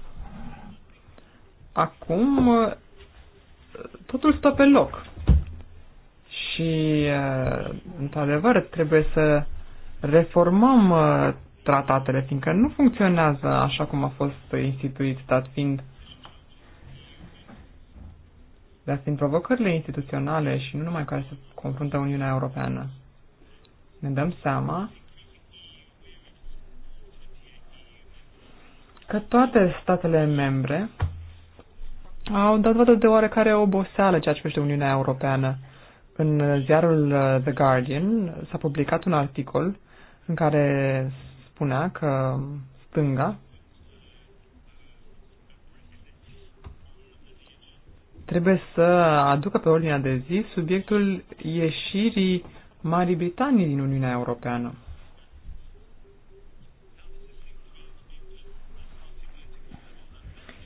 acum totul stă pe loc. Și, uh, într-adevăr, trebuie să reformăm uh, tratatele, fiindcă nu funcționează așa cum a fost instituit, dat fiind dar fiind provocările instituționale și nu numai care se confruntă Uniunea Europeană, ne dăm seama că toate statele membre au dat vădă de oarecare oboseală ceea ce privește Uniunea Europeană. În ziarul uh, The Guardian s-a publicat un articol în care spunea că stânga trebuie să aducă pe ordinea de zi subiectul ieșirii Marii Britanii din Uniunea Europeană.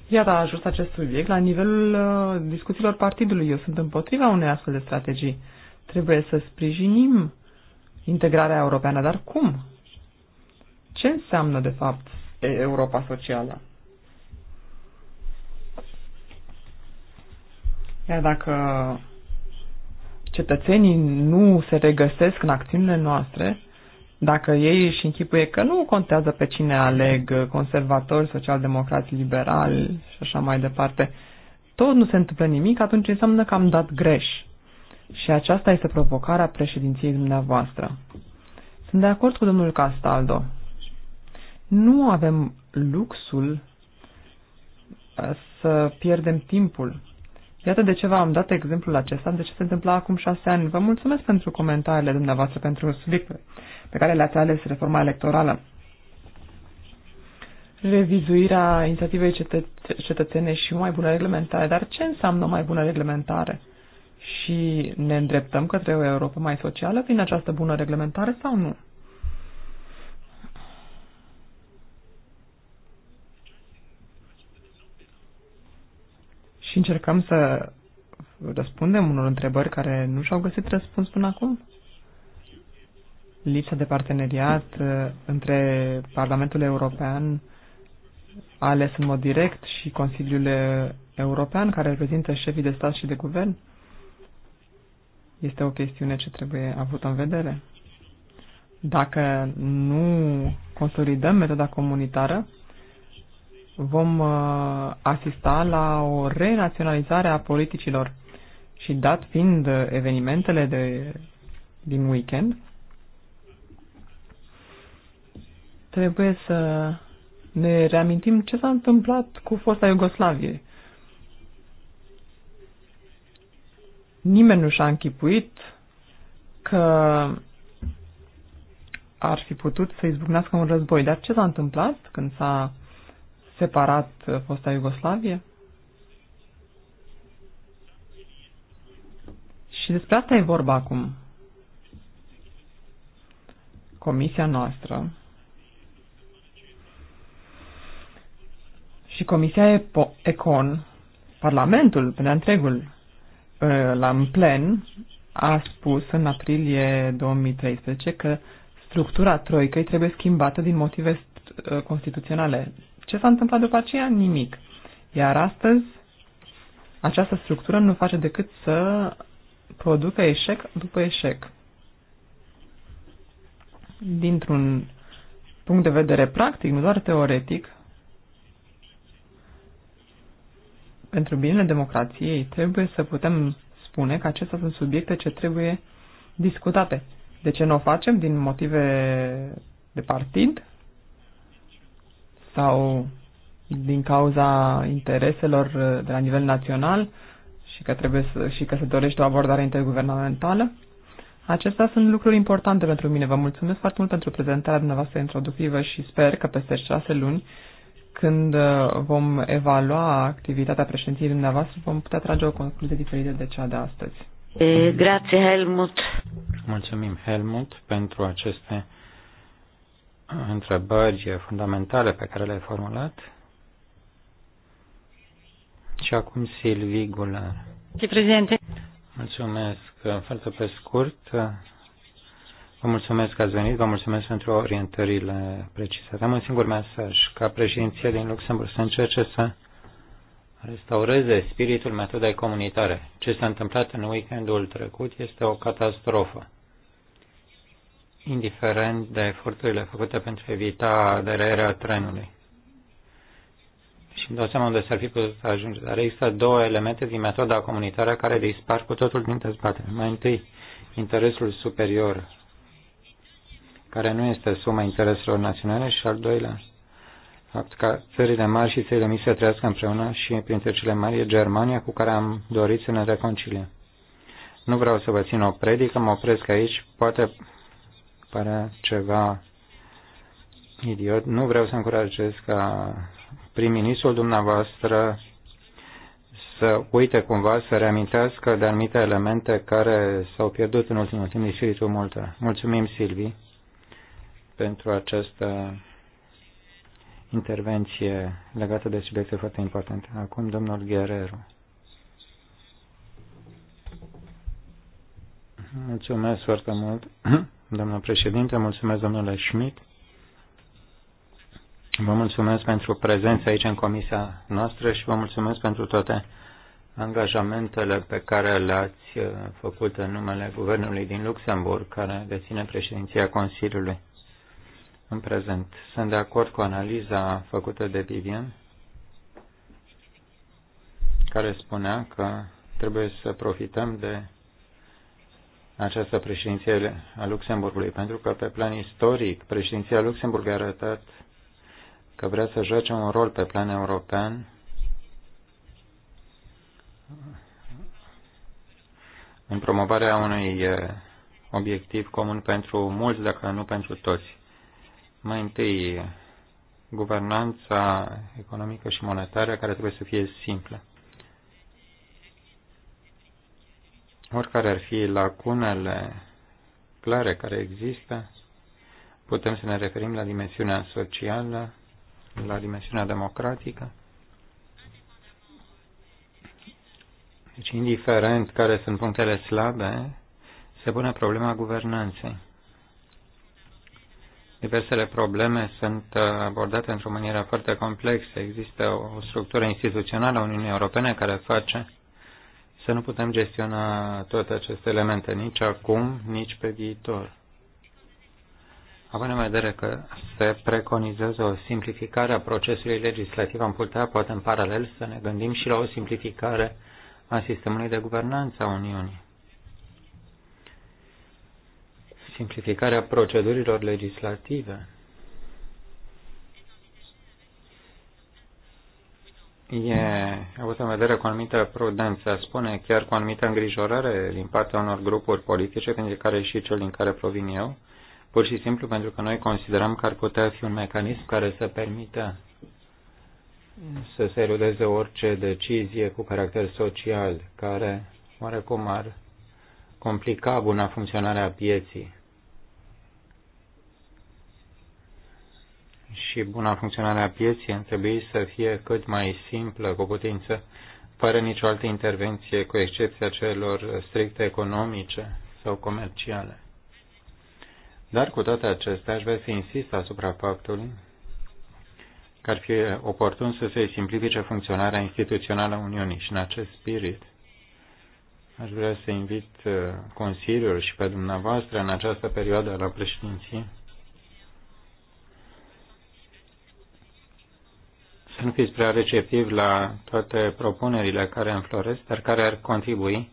Iar a ajuns acest subiect la nivelul uh, discuțiilor partidului. Eu sunt împotriva unei astfel de strategii. Trebuie să sprijinim integrarea europeană, dar cum? Ce înseamnă, de fapt, Europa socială? Iar dacă cetățenii nu se regăsesc în acțiunile noastre, dacă ei își închipuie că nu contează pe cine aleg, uh, conservatori, socialdemocrați, liberali și așa mai departe, tot nu se întâmplă nimic, atunci înseamnă că am dat greș. Și aceasta este provocarea președinției dumneavoastră. Sunt de acord cu domnul Castaldo. Nu avem luxul uh, să pierdem timpul Iată de ce v-am dat exemplul acesta, de ce se întâmpla acum șase ani. Vă mulțumesc pentru comentariile dumneavoastră, pentru subiectul pe care le-ați ales reforma electorală. Revizuirea inițiativei cetă cetățene și o mai bună reglementare. Dar ce înseamnă o mai bună reglementare? Și ne îndreptăm către o Europa mai socială prin această bună reglementare sau nu? și încercăm să răspundem unor întrebări care nu și-au găsit răspuns până acum? Lipsa de parteneriat uh, între Parlamentul European, ales în mod direct, și Consiliul European, care reprezintă șefii de stat și de guvern, este o chestiune ce trebuie avută în vedere. Dacă nu consolidăm metoda comunitară, vom uh, asista la o renaționalizare a politicilor. Și dat fiind uh, evenimentele de, din weekend, trebuie să ne reamintim ce s-a întâmplat cu fosta Iugoslavie. Nimeni nu și-a închipuit că ar fi putut să izbucnească un război. Dar ce s-a întâmplat când s-a separat uh, fosta Iugoslavie? Și despre asta e vorba acum. Comisia noastră și Comisia Econ, Parlamentul, pe întregul, uh, la în plen, a spus în aprilie 2013 că structura troicăi trebuie schimbată din motive uh, constituționale. Ce s-a întâmplat după aceea? Nimic. Iar astăzi, această structură nu face decât să producă eșec după eșec. Dintr-un punct de vedere practic, nu doar teoretic, pentru binele democrației trebuie să putem spune că acestea sunt subiecte ce trebuie discutate. De ce nu o facem? Din motive de partid? sau din cauza intereselor uh, de la nivel național și că, trebuie să, și că se dorește o abordare interguvernamentală. Acestea sunt lucruri importante pentru mine. Vă mulțumesc foarte mult pentru prezentarea dumneavoastră introductivă și sper că peste șase luni, când uh, vom evalua activitatea președinției dumneavoastră, vom putea trage o concluzie diferită de cea de astăzi. Eh, grazie, Helmut. Mulțumim, Helmut, pentru aceste întrebări fundamentale pe care le-ai formulat. Și acum Silvi Gular. Mulțumesc. Foarte pe scurt, vă mulțumesc că ați venit, vă mulțumesc pentru orientările precise. Am un singur mesaj. Ca președinție din Luxemburg să încerce să restaureze spiritul metodei comunitare. Ce s-a întâmplat în weekendul trecut este o catastrofă indiferent de eforturile făcute pentru a evita aderarea trenului. Și îmi dau seama unde s-ar fi putut ajunge. Dar există două elemente din metoda comunitară care dispar cu totul din dezbatere. Mai întâi, interesul superior, care nu este suma intereselor naționale, și al doilea, fapt că țările mari și țările mici se trăiască împreună și printre cele mari e Germania cu care am dorit să ne reconciliem. Nu vreau să vă țin o predică, mă opresc aici, poate părea ceva idiot. Nu vreau să încurajez ca prim-ministrul dumneavoastră să uite cumva, să reamintească de anumite elemente care s-au pierdut în ultimul timp din spiritul multă. Mulțumim, Silvi, pentru această intervenție legată de subiecte foarte importante. Acum, domnul Guerrero. Mulțumesc foarte mult. doamnă președinte, mulțumesc, domnule Schmidt. Vă mulțumesc pentru prezența aici în comisia noastră și vă mulțumesc pentru toate angajamentele pe care le-ați uh, făcut în numele Guvernului din Luxemburg, care deține președinția Consiliului în prezent. Sunt de acord cu analiza făcută de Vivian, care spunea că trebuie să profităm de această președinție a Luxemburgului, pentru că pe plan istoric președinția Luxemburg a arătat că vrea să joace un rol pe plan european în promovarea unui obiectiv comun pentru mulți, dacă nu pentru toți. Mai întâi, guvernanța economică și monetară care trebuie să fie simplă. oricare ar fi lacunele clare care există, putem să ne referim la dimensiunea socială, la dimensiunea democratică. Deci, indiferent care sunt punctele slabe, se pune problema guvernanței. Diversele probleme sunt abordate într-o manieră foarte complexă. Există o structură instituțională a Uniunii Europene care face să nu putem gestiona toate aceste elemente, nici acum, nici pe viitor. Având în vedere că se preconizează o simplificare a procesului legislativ, am putea, poate în paralel, să ne gândim și la o simplificare a sistemului de guvernanță a Uniunii. Simplificarea procedurilor legislative. e avut în vedere cu anumită prudență, spune chiar cu anumită îngrijorare din partea unor grupuri politice, printre care și cel din care provin eu, pur și simplu pentru că noi considerăm că ar putea fi un mecanism care să permită să se erudeze orice decizie cu caracter social care oarecum ar complica buna funcționarea a pieții. și buna funcționare a pieței ar trebui să fie cât mai simplă, cu putință, fără nicio altă intervenție, cu excepția celor stricte economice sau comerciale. Dar cu toate acestea, aș vrea să insist asupra faptului că ar fi oportun să se simplifice funcționarea instituțională a Uniunii și în acest spirit aș vrea să invit uh, Consiliul și pe dumneavoastră în această perioadă la președinție să nu fiți prea receptivi la toate propunerile care înfloresc, dar care ar contribui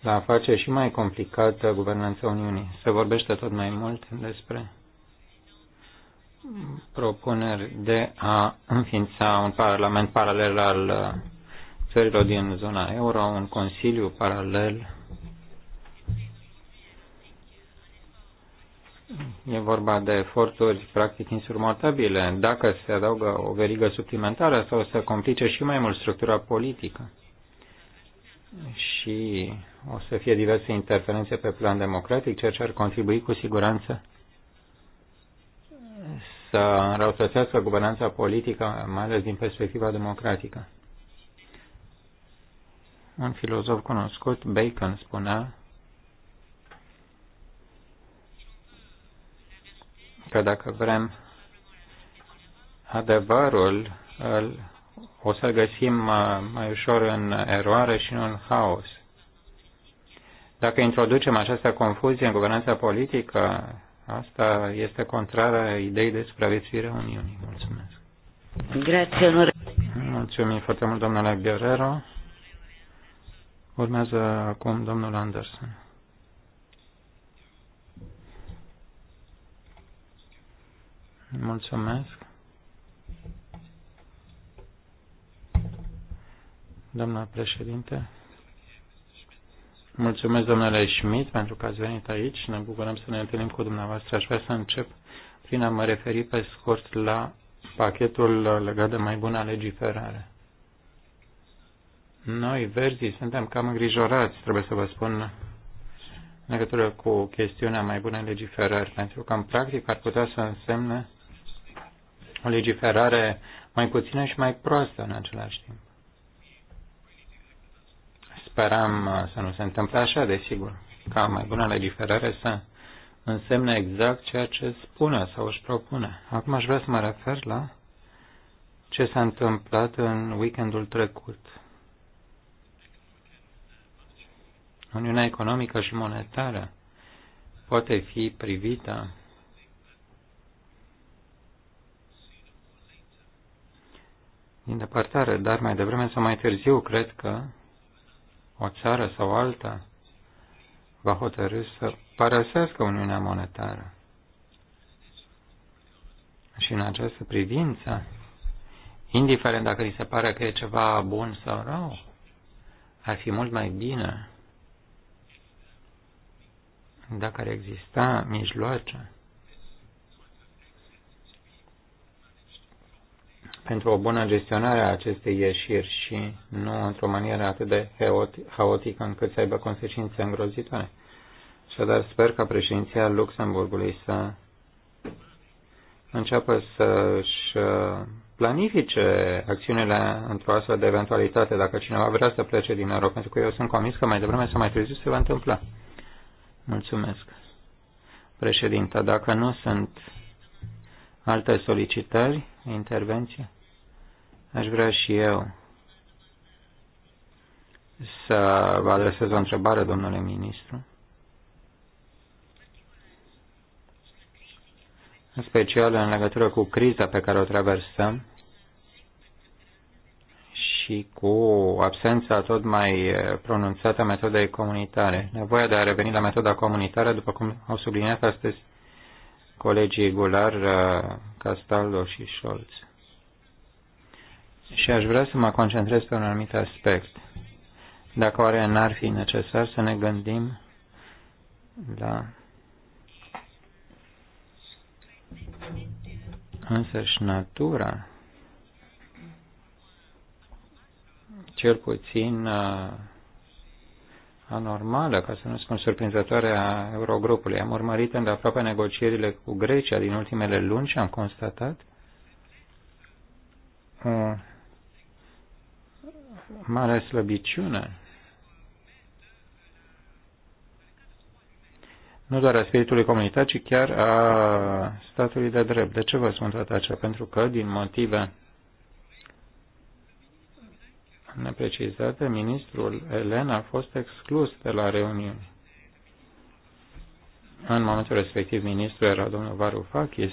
la a face și mai complicată guvernanța Uniunii. Se vorbește tot mai mult despre propuneri de a înființa un parlament paralel al țărilor din zona euro, un consiliu paralel E vorba de eforturi practic insurmontabile. Dacă se adaugă o verigă suplimentară sau să complice și mai mult structura politică și o să fie diverse interferențe pe plan democratic, ceea ce ar contribui cu siguranță să înrăutățească guvernanța politică, mai ales din perspectiva democratică. Un filozof cunoscut, Bacon, spunea că dacă vrem adevărul, îl, o să găsim uh, mai ușor în eroare și nu în haos. Dacă introducem această confuzie în guvernanța politică, asta este contrară ideii de supraviețuire a Uniunii. Mulțumesc. Mulțumim foarte mult, domnule Guerrero. Urmează acum domnul Anderson. Mulțumesc. Doamna președinte, mulțumesc domnule Schmidt pentru că ați venit aici. Ne bucurăm să ne întâlnim cu dumneavoastră. Aș vrea să încep prin a mă referi pe scurt la pachetul legat de mai bună legiferare. Noi, verzii, suntem cam îngrijorați, trebuie să vă spun, în legătură cu chestiunea mai bună legiferare, pentru că, în practic, ar putea să însemne o legiferare mai puțină și mai proastă în același timp. Sperăm uh, să nu se întâmple așa, desigur, ca mai bună legiferare să însemne exact ceea ce spune sau își propune. Acum aș vrea să mă refer la ce s-a întâmplat în weekendul trecut. Uniunea economică și monetară poate fi privită depărtare, dar mai devreme sau mai târziu cred că o țară sau alta va hotărâ să părăsească Uniunea Monetară. Și în această privință, indiferent dacă li se pare că e ceva bun sau rău, ar fi mult mai bine dacă ar exista mijloace pentru o bună gestionare a acestei ieșiri și nu într-o manieră atât de haotică încât să aibă consecințe îngrozitoare. Așadar, sper ca președinția Luxemburgului să înceapă să-și uh, planifice acțiunile într-o astfel de eventualitate, dacă cineva vrea să plece din Europa, pentru că eu sunt convins că mai devreme sau mai târziu se va întâmpla. Mulțumesc. Președinta, dacă nu sunt Alte solicitări? Intervenție? Aș vrea și eu să vă adresez o întrebare, domnule ministru. În special în legătură cu criza pe care o traversăm și cu absența tot mai pronunțată a metodei comunitare. Nevoia de a reveni la metoda comunitară, după cum au subliniat astăzi colegii Gular, uh, Castaldo și Scholz. Și aș vrea să mă concentrez pe un anumit aspect. Dacă oare n-ar fi necesar să ne gândim la însăși natura, cel puțin uh, anormală, ca să nu spun surprinzătoare, a Eurogrupului. Am urmărit îndeaproape negocierile cu Grecia din ultimele luni și am constatat o mare slăbiciune nu doar a spiritului comunitar, ci chiar a statului de drept. De ce vă spun toate acestea? Pentru că, din motive neprecizate, ministrul Elen a fost exclus de la reuniune. În momentul respectiv, ministrul era domnul Varoufakis,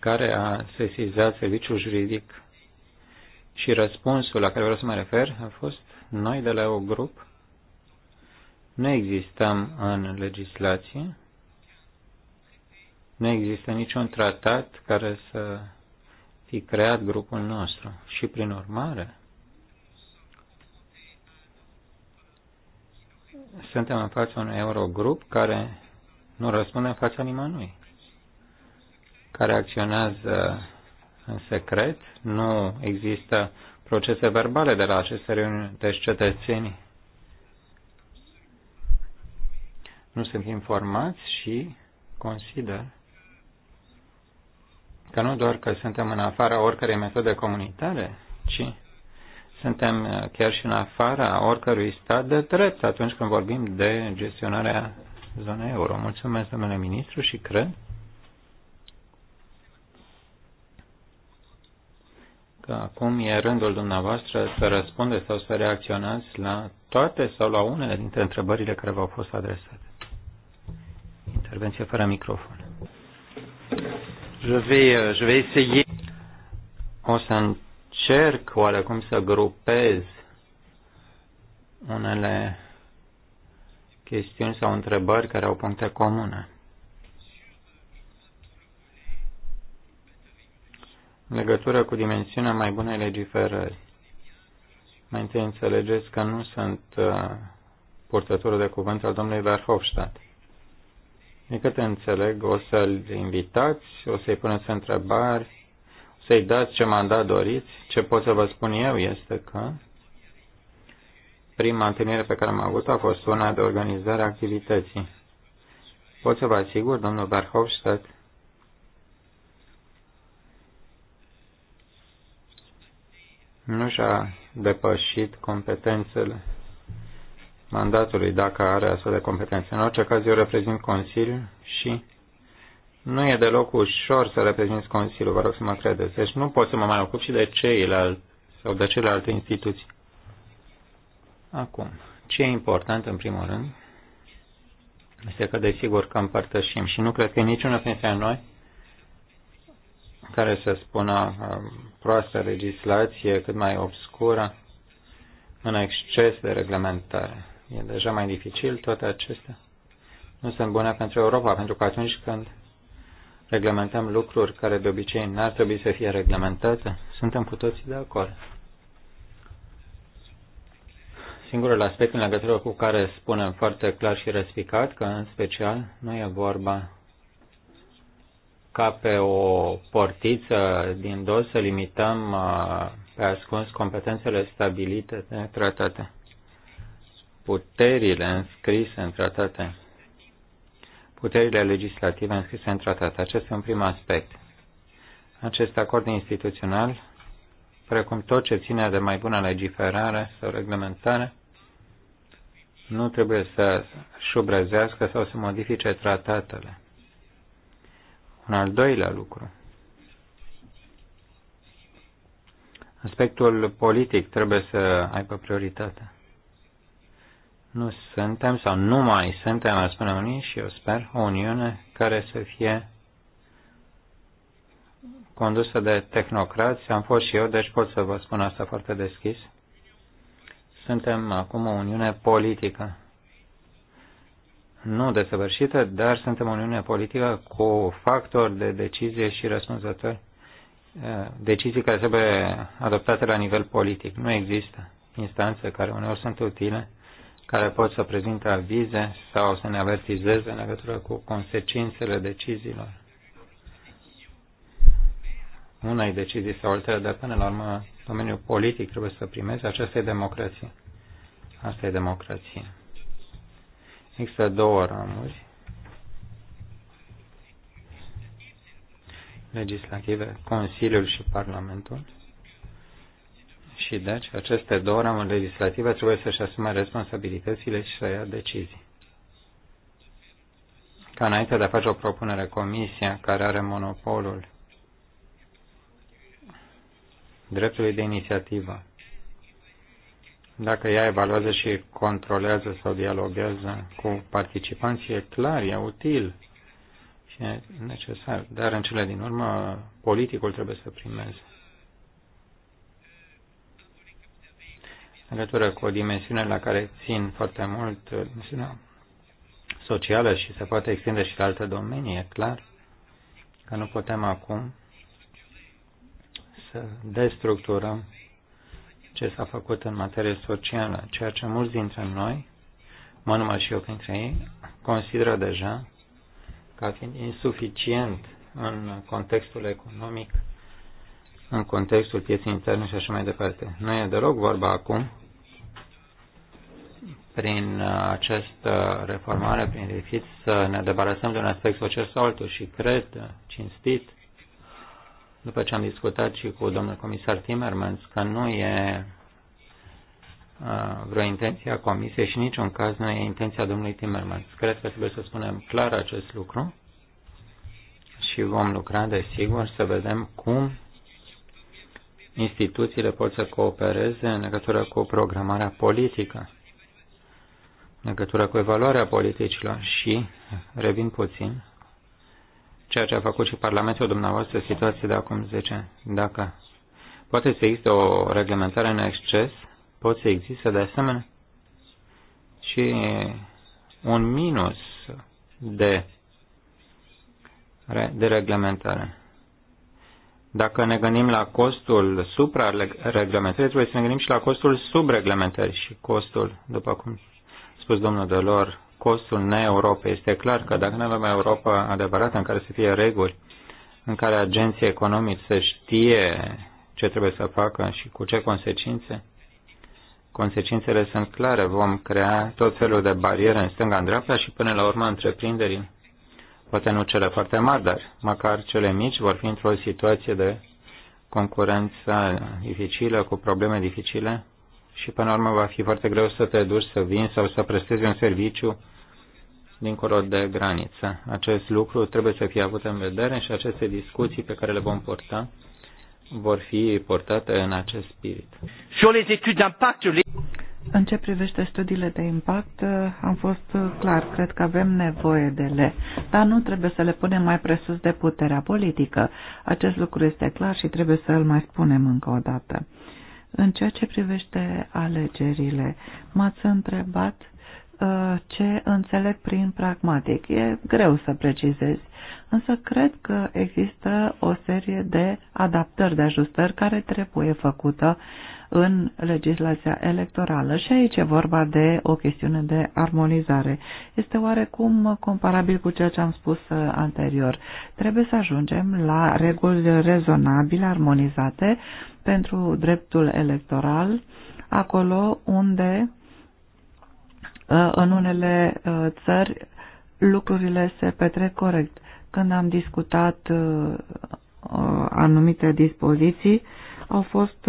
care a sesizat serviciul juridic și răspunsul la care vreau să mă refer a fost noi de la EU grup nu existăm în legislație, nu există niciun tratat care să fi creat grupul nostru și, prin urmare, suntem în fața unui eurogrup care nu răspunde în fața nimănui, care acționează în secret, nu există procese verbale de la aceste reuniuni, deci cetățenii nu sunt informați și consider că nu doar că suntem în afara oricărei metode comunitare, ci suntem uh, chiar și în afara oricărui stat de drept atunci când vorbim de gestionarea zonei euro. Mulțumesc, domnule ministru, și cred că acum e rândul dumneavoastră să răspundeți sau să reacționați la toate sau la unele dintre întrebările care v-au fost adresate. Intervenție fără microfon. Je vais, euh, je vais essayer. O să încerc oarecum să grupez unele chestiuni sau întrebări care au puncte comune. În legătură cu dimensiunea mai bunei legiferări, mai întâi înțelegeți că nu sunt uh, purtătorul de cuvânt al domnului Verhofstadt. Din câte înțeleg, o să-l invitați, o să-i puneți întrebări, o să-i dați ce mandat doriți. Ce pot să vă spun eu este că prima întâlnire pe care am avut a fost una de organizare a activității. Pot să vă asigur, domnul Verhofstadt, nu și-a depășit competențele mandatului, dacă are astfel de competențe. În orice caz, eu reprezint Consiliul și nu e deloc ușor să reprezinți Consiliul, vă rog să mă credeți. Deci nu pot să mă mai ocup și de ceilalți sau de celelalte instituții. Acum, ce e important în primul rând este că desigur că împărtășim și nu cred că e niciunul dintre noi care să spună um, proastă legislație cât mai obscură în exces de reglementare e deja mai dificil, toate acestea nu sunt bune pentru Europa, pentru că atunci când reglementăm lucruri care de obicei n-ar trebui să fie reglementate, suntem cu toții de acord. Singurul aspect în legătură cu care spunem foarte clar și răspicat că, în special, nu e vorba ca pe o portiță din dos să limităm uh, pe ascuns competențele stabilite de tratate puterile înscrise în tratate, puterile legislative înscrise în tratate. Acest este un prim aspect. Acest acord instituțional, precum tot ce ține de mai bună legiferare sau reglementare, nu trebuie să șubrezească sau să modifice tratatele. Un al doilea lucru. Aspectul politic trebuie să aibă prioritate nu suntem sau nu mai suntem, a spune unii, și eu sper, o Uniune care să fie condusă de tehnocrați. Am fost și eu, deci pot să vă spun asta foarte deschis. Suntem acum o Uniune politică. Nu desăvârșită, dar suntem o Uniune politică cu factori de decizie și răspunzători. Eh, decizii care trebuie adoptate la nivel politic. Nu există instanțe care uneori sunt utile care pot să prezinte avize sau să ne avertizeze în legătură cu consecințele deciziilor. Unei decizii sau altele, dar până la urmă domeniul politic trebuie să primeze. Aceasta e democrație. Asta e democrație. Există două ramuri. Legislative, Consiliul și Parlamentul. Și deci aceste două ramuri legislative trebuie să-și asume responsabilitățile și să ia decizii. Ca înainte de a face o propunere, comisia care are monopolul dreptului de inițiativă, dacă ea evaluează și controlează sau dialoguează cu participanții, e clar, e util și e necesar. Dar în cele din urmă, politicul trebuie să primeze. în legătură cu o dimensiune la care țin foarte mult, dimensiunea socială și se poate extinde și la alte domenii, e clar că nu putem acum să destructurăm ce s-a făcut în materie socială, ceea ce mulți dintre noi, mă număr și eu printre ei, consideră deja ca fiind insuficient în contextul economic, în contextul pieței interne și așa mai departe. Nu e deloc vorba acum prin uh, această reformare, prin refit, să ne debarasăm de un aspect social sau altul și cred, cinstit, după ce am discutat și cu domnul comisar Timmermans, că nu e uh, vreo intenție a comisiei și niciun caz nu e intenția domnului Timmermans. Cred că trebuie să spunem clar acest lucru și vom lucra, desigur, să vedem cum instituțiile pot să coopereze în legătură cu programarea politică legătură cu evaluarea politicilor și, revin puțin, ceea ce a făcut și Parlamentul dumneavoastră, situație de acum 10 ani. Dacă poate să există o reglementare în exces, pot să există de asemenea și un minus de, de reglementare. Dacă ne gândim la costul supra-reglementării, trebuie să ne gândim și la costul sub-reglementării și costul, după cum spus domnul Delor, costul ne-Europei. Este clar că dacă nu avem Europa adevărată în care să fie reguli, în care agenții economici să știe ce trebuie să facă și cu ce consecințe, consecințele sunt clare. Vom crea tot felul de bariere în stânga, în dreapta și până la urmă întreprinderii, poate nu cele foarte mari, dar măcar cele mici vor fi într-o situație de concurență dificilă, cu probleme dificile, și până la urmă va fi foarte greu să te duci să vin sau să prestezi un serviciu dincolo de graniță. Acest lucru trebuie să fie avut în vedere și aceste discuții pe care le vom porta vor fi portate în acest spirit. În ce privește studiile de impact, am fost clar, cred că avem nevoie de le, dar nu trebuie să le punem mai presus de puterea politică. Acest lucru este clar și trebuie să îl mai spunem încă o dată. În ceea ce privește alegerile, m-ați întrebat uh, ce înțeleg prin pragmatic. E greu să precizez, însă cred că există o serie de adaptări, de ajustări care trebuie făcută în legislația electorală și aici e vorba de o chestiune de armonizare. Este oarecum comparabil cu ceea ce am spus uh, anterior. Trebuie să ajungem la reguli rezonabile, armonizate pentru dreptul electoral, acolo unde uh, în unele uh, țări lucrurile se petrec corect. Când am discutat anumite dispoziții, au fost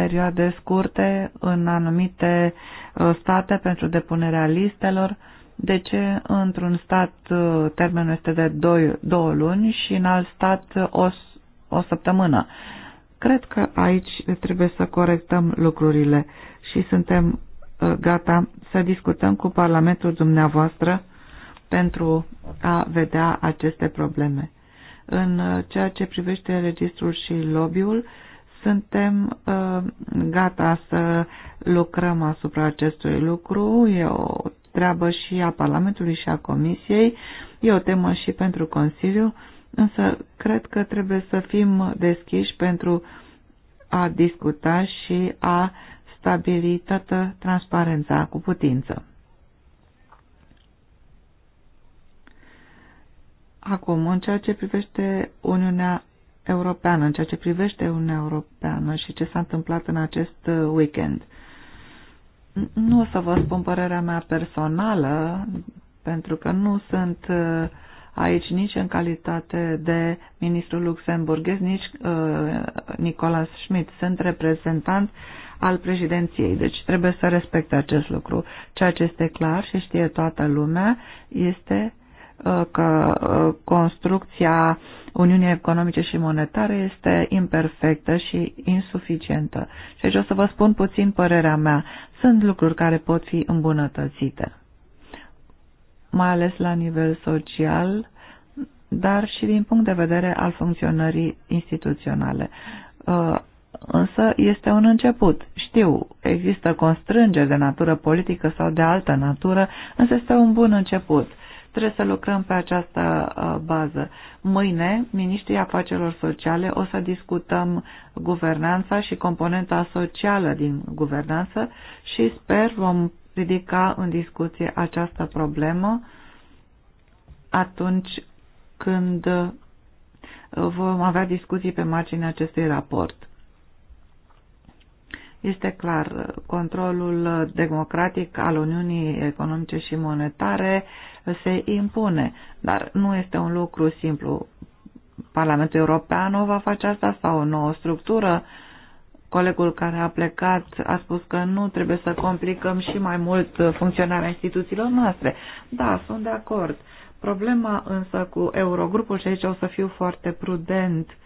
perioade scurte în anumite uh, state pentru depunerea listelor. De ce într-un stat uh, termenul este de doi două luni și în alt stat uh, o, o săptămână? Cred că aici trebuie să corectăm lucrurile și suntem gata să discutăm cu Parlamentul dumneavoastră pentru a vedea aceste probleme. În ceea ce privește registrul și lobby-ul, suntem uh, gata să lucrăm asupra acestui lucru. E o treabă și a Parlamentului și a Comisiei. E o temă și pentru Consiliu, însă cred că trebuie să fim deschiși pentru a discuta și a stabili toată transparența cu putință. Acum, în ceea ce privește Uniunea Europeană, în ceea ce privește Uniunea Europeană și ce s-a întâmplat în acest uh, weekend. Nu o să vă spun părerea mea personală, pentru că nu sunt uh, aici nici în calitate de ministru luxemburghez, nici uh, Nicolas Schmidt. Sunt reprezentant al președinției, deci trebuie să respecte acest lucru. Ceea ce este clar și știe toată lumea este uh, Uh, că uh, construcția Uniunii Economice și Monetare este imperfectă și insuficientă. Și aici o să vă spun puțin părerea mea. Sunt lucruri care pot fi îmbunătățite, mai ales la nivel social, dar și din punct de vedere al funcționării instituționale. Uh, însă este un început. Știu, există constrângeri de natură politică sau de altă natură, însă este un bun început Trebuie să lucrăm pe această ă, bază. Mâine, Ministrii Afacerilor Sociale, o să discutăm guvernanța și componenta socială din guvernanță și sper vom ridica în discuție această problemă atunci când ă, vom avea discuții pe marginea acestui raport. Este clar, ă, controlul democratic al Uniunii Economice și Monetare se impune, dar nu este un lucru simplu. Parlamentul European o va face asta sau o nouă structură. Colegul care a plecat a spus că nu trebuie să complicăm și mai mult funcționarea instituțiilor noastre. Da, sunt de acord. Problema însă cu Eurogrupul, și aici o să fiu foarte prudent,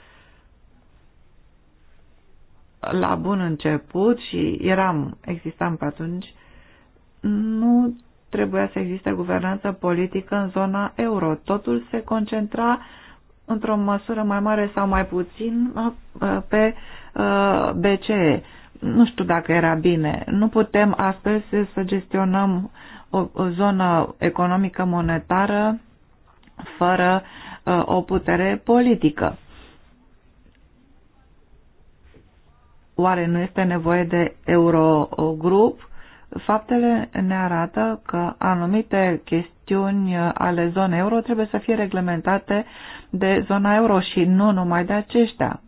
la bun început și eram, existam pe atunci, nu trebuia să existe guvernanță politică în zona euro. Totul se concentra într-o măsură mai mare sau mai puțin uh, pe uh, BCE. Nu știu dacă era bine. Nu putem astăzi să gestionăm o, zonă economică monetară fără uh, o putere politică. Oare nu este nevoie de Eurogrup? Faptele ne arată că anumite chestiuni uh, ale zonei euro trebuie să fie reglementate de zona euro și nu numai de aceștia.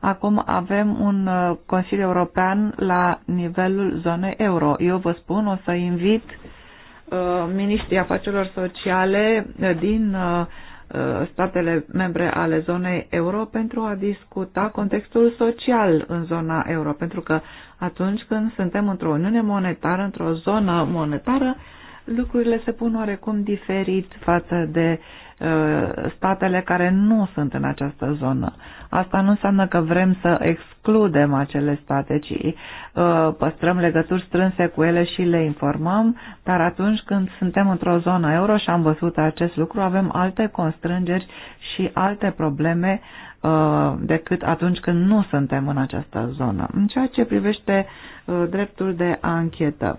Acum avem un uh, Consiliu European la nivelul zonei euro. Eu vă spun, o să invit uh, ministrii afacerilor sociale din statele membre ale zonei euro pentru a discuta contextul social în zona euro, pentru că atunci când suntem într-o uniune monetară, într-o zonă monetară, lucrurile se pun oarecum diferit față de uh, statele care nu sunt în această zonă. Asta nu înseamnă că vrem să excludem acele state, ci uh, păstrăm legături strânse cu ele și le informăm, dar atunci când suntem într-o zonă euro și am văzut acest lucru, avem alte constrângeri și alte probleme uh, Uh, decât atunci când nu suntem în această zonă. În ceea ce privește uh, dreptul de anchetă,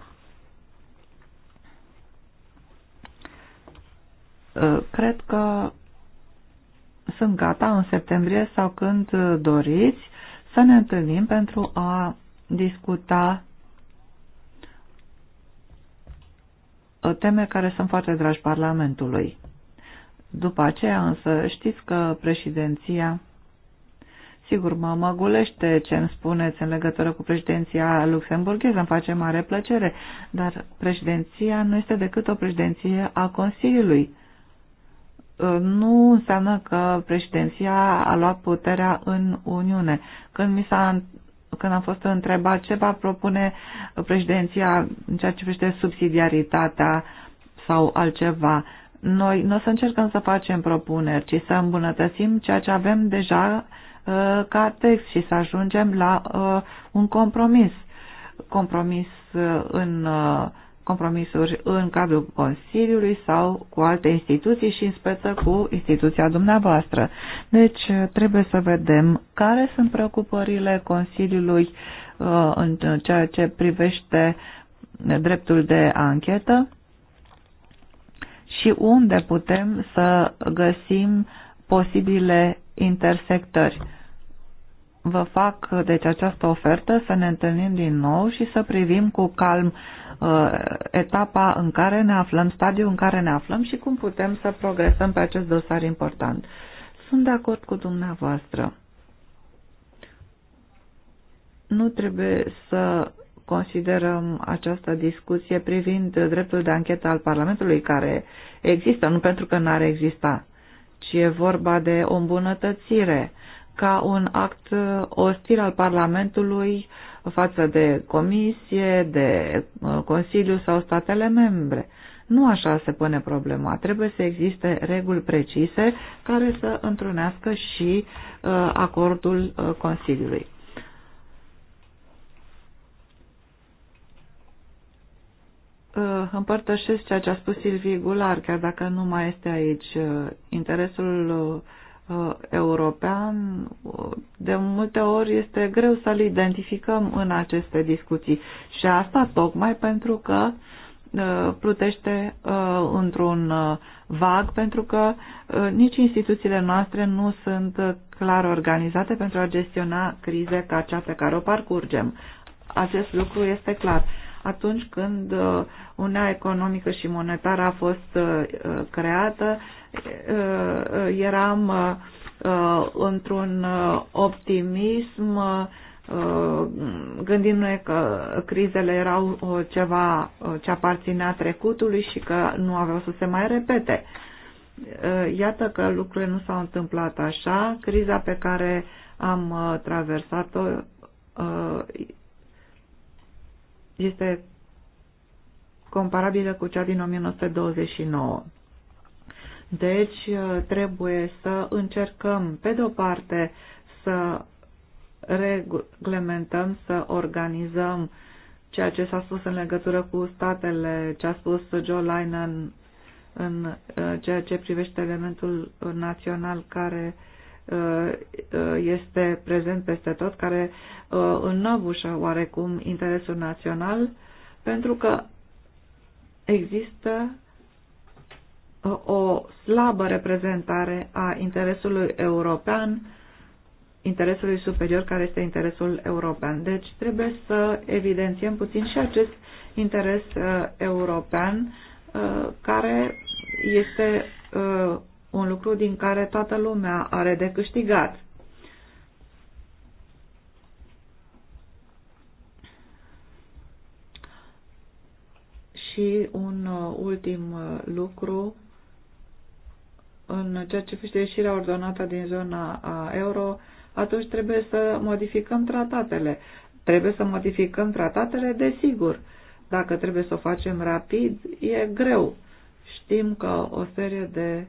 uh, cred că sunt gata în septembrie sau când doriți să ne întâlnim pentru a discuta teme care sunt foarte dragi Parlamentului. După aceea însă știți că președinția Sigur, mă măgulește ce îmi spuneți în legătură cu președinția luxemburgheză, îmi face mare plăcere, dar președinția nu este decât o președinție a Consiliului. Uh, nu înseamnă că președinția a luat puterea în Uniune. Când, mi s-a, când am fost întrebat ce va propune președinția în ceea ce privește subsidiaritatea sau altceva, noi nu o să încercăm să facem propuneri, ci să îmbunătățim ceea ce avem deja Uh, ca text și să ajungem la uh, un compromis. Compromis uh, în compromisuri în cadrul Consiliului sau cu alte instituții și în speță cu instituția dumneavoastră. Deci trebuie să vedem care sunt preocupările Consiliului în ceea ce privește dreptul de anchetă și unde putem să găsim posibile intersectări. Vă fac deci această ofertă să ne întâlnim din nou și să privim cu calm uh, etapa în care ne aflăm, stadiul în care ne aflăm și cum putem să progresăm pe acest dosar important. Sunt de acord cu dumneavoastră. Nu trebuie să considerăm această discuție privind dreptul de anchetă al Parlamentului care există, nu pentru că n-ar exista ci deci e vorba de o îmbunătățire ca un act uh, ostil al Parlamentului față de Comisie, de uh, Consiliu sau statele membre. Nu așa se pune problema. Trebuie să existe reguli precise care să întrunească și uh, acordul Consiliului. Uh, împărtășesc ceea ce a spus Silvii Gular, chiar dacă nu mai este aici. Uh, interesul uh, european de multe ori este greu să-l identificăm în aceste discuții și asta tocmai pentru că plutește într-un vag pentru că nici instituțiile noastre nu sunt clar organizate pentru a gestiona crize ca cea pe care o parcurgem. Acest lucru este clar atunci când uh, Uniunea Economică și Monetară a fost uh, creată, uh, eram într-un optimism gândindu-ne că crizele erau ceva ce aparținea trecutului și că nu aveau să se mai repete. Iată că lucrurile nu s-au întâmplat așa. Criza pe care am traversat-o este comparabilă cu cea din 1929. Deci uh, trebuie să încercăm, pe de o parte, să reglementăm, să organizăm ceea ce s-a spus în legătură cu statele, ce a spus Joe Linen în uh, ceea ce privește elementul național care uh, Uh, uh, este prezent peste tot, care uh, înnăbușă oarecum interesul național, pentru că există o slabă reprezentare a interesului european, interesului superior care este interesul european. Deci trebuie să evidențiem puțin și acest interes uh, european uh, care este uh, un lucru din care toată lumea are de câștigat. Și un uh, ultim uh, lucru, în ceea ce fiște ieșirea ordonată din zona euro, atunci trebuie să modificăm tratatele. Trebuie să modificăm tratatele, desigur. Dacă trebuie să o facem rapid, e greu. Știm că o serie de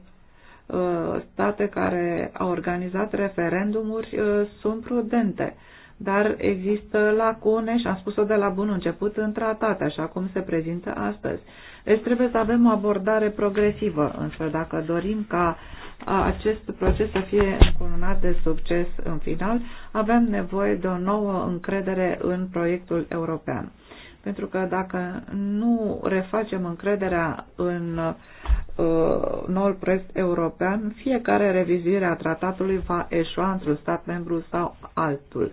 Uh, state care au organizat referendumuri uh, sunt prudente, dar există lacune și am spus-o de la bun început în tratate, așa cum se prezintă astăzi. Deci trebuie să avem o abordare progresivă, însă dacă dorim ca acest proces să fie încununat de succes în final, avem nevoie de o nouă încredere în proiectul european. Pentru că dacă nu refacem încrederea în uh, noul proiect european, fiecare revizuire a tratatului va eșua într-un stat membru sau altul.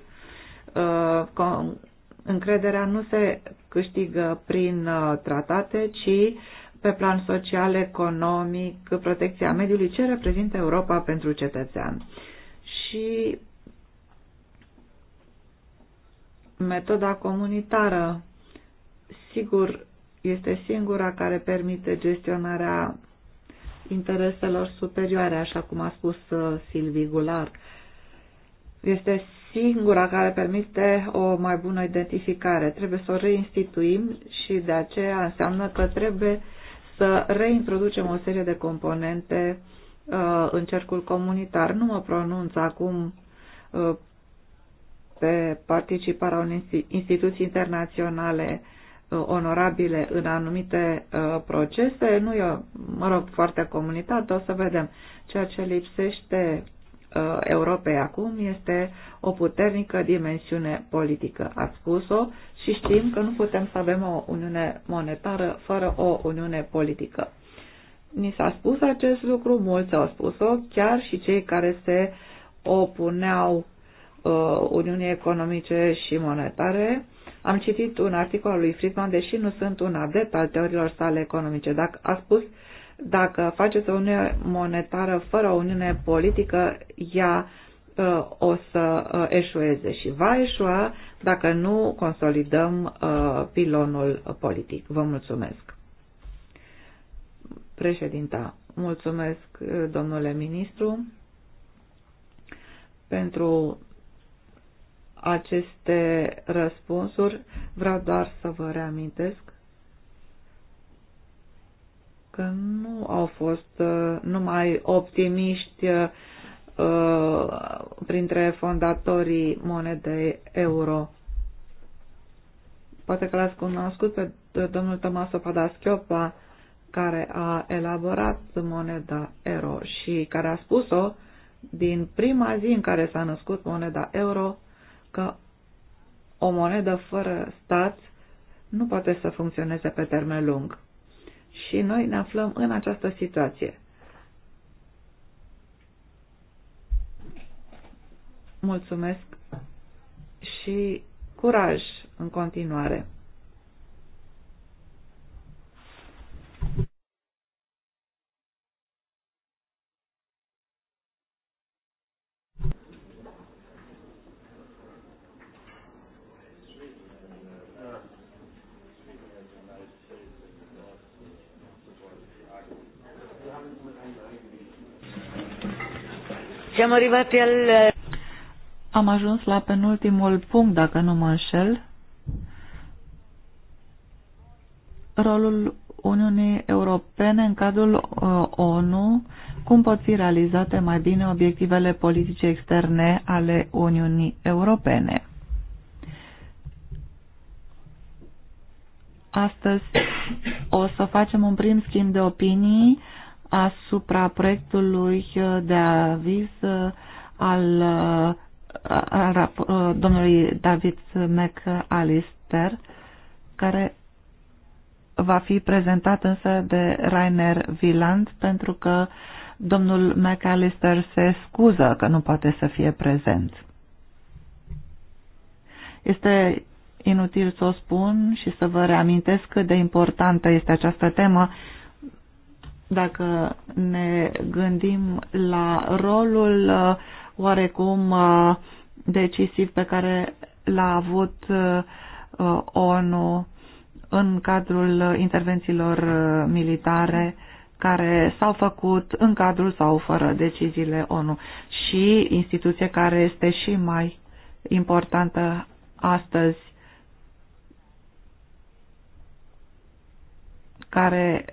Uh, încrederea nu se câștigă prin uh, tratate, ci pe plan social, economic, protecția mediului, ce reprezintă Europa pentru cetățean. Și metoda comunitară sigur, este singura care permite gestionarea intereselor superioare, așa cum a spus uh, Silvi Gular. Este singura care permite o mai bună identificare. Trebuie să o reinstituim și de aceea înseamnă că trebuie să reintroducem o serie de componente uh, în cercul comunitar. Nu mă pronunț acum uh, pe participarea unei instituții internaționale onorabile în anumite uh, procese, nu e, mă rog, foarte comunitate, o să vedem. Ceea ce lipsește uh, Europei acum este o puternică dimensiune politică. a spus-o și știm că nu putem să avem o uniune monetară fără o uniune politică. Ni s-a spus acest lucru, mulți au spus-o, chiar și cei care se opuneau uh, Uniunii Economice și Monetare, am citit un articol al lui Friedman, deși nu sunt un adept al teoriilor sale economice. Dacă a spus, dacă faceți o uniune monetară fără o uniune politică, ea uh, o să uh, eșueze și va eșua dacă nu consolidăm uh, pilonul politic. Vă mulțumesc. Președinta, mulțumesc, domnule ministru, pentru aceste răspunsuri. Vreau doar să vă reamintesc că nu au fost uh, numai optimiști uh, printre fondatorii monedei euro. Poate că l-ați cunoscut pe domnul Tomaso Padaschiopa, care a elaborat moneda euro și care a spus-o din prima zi în care s-a născut moneda euro, că o monedă fără stat nu poate să funcționeze pe termen lung. Și noi ne aflăm în această situație. Mulțumesc și curaj în continuare. Siamo arrivati al... Am ajuns la penultimul punct, dacă nu mă înșel. Rolul Uniunii Europene în cadrul uh, ONU, cum pot fi realizate mai bine obiectivele politice externe ale Uniunii Europene. Astăzi o să facem un prim schimb de opinii asupra proiectului uh, de aviz uh, al, uh, domnului David McAllister, care va fi prezentat însă de Rainer Wieland, pentru că domnul McAllister se scuză că nu poate să fie prezent. Este inutil să o spun și să vă reamintesc cât de importantă este această temă dacă ne gândim la rolul uh, oarecum uh, decisiv pe care l-a avut uh, ONU în cadrul intervențiilor militare care s-au făcut în cadrul sau fără deciziile ONU și instituție care este și mai importantă astăzi care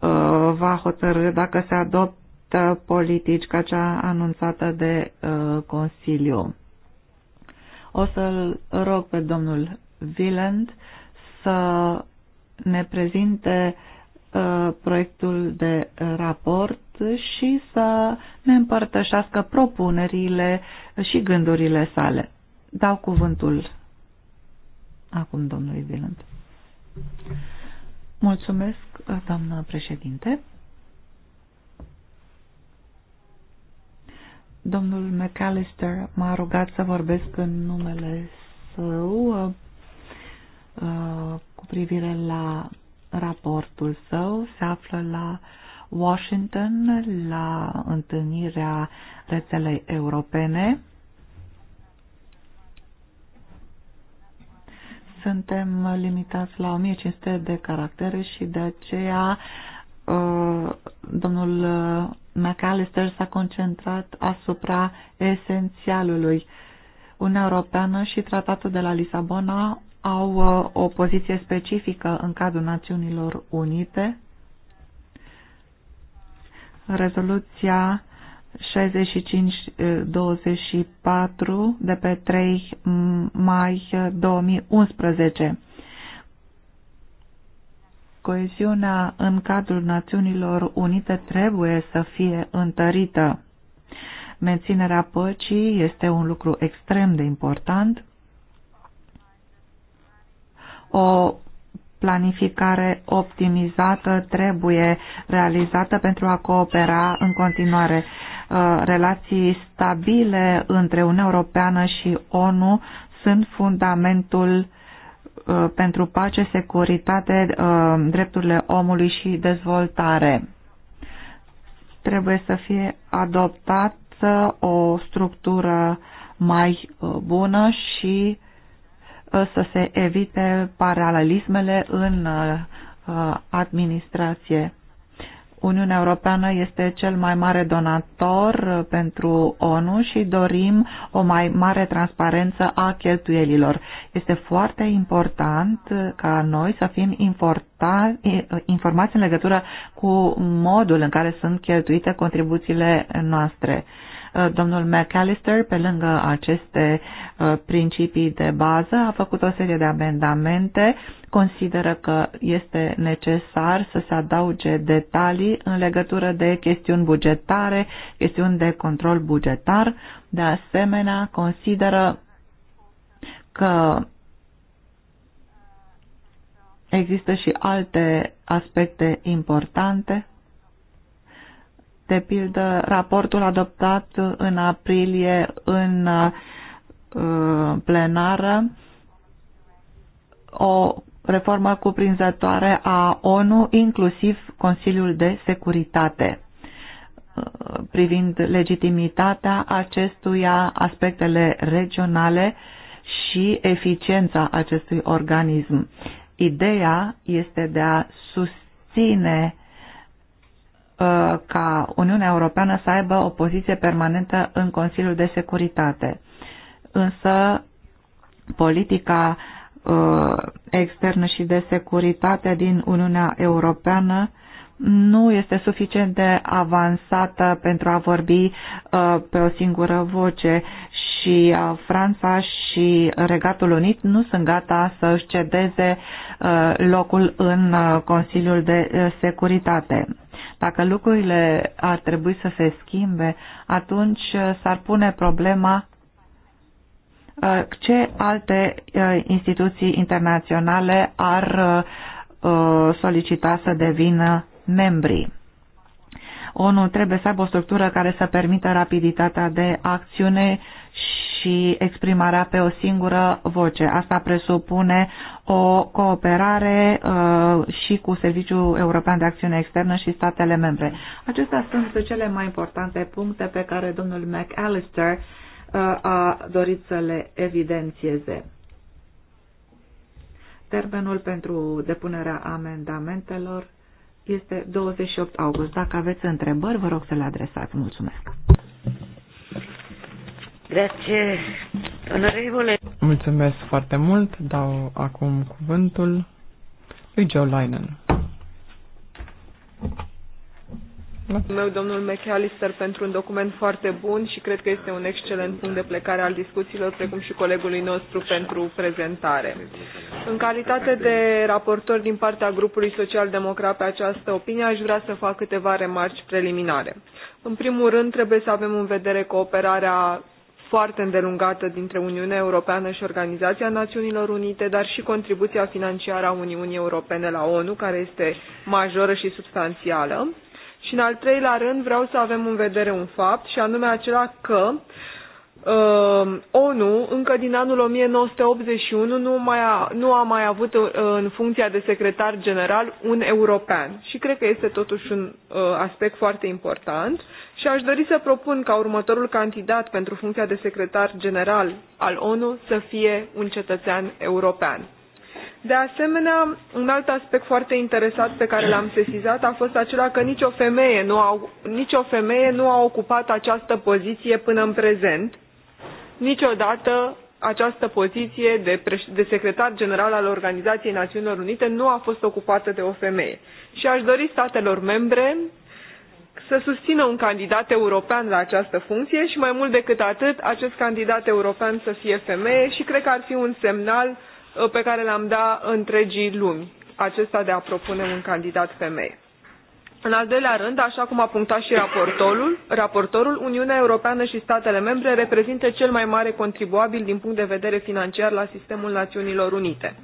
Uh, va hotărâ dacă se adoptă politici ca cea anunțată de uh, Consiliu. O să-l rog pe domnul Willand să ne prezinte uh, proiectul de raport și să ne împărtășească propunerile și gândurile sale. Dau cuvântul acum domnului Wieland. Mulțumesc, doamnă președinte. Domnul McAllister m-a rugat să vorbesc în numele său uh, uh, cu privire la raportul său. Se află la Washington la întâlnirea rețelei europene suntem limitați la 1500 de caractere și de aceea uh, domnul McAllister s-a concentrat asupra esențialului. Uniunea Europeană și Tratatul de la Lisabona au uh, o poziție specifică în cadrul Națiunilor Unite. Rezoluția 6524 de pe 3 mai 2011. Coeziunea în cadrul Națiunilor Unite trebuie să fie întărită. Menținerea păcii este un lucru extrem de important. O planificare optimizată trebuie realizată pentru a coopera în continuare. Uh, relații stabile între Uniunea Europeană și ONU sunt fundamentul uh, pentru pace, securitate, uh, drepturile omului și dezvoltare. Trebuie să fie adoptată o structură mai bună și să se evite paralelismele în administrație. Uniunea Europeană este cel mai mare donator uh, pentru ONU și dorim o mai mare transparență a cheltuielilor. Este foarte important uh, ca noi să fim uh, informați în legătură cu modul în care sunt cheltuite contribuțiile noastre. Uh, domnul McAllister, pe lângă aceste uh, principii de bază, a făcut o serie de amendamente, consideră că este necesar să se adauge detalii în legătură de chestiuni bugetare, chestiuni de control bugetar. De asemenea, consideră că există și alte aspecte importante de pildă raportul adoptat în aprilie în uh, plenară, o reformă cuprinzătoare a ONU, inclusiv Consiliul de Securitate uh, privind legitimitatea acestuia, aspectele regionale și eficiența acestui organism. Ideea este de a susține Uh, ca Uniunea Europeană să aibă o poziție permanentă în Consiliul de Securitate. Însă politica uh, externă și de securitate din Uniunea Europeană nu este suficient de avansată pentru a vorbi uh, pe o singură voce și Franța și Regatul Unit nu sunt gata să își cedeze locul în Consiliul de Securitate dacă lucrurile ar trebui să se schimbe, atunci uh, s-ar pune problema uh, ce alte uh, instituții internaționale ar solicita să devină membri. ONU trebuie să aibă o structură care să permită rapiditatea de acțiune și exprimarea pe o singură voce. Asta presupune o cooperare uh, și cu Serviciul European de Acțiune Externă și statele membre. Acestea sunt cele mai importante puncte pe care domnul McAllister uh, a dorit să le evidențieze. Termenul pentru depunerea amendamentelor este 28 august. Dacă aveți întrebări, vă rog să le adresați. Mulțumesc! Grazie, onorevole. Mulțumesc foarte mult. Dau acum cuvântul lui Joe Linen. meu, domnul McAllister, pentru un document foarte bun și cred că este un excelent punct de plecare al discuțiilor, precum și colegului nostru pentru prezentare. În calitate de raportor din partea grupului social-democrat pe această opinie, aș vrea să fac câteva remarci preliminare. În primul rând, trebuie să avem în vedere cooperarea foarte îndelungată dintre Uniunea Europeană și Organizația Națiunilor Unite, dar și contribuția financiară a Uniunii Europene la ONU, care este majoră și substanțială. Și în al treilea rând vreau să avem în vedere un fapt, și anume acela că uh, ONU încă din anul 1981 nu, mai a, nu a mai avut uh, în funcția de secretar general un european. Și cred că este totuși un uh, aspect foarte important și aș dori să propun ca următorul candidat pentru funcția de secretar general al ONU să fie un cetățean european. De asemenea, un alt aspect foarte interesat pe care l-am sesizat a fost acela că nicio femeie nu a, nicio femeie nu a ocupat această poziție până în prezent, niciodată această poziție de, de secretar general al Organizației Națiunilor Unite nu a fost ocupată de o femeie. Și aș dori statelor membre să susțină un candidat european la această funcție și mai mult decât atât, acest candidat european să fie femeie și cred că ar fi un semnal uh, pe care l-am dat întregii lumi, acesta de a propune un candidat femeie. În al doilea rând, așa cum a punctat și raportorul, raportorul, Uniunea Europeană și statele membre reprezintă cel mai mare contribuabil din punct de vedere financiar la sistemul Națiunilor Unite.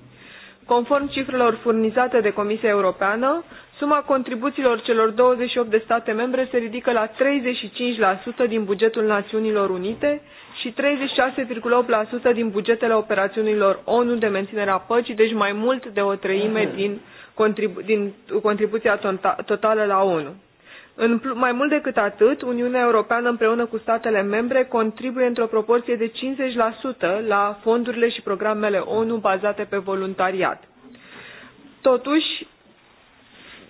Conform cifrelor furnizate de Comisia Europeană, Suma contribuțiilor celor 28 de state membre se ridică la 35% din bugetul Națiunilor Unite și 36,8% din bugetele operațiunilor ONU de menținere a păcii, deci mai mult de o treime mhm. din, contribu- din contribuția tota-, totală la ONU. În mai mult decât atât, Uniunea Europeană împreună cu statele membre contribuie într-o proporție de 50% la fondurile și programele ONU bazate pe voluntariat. Totuși,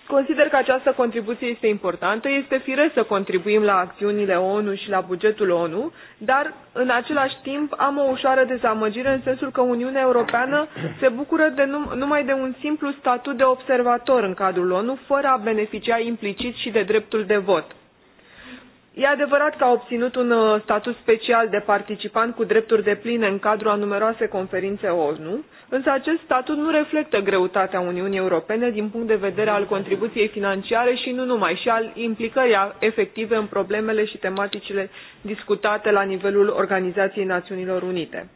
Consider că această contribuție este importantă. Este firesc să contribuim la acțiunile ONU și la bugetul ONU, dar în același timp am o ușoară dezamăgire în sensul că Uniunea Europeană se bucură de num- numai de un simplu statut de observator în cadrul ONU, fără a beneficia implicit și de dreptul de vot E adevărat că a obținut un uh, statut special de participant cu drepturi de pline în cadrul a numeroase conferințe ONU, însă acest statut nu reflectă greutatea Uniunii Europene din punct de vedere al contribuției financiare și nu numai, și al implicării efective în problemele și tematicile discutate la nivelul Organizației Națiunilor Unite.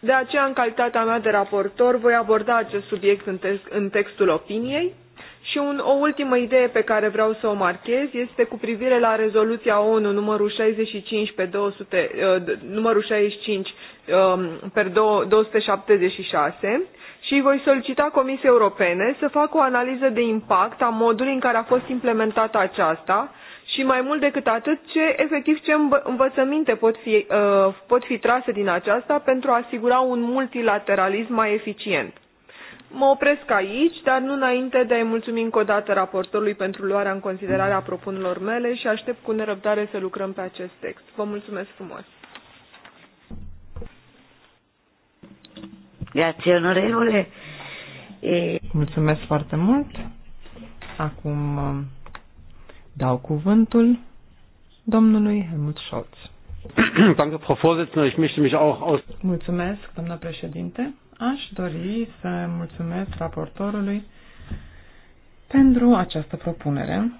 De aceea, în calitatea mea de raportor, voi aborda acest subiect în, în textul opiniei, și un, o ultimă idee pe care vreau să o marchez este cu privire la rezoluția ONU numărul 65 pe 200, uh, numărul 65 pe 276 și voi solicita Comisiei Europene să facă o analiză de impact a modului în care a fost implementată aceasta și mai mult decât atât, ce efectiv ce învățăminte pot fi, uh, pot fi trase din aceasta pentru a asigura un multilateralism mai eficient. Mă opresc aici, dar nu înainte de a-i mulțumi încă o dată raportorului pentru luarea în considerare a propunerilor mele și aștept cu nerăbdare să lucrăm pe acest text. Vă mulțumesc frumos! Grazie, onorevole. Mulțumesc foarte mult. Acum um, dau cuvântul domnului Helmut Scholz. Danke, Frau Vorsitzende. Ich möchte mich auch aus Mulțumesc, doamna președinte. Aș dori să mulțumesc raportorului pentru această propunere.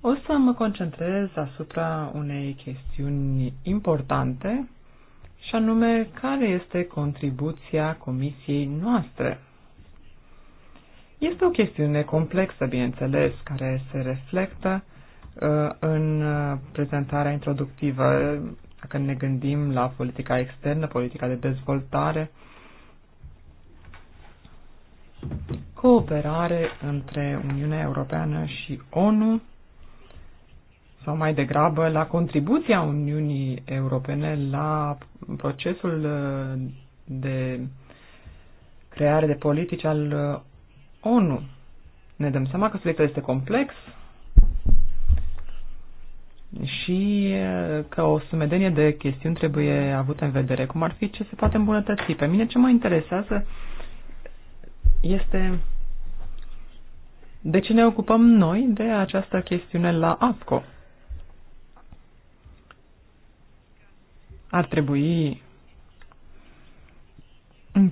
O să mă concentrez asupra unei chestiuni importante, și anume care este contribuția comisiei noastre. Este o chestiune complexă, bineînțeles, care se reflectă uh, în uh, prezentarea introductivă dacă ne gândim la politica externă, politica de dezvoltare, cooperare între Uniunea Europeană și ONU, sau mai degrabă la contribuția Uniunii Europene la procesul uh, de creare de politici al uh, ONU. Ne dăm seama că subiectul este complex, și că o sumedenie de chestiuni trebuie avută în vedere, cum ar fi ce se poate îmbunătăți. Pe mine ce mă interesează este de ce ne ocupăm noi de această chestiune la APCO. Ar trebui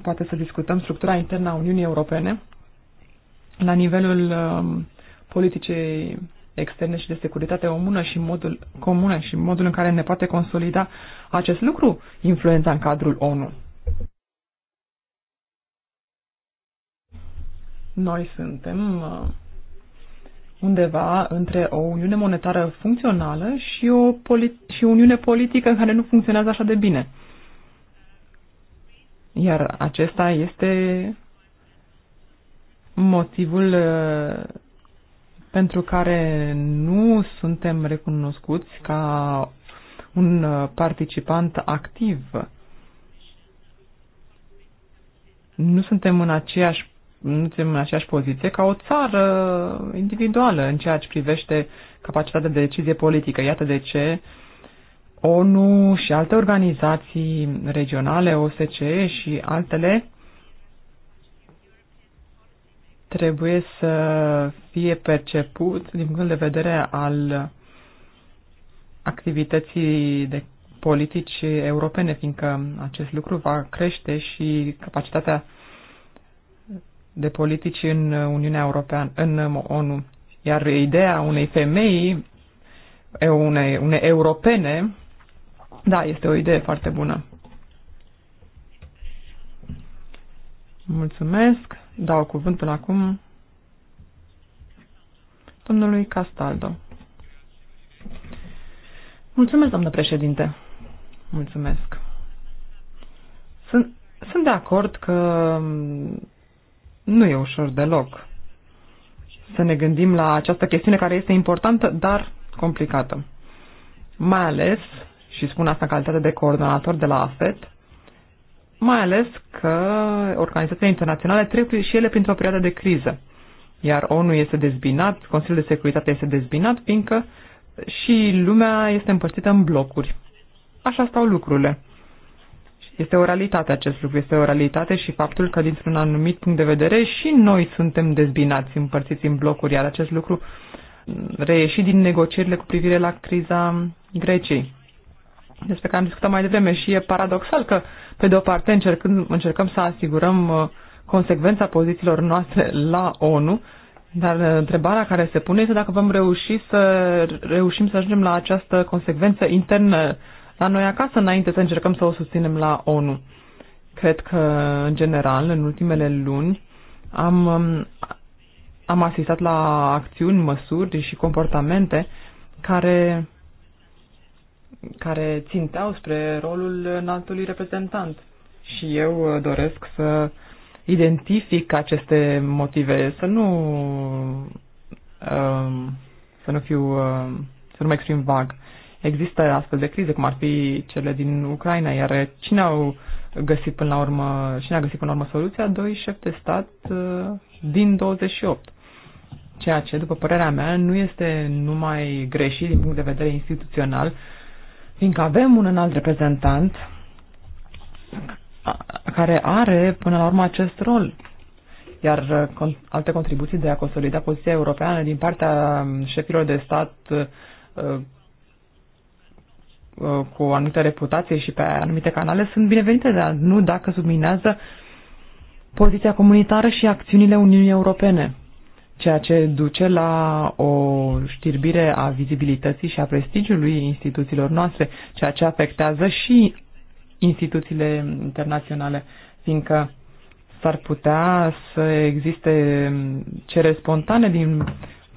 poate să discutăm structura internă a Uniunii Europene la nivelul um, politicii externe și de securitate comună și modul, comună și modul în care ne poate consolida acest lucru influența în cadrul ONU. Noi suntem uh, undeva între o uniune monetară funcțională și o și o uniune politică în care nu funcționează așa de bine. Iar acesta este motivul uh, pentru care nu suntem recunoscuți ca un uh, participant activ. Nu suntem în aceeași nu suntem în aceeași poziție ca o țară individuală în ceea ce privește capacitatea de decizie politică. Iată de ce ONU și alte organizații regionale, OSCE și altele, trebuie să fie perceput din punct de vedere al activității de politici europene, fiindcă acest lucru va crește și capacitatea de politici în Uniunea Europeană, în ONU. Iar ideea unei femei, unei, unei europene, da, este o idee foarte bună. Mulțumesc dau cuvântul acum domnului Castaldo. Mulțumesc, doamnă președinte. Mulțumesc. Sunt, sunt de acord că nu e ușor deloc să ne gândim la această chestiune care este importantă, dar complicată. Mai ales, și spun asta în calitate de coordonator de la AFET, mai ales că organizațiile internaționale trec și ele printr-o perioadă de criză. Iar ONU este dezbinat, Consiliul de Securitate este dezbinat, fiindcă și lumea este împărțită în blocuri. Așa stau lucrurile. Este o realitate acest lucru, este o realitate și faptul că dintr-un anumit punct de vedere și noi suntem dezbinați, împărțiți în blocuri, iar acest lucru reieși din negocierile cu privire la criza Greciei despre care am discutat mai devreme și e paradoxal că, pe de o parte, încercând, încercăm să asigurăm uh, consecvența pozițiilor noastre la ONU, dar uh, întrebarea care se pune este dacă vom reuși să reușim să ajungem la această consecvență internă la noi acasă înainte să încercăm să o susținem la ONU. Cred că, în general, în ultimele luni am, um, am asistat la acțiuni, măsuri și comportamente care care ținteau spre rolul înaltului reprezentant. Și eu uh, doresc să identific aceste motive, să nu um, să nu fiu um, să nu mă exprim vag. Există astfel de crize, cum ar fi cele din Ucraina, iar cine au găsit până la urmă, cine a găsit până la urmă soluția? Doi șefi de stat uh, din 28 ceea ce, după părerea mea, nu este numai greșit din punct de vedere instituțional, fiindcă avem un înalt reprezentant care are până la urmă acest rol, iar uh, alte contribuții de a consolida poziția europeană din partea um, șefilor de stat uh, uh, cu o anumită reputație și pe anumite canale sunt binevenite, dar nu dacă subminează poziția comunitară și acțiunile Uniunii Europene ceea ce duce la o știrbire a vizibilității și a prestigiului instituțiilor noastre, ceea ce afectează și instituțiile internaționale, fiindcă s-ar putea să existe cereri spontane din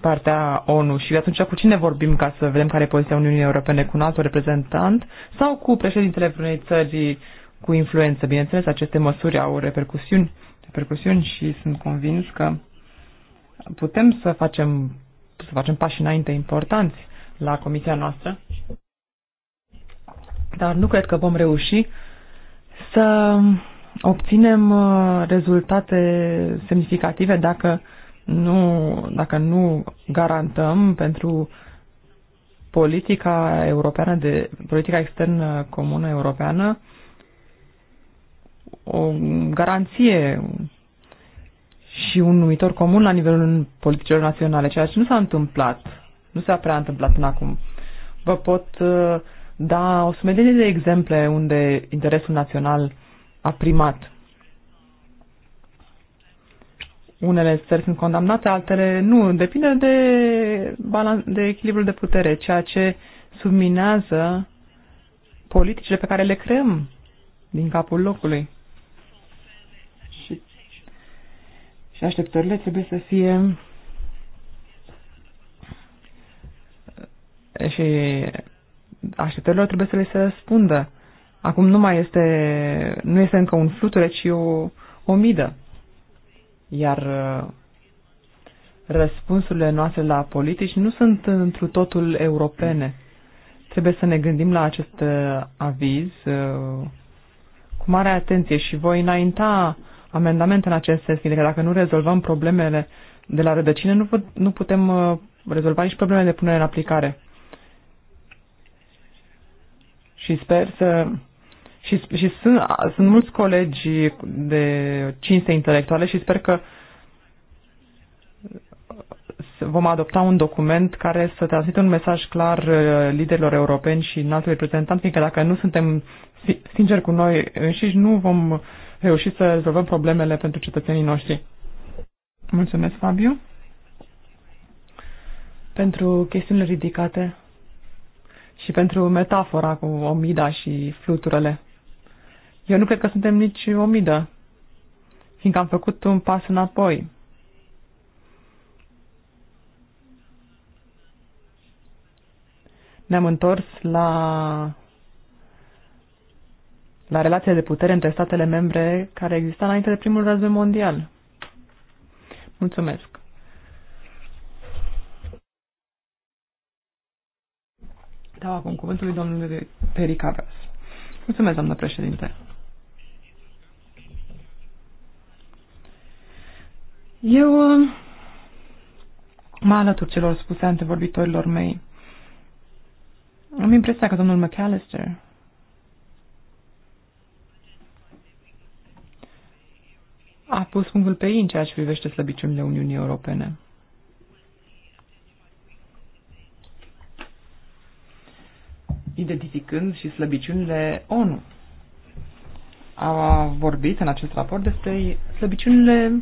partea ONU și atunci cu cine vorbim ca să vedem care e poziția Uniunii Europene, cu un alt reprezentant sau cu președintele unei țări cu influență. Bineînțeles, aceste măsuri au repercusiuni, repercusiuni și sunt convins că putem să facem, să facem pași înainte importanți la comisia noastră, dar nu cred că vom reuși să obținem uh, rezultate semnificative dacă nu, dacă nu garantăm pentru politica europeană de politica externă comună europeană o garanție, și un numitor comun la nivelul politicilor naționale, ceea ce nu s-a întâmplat, nu s-a prea întâmplat până acum. Vă pot uh, da o sumedenie de exemple unde interesul național a primat. Unele țări sunt condamnate, altele nu. Depinde de, de echilibrul de putere, ceea ce subminează politicile pe care le creăm din capul locului. Și așteptările trebuie să fie și așteptărilor trebuie să le se răspundă. Acum nu mai este, nu este încă un fluture, ci o, o midă. Iar răspunsurile noastre la politici nu sunt întru totul europene. Trebuie să ne gândim la acest uh, aviz uh, cu mare atenție și voi înainta Amendamente în acest sens, că dacă nu rezolvăm problemele de la rădăcină, nu, nu putem uh, rezolva nici problemele de punere în aplicare. Și sper să... Și, și sunt, sunt mulți colegi de cinste intelectuale și sper că vom adopta un document care să transmită un mesaj clar uh, liderilor europeni și înaltul reprezentant, fiindcă dacă nu suntem sinceri cu noi înșiși, nu vom reușit să rezolvăm problemele pentru cetățenii noștri. Mulțumesc, Fabio, pentru chestiunile ridicate și pentru metafora cu omida și fluturele. Eu nu cred că suntem nici omidă, fiindcă am făcut un pas înapoi. Ne-am întors la la relația de putere între statele membre care exista înainte de primul război mondial. Mulțumesc. Dau acum cuvântul lui domnului Peri Cabras. Mulțumesc, doamnă președinte. Eu uh, mă alătur celor spuse antevorbitorilor mei. Am impresia că domnul McAllister a pus punctul pe ei în ceea ce privește slăbiciunile Uniunii Europene. identificând și slăbiciunile ONU. A vorbit în acest raport despre slăbiciunile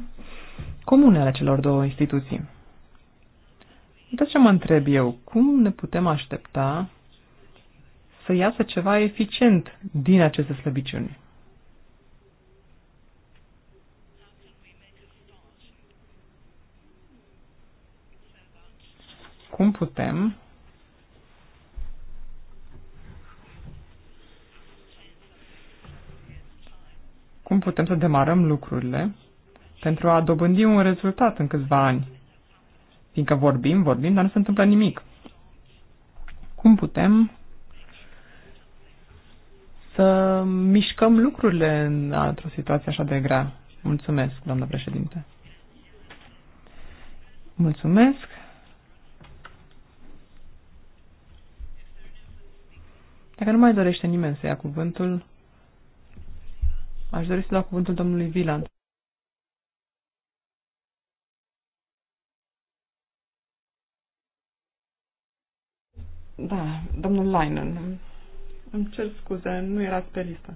comune ale celor două instituții. De ce mă întreb eu? Cum ne putem aștepta să iasă ceva eficient din aceste slăbiciuni? cum putem cum putem să demarăm lucrurile pentru a dobândi un rezultat în câțiva ani. Fiindcă vorbim, vorbim, dar nu se întâmplă nimic. Cum putem să mișcăm lucrurile într-o situație așa de grea? Mulțumesc, doamnă președinte. Mulțumesc. Dacă nu mai dorește nimeni să ia cuvântul, aș dori să dau cuvântul domnului Viland. Da, domnul Leinen. Îmi cer scuze, nu erați pe listă.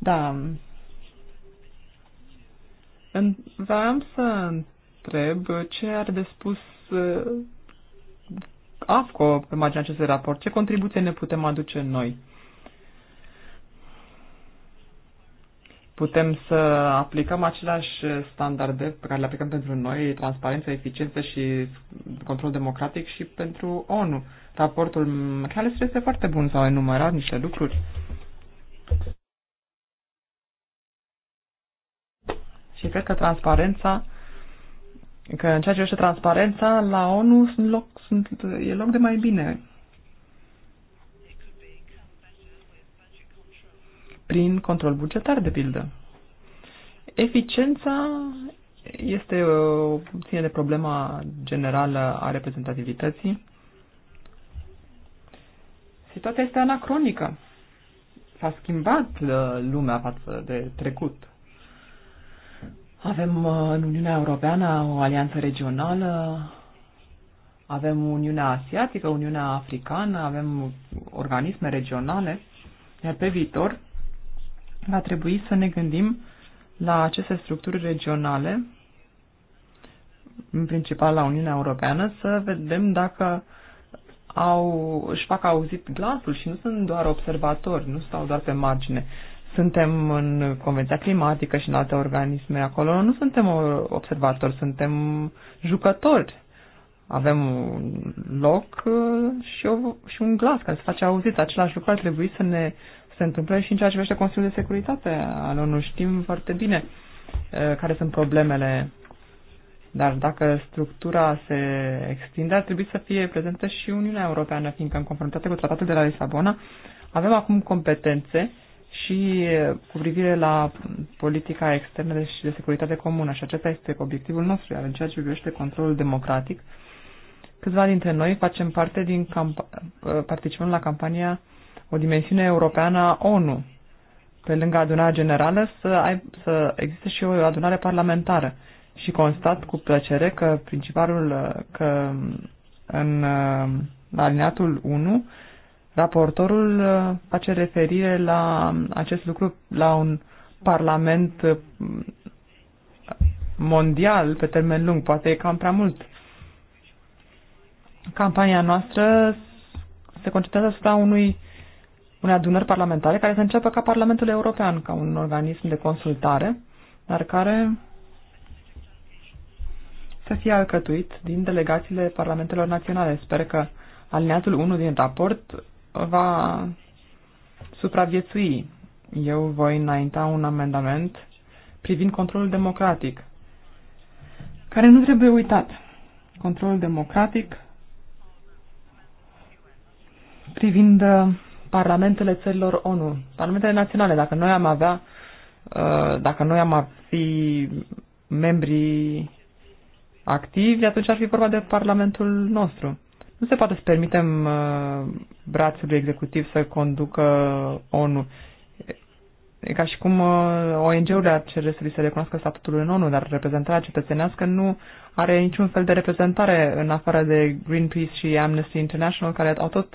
Da. În, vreau să întreb ce are de spus uh, AFCO pe marginea acestui raport. Ce contribuție ne putem aduce noi? Putem să aplicăm aceleași standarde pe care le aplicăm pentru noi, transparență, eficiență și control democratic și pentru ONU. Raportul Michaelis este foarte bun, s-au enumerat niște lucruri. Și cred că transparența că în ceea ce este transparența, la ONU sunt loc, sunt, e loc de mai bine. Prin control bugetar, de pildă. Eficiența este o uh, ține de problema generală a reprezentativității. Situația este anacronică. S-a schimbat uh, lumea față de trecut. Avem uh, în Uniunea Europeană o alianță regională, avem Uniunea Asiatică, Uniunea Africană, avem organisme regionale, iar pe viitor va trebui să ne gândim la aceste structuri regionale, în principal la Uniunea Europeană, să vedem dacă au, își fac auzit glasul și nu sunt doar observatori, nu stau doar pe margine. Suntem în Convenția Climatică și în alte organisme. Acolo nu suntem observatori, suntem jucători. Avem un loc uh, și, o, și un glas care se face auzit. Același lucru ar trebui să ne să se întâmple și în ceea ce privește Consiliul de Securitate al ONU. Știm foarte bine uh, care sunt problemele dar dacă structura se extinde, ar trebui să fie prezentă și Uniunea Europeană, fiindcă în confruntate cu tratatul de la Lisabona, avem acum competențe și cu privire la politica externă și de securitate comună. Și acesta este obiectivul nostru, iar în ceea ce privește controlul democratic, câțiva dintre noi facem parte din participăm la campania O dimensiune europeană a ONU. Pe lângă adunarea generală să, ai, să existe și o adunare parlamentară. Și constat cu plăcere că principalul, că în alineatul 1 Raportorul uh, face referire la acest lucru la un parlament uh, mondial pe termen lung. Poate e cam prea mult. Campania noastră se concentrează asupra unui, unei adunări parlamentare care se înceapă ca Parlamentul European, ca un organism de consultare, dar care să fie alcătuit din delegațiile parlamentelor naționale. Sper că alineatul 1 din raport va supraviețui. Eu voi înainta un amendament privind controlul democratic, care nu trebuie uitat. Controlul democratic privind uh, parlamentele țărilor ONU, parlamentele naționale. Dacă noi am avea, uh, dacă noi am fi membrii activi, atunci ar fi vorba de parlamentul nostru. Nu se poate să permitem uh, brațului executiv să conducă ONU. E ca și cum uh, ONG-urile ar cere să li se recunoască statutul în ONU, dar reprezentarea cetățenească nu are niciun fel de reprezentare în afară de Greenpeace și Amnesty International, care au tot,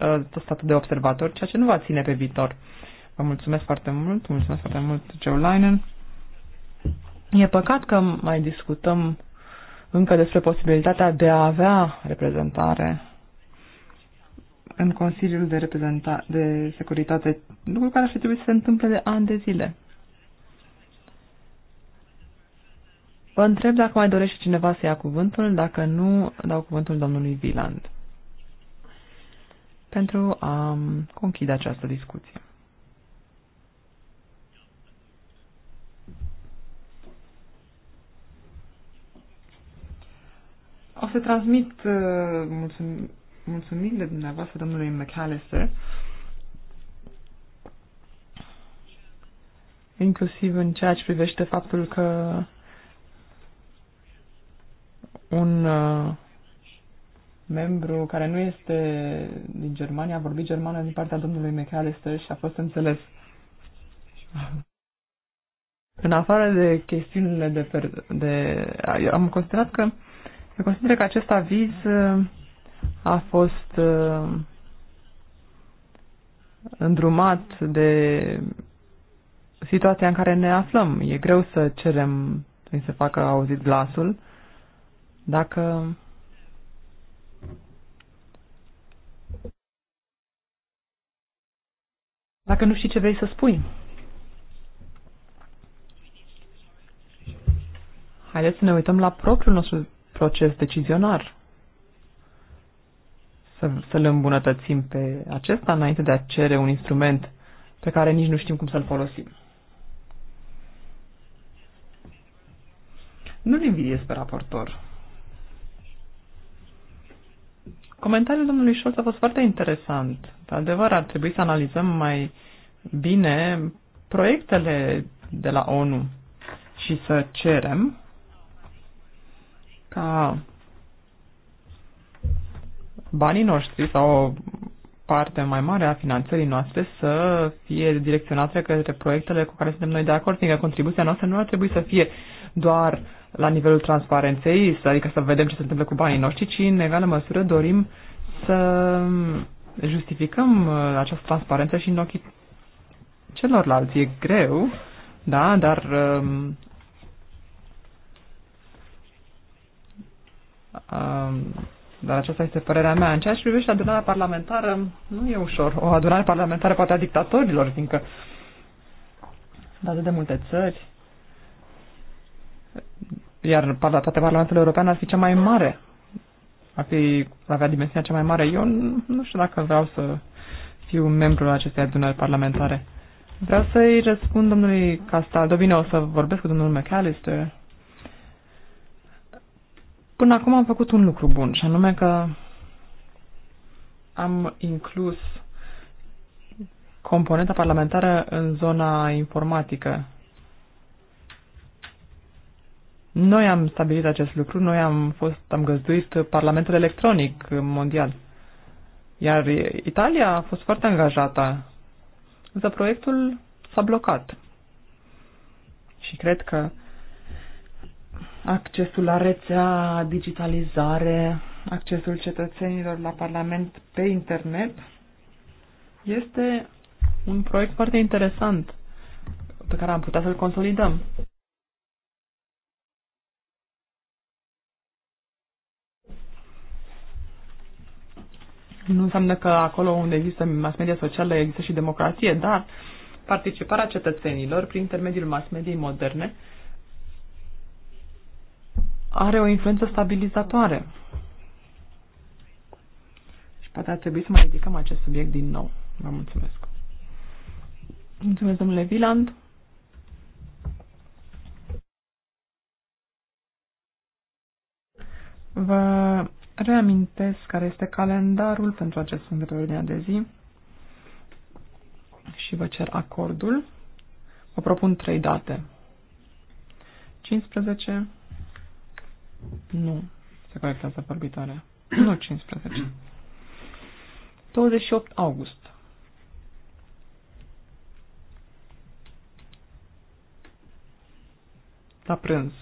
uh, tot statul de observator, ceea ce nu va ține pe viitor. Vă mulțumesc foarte mult, mulțumesc foarte mult, Joe Linen. E păcat că mai discutăm încă despre posibilitatea de a avea reprezentare în Consiliul de, Reprezenta- de Securitate, lucru care ar fi trebuit să se întâmple de ani de zile. Vă întreb dacă mai dorește cineva să ia cuvântul, dacă nu, dau cuvântul domnului Viland pentru a conchide această discuție. O să transmit uh, mulțum, mulțumirile dumneavoastră domnului McAllister, inclusiv în ceea ce privește faptul că un uh, membru care nu este din Germania a vorbit germană din partea domnului McAllister și a fost înțeles. În afară de chestiunile de, per- de... Eu am considerat că eu consider că acest aviz uh, a fost uh, îndrumat de situația în care ne aflăm. E greu să cerem să se facă auzit glasul dacă dacă nu știi ce vrei să spui. Haideți să ne uităm la propriul nostru proces decizionar. Să, să-l îmbunătățim pe acesta înainte de a cere un instrument pe care nici nu știm cum să-l folosim. Nu-l invidiez pe raportor. Comentariul domnului Scholz a fost foarte interesant. De adevăr, ar trebui să analizăm mai bine proiectele de la ONU și să cerem ca banii noștri sau o parte mai mare a finanțării noastre să fie direcționate către proiectele cu care suntem noi de acord, fiindcă contribuția noastră nu ar trebui să fie doar la nivelul transparenței, adică să vedem ce se întâmplă cu banii noștri, ci în egală măsură dorim să justificăm uh, această transparență și în ochii celorlalți. E greu, da, dar um, dar aceasta este părerea mea. În ceea ce privește adunarea parlamentară, nu e ușor. O adunare parlamentară poate a dictatorilor, fiindcă de atât de multe țări, iar toate parlamentele europene ar fi cea mai mare, ar, fi, ar avea dimensiunea cea mai mare. Eu nu știu dacă vreau să fiu membru la acestei adunări parlamentare. Vreau să-i răspund domnului Castaldo. Bine, o să vorbesc cu domnul McAllister Până acum am făcut un lucru bun, și anume că am inclus componenta parlamentară în zona informatică. Noi am stabilit acest lucru, noi am fost, am găzduit Parlamentul Electronic Mondial. Iar Italia a fost foarte angajată. Însă proiectul s-a blocat. Și cred că accesul la rețea, digitalizare, accesul cetățenilor la Parlament pe internet, este un proiect foarte interesant pe care am putea să-l consolidăm. Nu înseamnă că acolo unde există mass media socială există și democrație, dar participarea cetățenilor prin intermediul mass mediei moderne are o influență stabilizatoare. Și poate ar trebui să mai ridicăm acest subiect din nou. Vă mulțumesc. Mulțumesc, domnule Viland. Vă reamintesc care este calendarul pentru acest punct de de zi și vă cer acordul. Vă propun trei date. 15, nu. Se corectează vorbitoarea. Nu 15. 28 august. La prânz.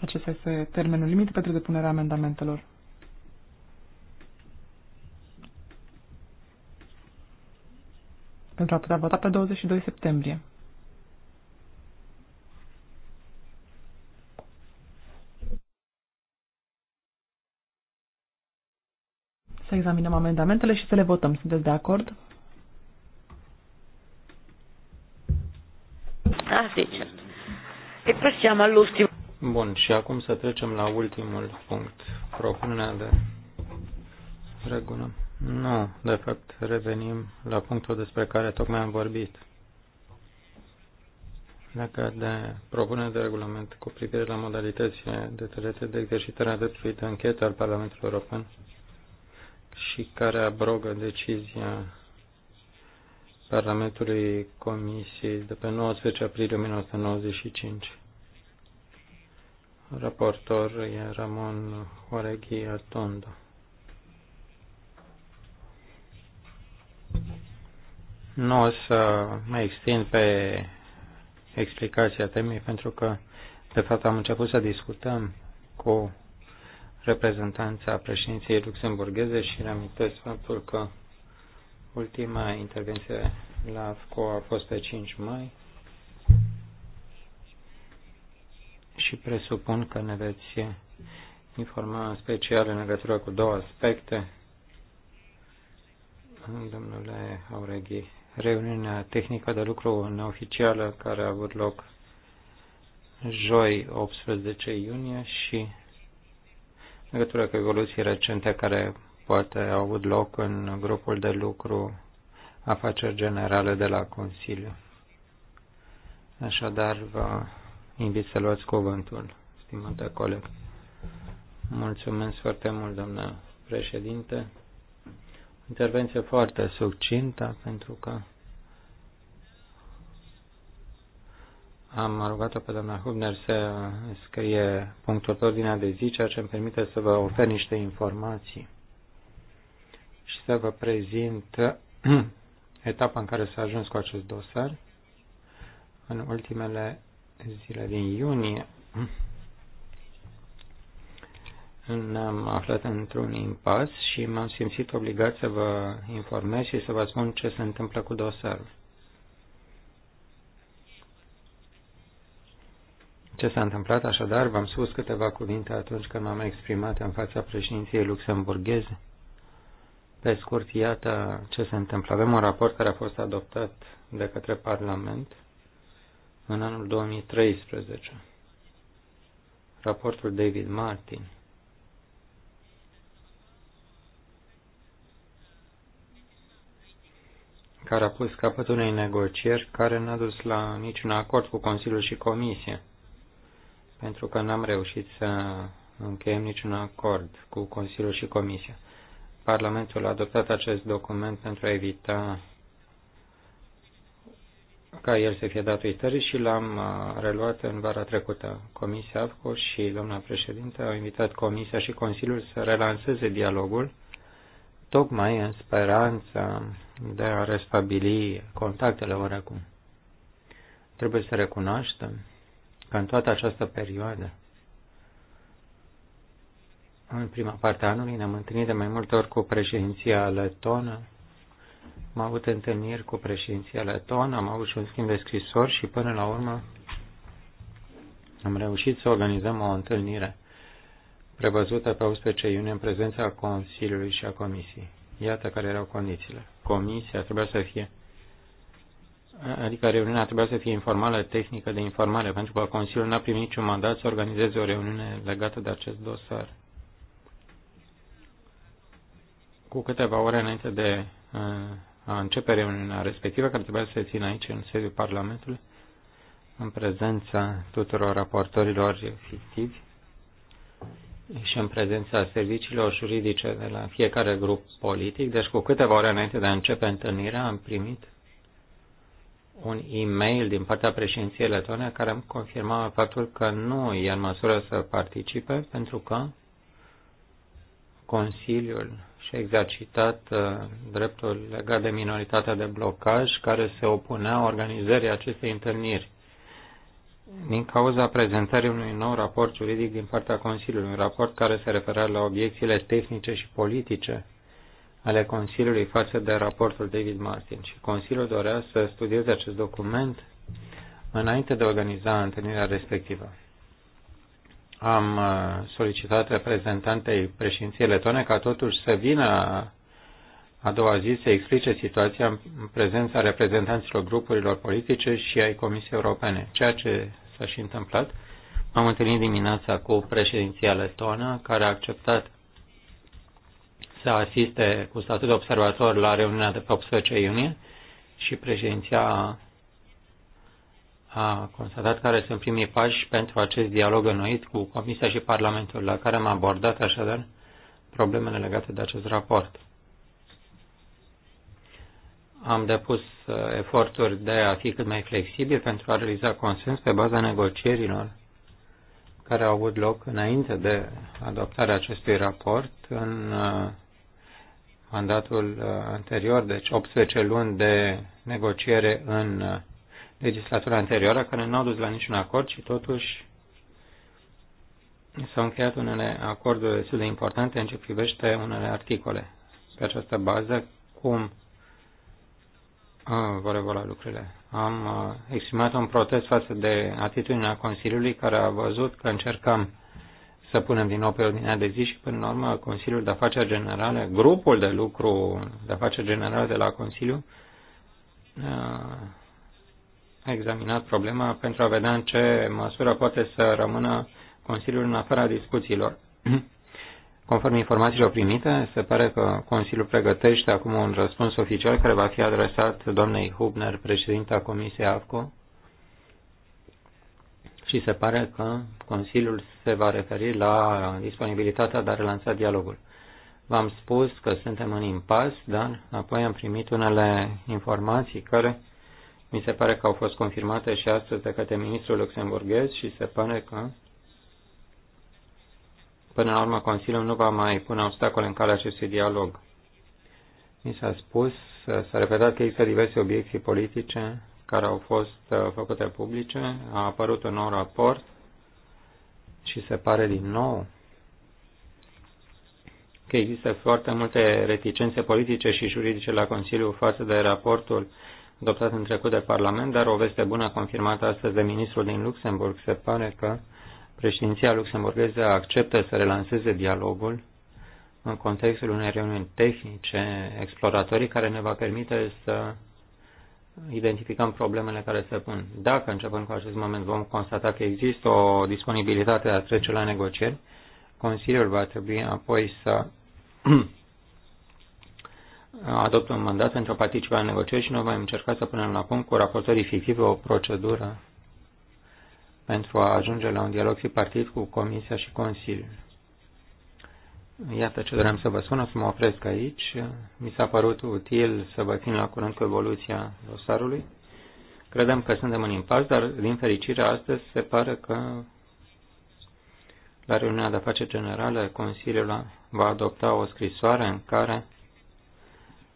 Acesta este termenul limit pentru depunerea amendamentelor. pentru a putea vota pe 22 septembrie. Să examinăm amendamentele și să le votăm. Sunteți de acord? Ah, da, zice. E passiamo all'ultimo. Bun, și acum să trecem la ultimul punct. Propunerea de regulă. Nu, de fapt revenim la punctul despre care tocmai am vorbit. Legat de propunerea de regulament cu privire la de trecere de exercitare a dreptului de închetă al Parlamentului European și care abrogă decizia Parlamentului Comisiei de pe 19 aprilie 1995. Raportor e Ramon Oreghi Atondo. Nu o să mai extind pe explicația temei, pentru că, de fapt, am început să discutăm cu reprezentanța președinției luxemburgheze și reamintesc faptul că ultima intervenție la FCO a fost pe 5 mai și presupun că ne veți informa în special în legătură cu două aspecte. Domnule Aureghi, reuniunea tehnică de lucru neoficială care a avut loc joi 18 iunie și în legătură cu evoluții recente care poate au avut loc în grupul de lucru afaceri generale de la Consiliu. Așadar, vă invit să luați cuvântul, stimate coleg. Mulțumesc foarte mult, doamnă președinte intervenție foarte succintă pentru că am rugat-o pe doamna Hubner să scrie punctul pe ordinea de zi, ceea ce îmi permite să vă ofer niște informații și să vă prezint etapa în care s-a ajuns cu acest dosar. În ultimele zile din iunie ne-am aflat într-un impas și m-am simțit obligat să vă informez și să vă spun ce se întâmplă cu dosarul. Ce s-a întâmplat așadar, v-am spus câteva cuvinte atunci când m-am exprimat în fața președinției luxemburgheze. Pe scurt, iată ce se întâmplă. Avem un raport care a fost adoptat de către Parlament în anul 2013. Raportul David Martin. care a pus capăt unei negocieri care n-a dus la niciun acord cu Consiliul și Comisia, pentru că n-am reușit să încheiem niciun acord cu Consiliul și Comisia. Parlamentul a adoptat acest document pentru a evita ca el să fie dat uitării și l-am uh, reluat în vara trecută. Comisia Avco și doamna președinte au invitat Comisia și Consiliul să relanseze dialogul tocmai în speranța de a restabili contactele oarecum. Trebuie să recunoaștem că în toată această perioadă, în prima parte a anului, ne-am întâlnit de mai multe ori cu președinția letonă, am avut întâlniri cu președinția letonă, am avut și un schimb de scrisori și până la urmă am reușit să organizăm o întâlnire prevăzută pe 11 iunie în prezența Consiliului și a Comisiei. Iată care erau condițiile. Comisia trebuia să fie adică reuniunea trebuia să fie informală, tehnică de informare, pentru că Consiliul n-a primit niciun mandat să organizeze o reuniune legată de acest dosar. Cu câteva ore înainte de uh, a începe reuniunea respectivă, care trebuia să se țină aici, în sediul Parlamentului, în prezența tuturor raportorilor fictivi, și în prezența serviciilor juridice de la fiecare grup politic. Deci cu câteva ore înainte de a începe întâlnirea am primit un e-mail din partea președinției letone care îmi confirma faptul că nu e în măsură să participe pentru că Consiliul și-a exercitat uh, dreptul legat de minoritatea de blocaj care se opunea organizării acestei întâlniri din cauza prezentării unui nou raport juridic din partea Consiliului, un raport care se referă la obiecțiile tehnice și politice ale Consiliului față de raportul David Martin. Și Consiliul dorea să studieze acest document înainte de a organiza întâlnirea respectivă. Am uh, solicitat reprezentantei președinției letone ca totuși să vină a doua zi se explice situația în prezența reprezentanților grupurilor politice și ai Comisiei Europene, ceea ce s-a și întâmplat. M-am întâlnit dimineața cu președinția letonă, care a acceptat să asiste cu statut de observator la reuniunea de pe 18 iunie și președinția a constatat care sunt primii pași pentru acest dialog înnoit cu Comisia și Parlamentul, la care am abordat așadar problemele legate de acest raport am depus uh, eforturi de a fi cât mai flexibil pentru a realiza consens pe baza negocierilor care au avut loc înainte de adoptarea acestui raport în uh, mandatul uh, anterior, deci 18 luni de negociere în legislatura anterioară, care nu au dus la niciun acord și totuși s-au încheiat unele acorduri destul de importante în ce privește unele articole. Pe această bază, cum vor evolua lucrurile. Am uh, exprimat un protest față de atitudinea Consiliului care a văzut că încercăm să punem din nou pe ordinea de zi și, până la urmă, Consiliul de Afaceri Generale, grupul de lucru de afaceri generale de la Consiliu, uh, a examinat problema pentru a vedea în ce măsură poate să rămână Consiliul în afara discuțiilor. Conform informațiilor primite, se pare că Consiliul pregătește acum un răspuns oficial care va fi adresat doamnei Hubner, președinta Comisiei AFCO, și se pare că Consiliul se va referi la disponibilitatea de a relansa dialogul. V-am spus că suntem în impas, dar apoi am primit unele informații care mi se pare că au fost confirmate și astăzi de către ministrul luxemburghez și se pare că Până la urmă, Consiliul nu va mai pune obstacole în calea acestui dialog. Mi s-a spus, s-a repetat că există diverse obiecții politice care au fost uh, făcute publice, a apărut un nou raport și se pare din nou că există foarte multe reticențe politice și juridice la Consiliu față de raportul adoptat în trecut de Parlament, dar o veste bună confirmată astăzi de ministrul din Luxemburg. Se pare că Președinția luxemburgheză acceptă să relanseze dialogul în contextul unei reuniuni tehnice exploratorii care ne va permite să identificăm problemele care se pun. Dacă începând cu acest moment vom constata că există o disponibilitate de a trece la negocieri, Consiliul va trebui apoi să adoptă un mandat pentru a participa la negocieri și noi vom încerca să punem la punct cu raportorii fictive o procedură pentru a ajunge la un dialog tripartit cu Comisia și Consiliul. Iată ce doream să vă spun, o să mă opresc aici. Mi s-a părut util să vă țin la curând cu evoluția dosarului. Credem că suntem în impas, dar din fericire astăzi se pare că la reuniunea de afaceri generale Consiliul va adopta o scrisoare în care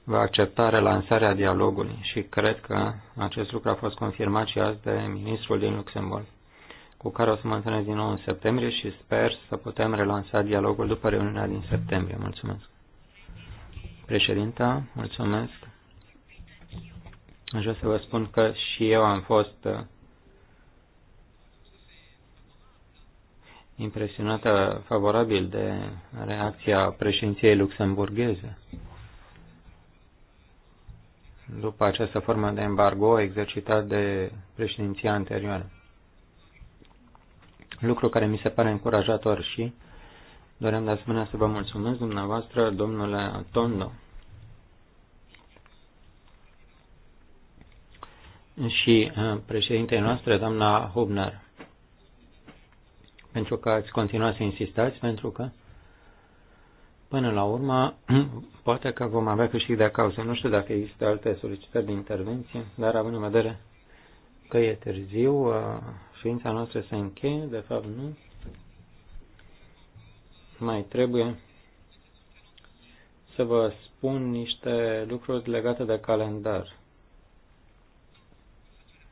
va accepta relansarea dialogului și cred că acest lucru a fost confirmat și azi de ministrul din Luxemburg cu care o să mă întâlnesc din nou în septembrie și sper să putem relansa dialogul după reuniunea din septembrie. Mulțumesc. Președinta, mulțumesc. Aș vrea să vă spun că și eu am fost uh, impresionată favorabil de reacția președinției luxemburgheze. După această formă de embargo exercitat de președinția anterioară lucru care mi se pare încurajator și doream de asemenea să vă mulțumesc dumneavoastră, domnule Tondo. și uh, președintei noastre, doamna Hubner, pentru că ați continuat să insistați, pentru că până la urmă poate că vom avea câștig de cauză. Nu știu dacă există alte solicitări de intervenție, dar având în vedere că e târziu, uh, Ființa noastră se încheie, de fapt nu. Mai trebuie să vă spun niște lucruri legate de calendar.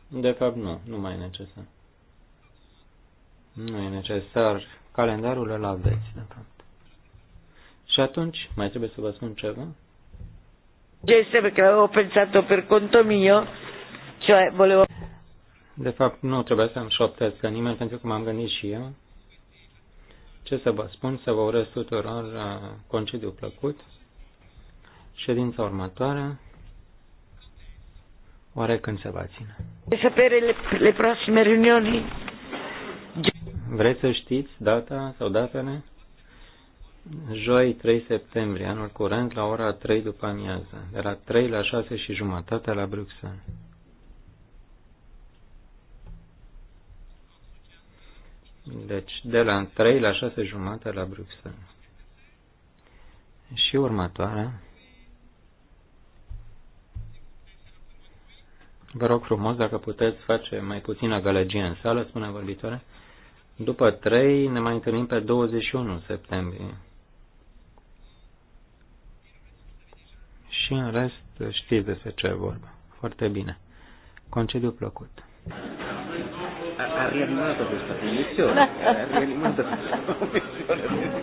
De fapt, nu, nu mai e necesar. Nu e necesar. Calendarul îl aveți, de fapt. Și atunci, mai trebuie să vă spun ceva? Este că l-am pensat-o per conto mio, cioè volevo... De fapt, nu trebuie să am șoptez nimeni, pentru că m-am gândit și eu. Ce să vă spun, să vă urez tuturor uh, concediu plăcut. Ședința următoare, oare când se va ține? Sapere le, le prossime reuniuni? Vreți să știți data sau datele? Joi 3 septembrie, anul curent, la ora 3 după amiază, de la 3 la 6 și jumătate la Bruxelles. Deci de la 3 la 6 jumate la Bruxelles. Și următoarea. Vă rog frumos, dacă puteți face mai puțină gălăgie în sală, spune vorbitoare. După 3 ne mai întâlnim pe 21 septembrie. Și în rest știți despre ce e vorba. Foarte bine. Concediu plăcut ha rianimato questa commissione, eh, ha rianimato questa commissione.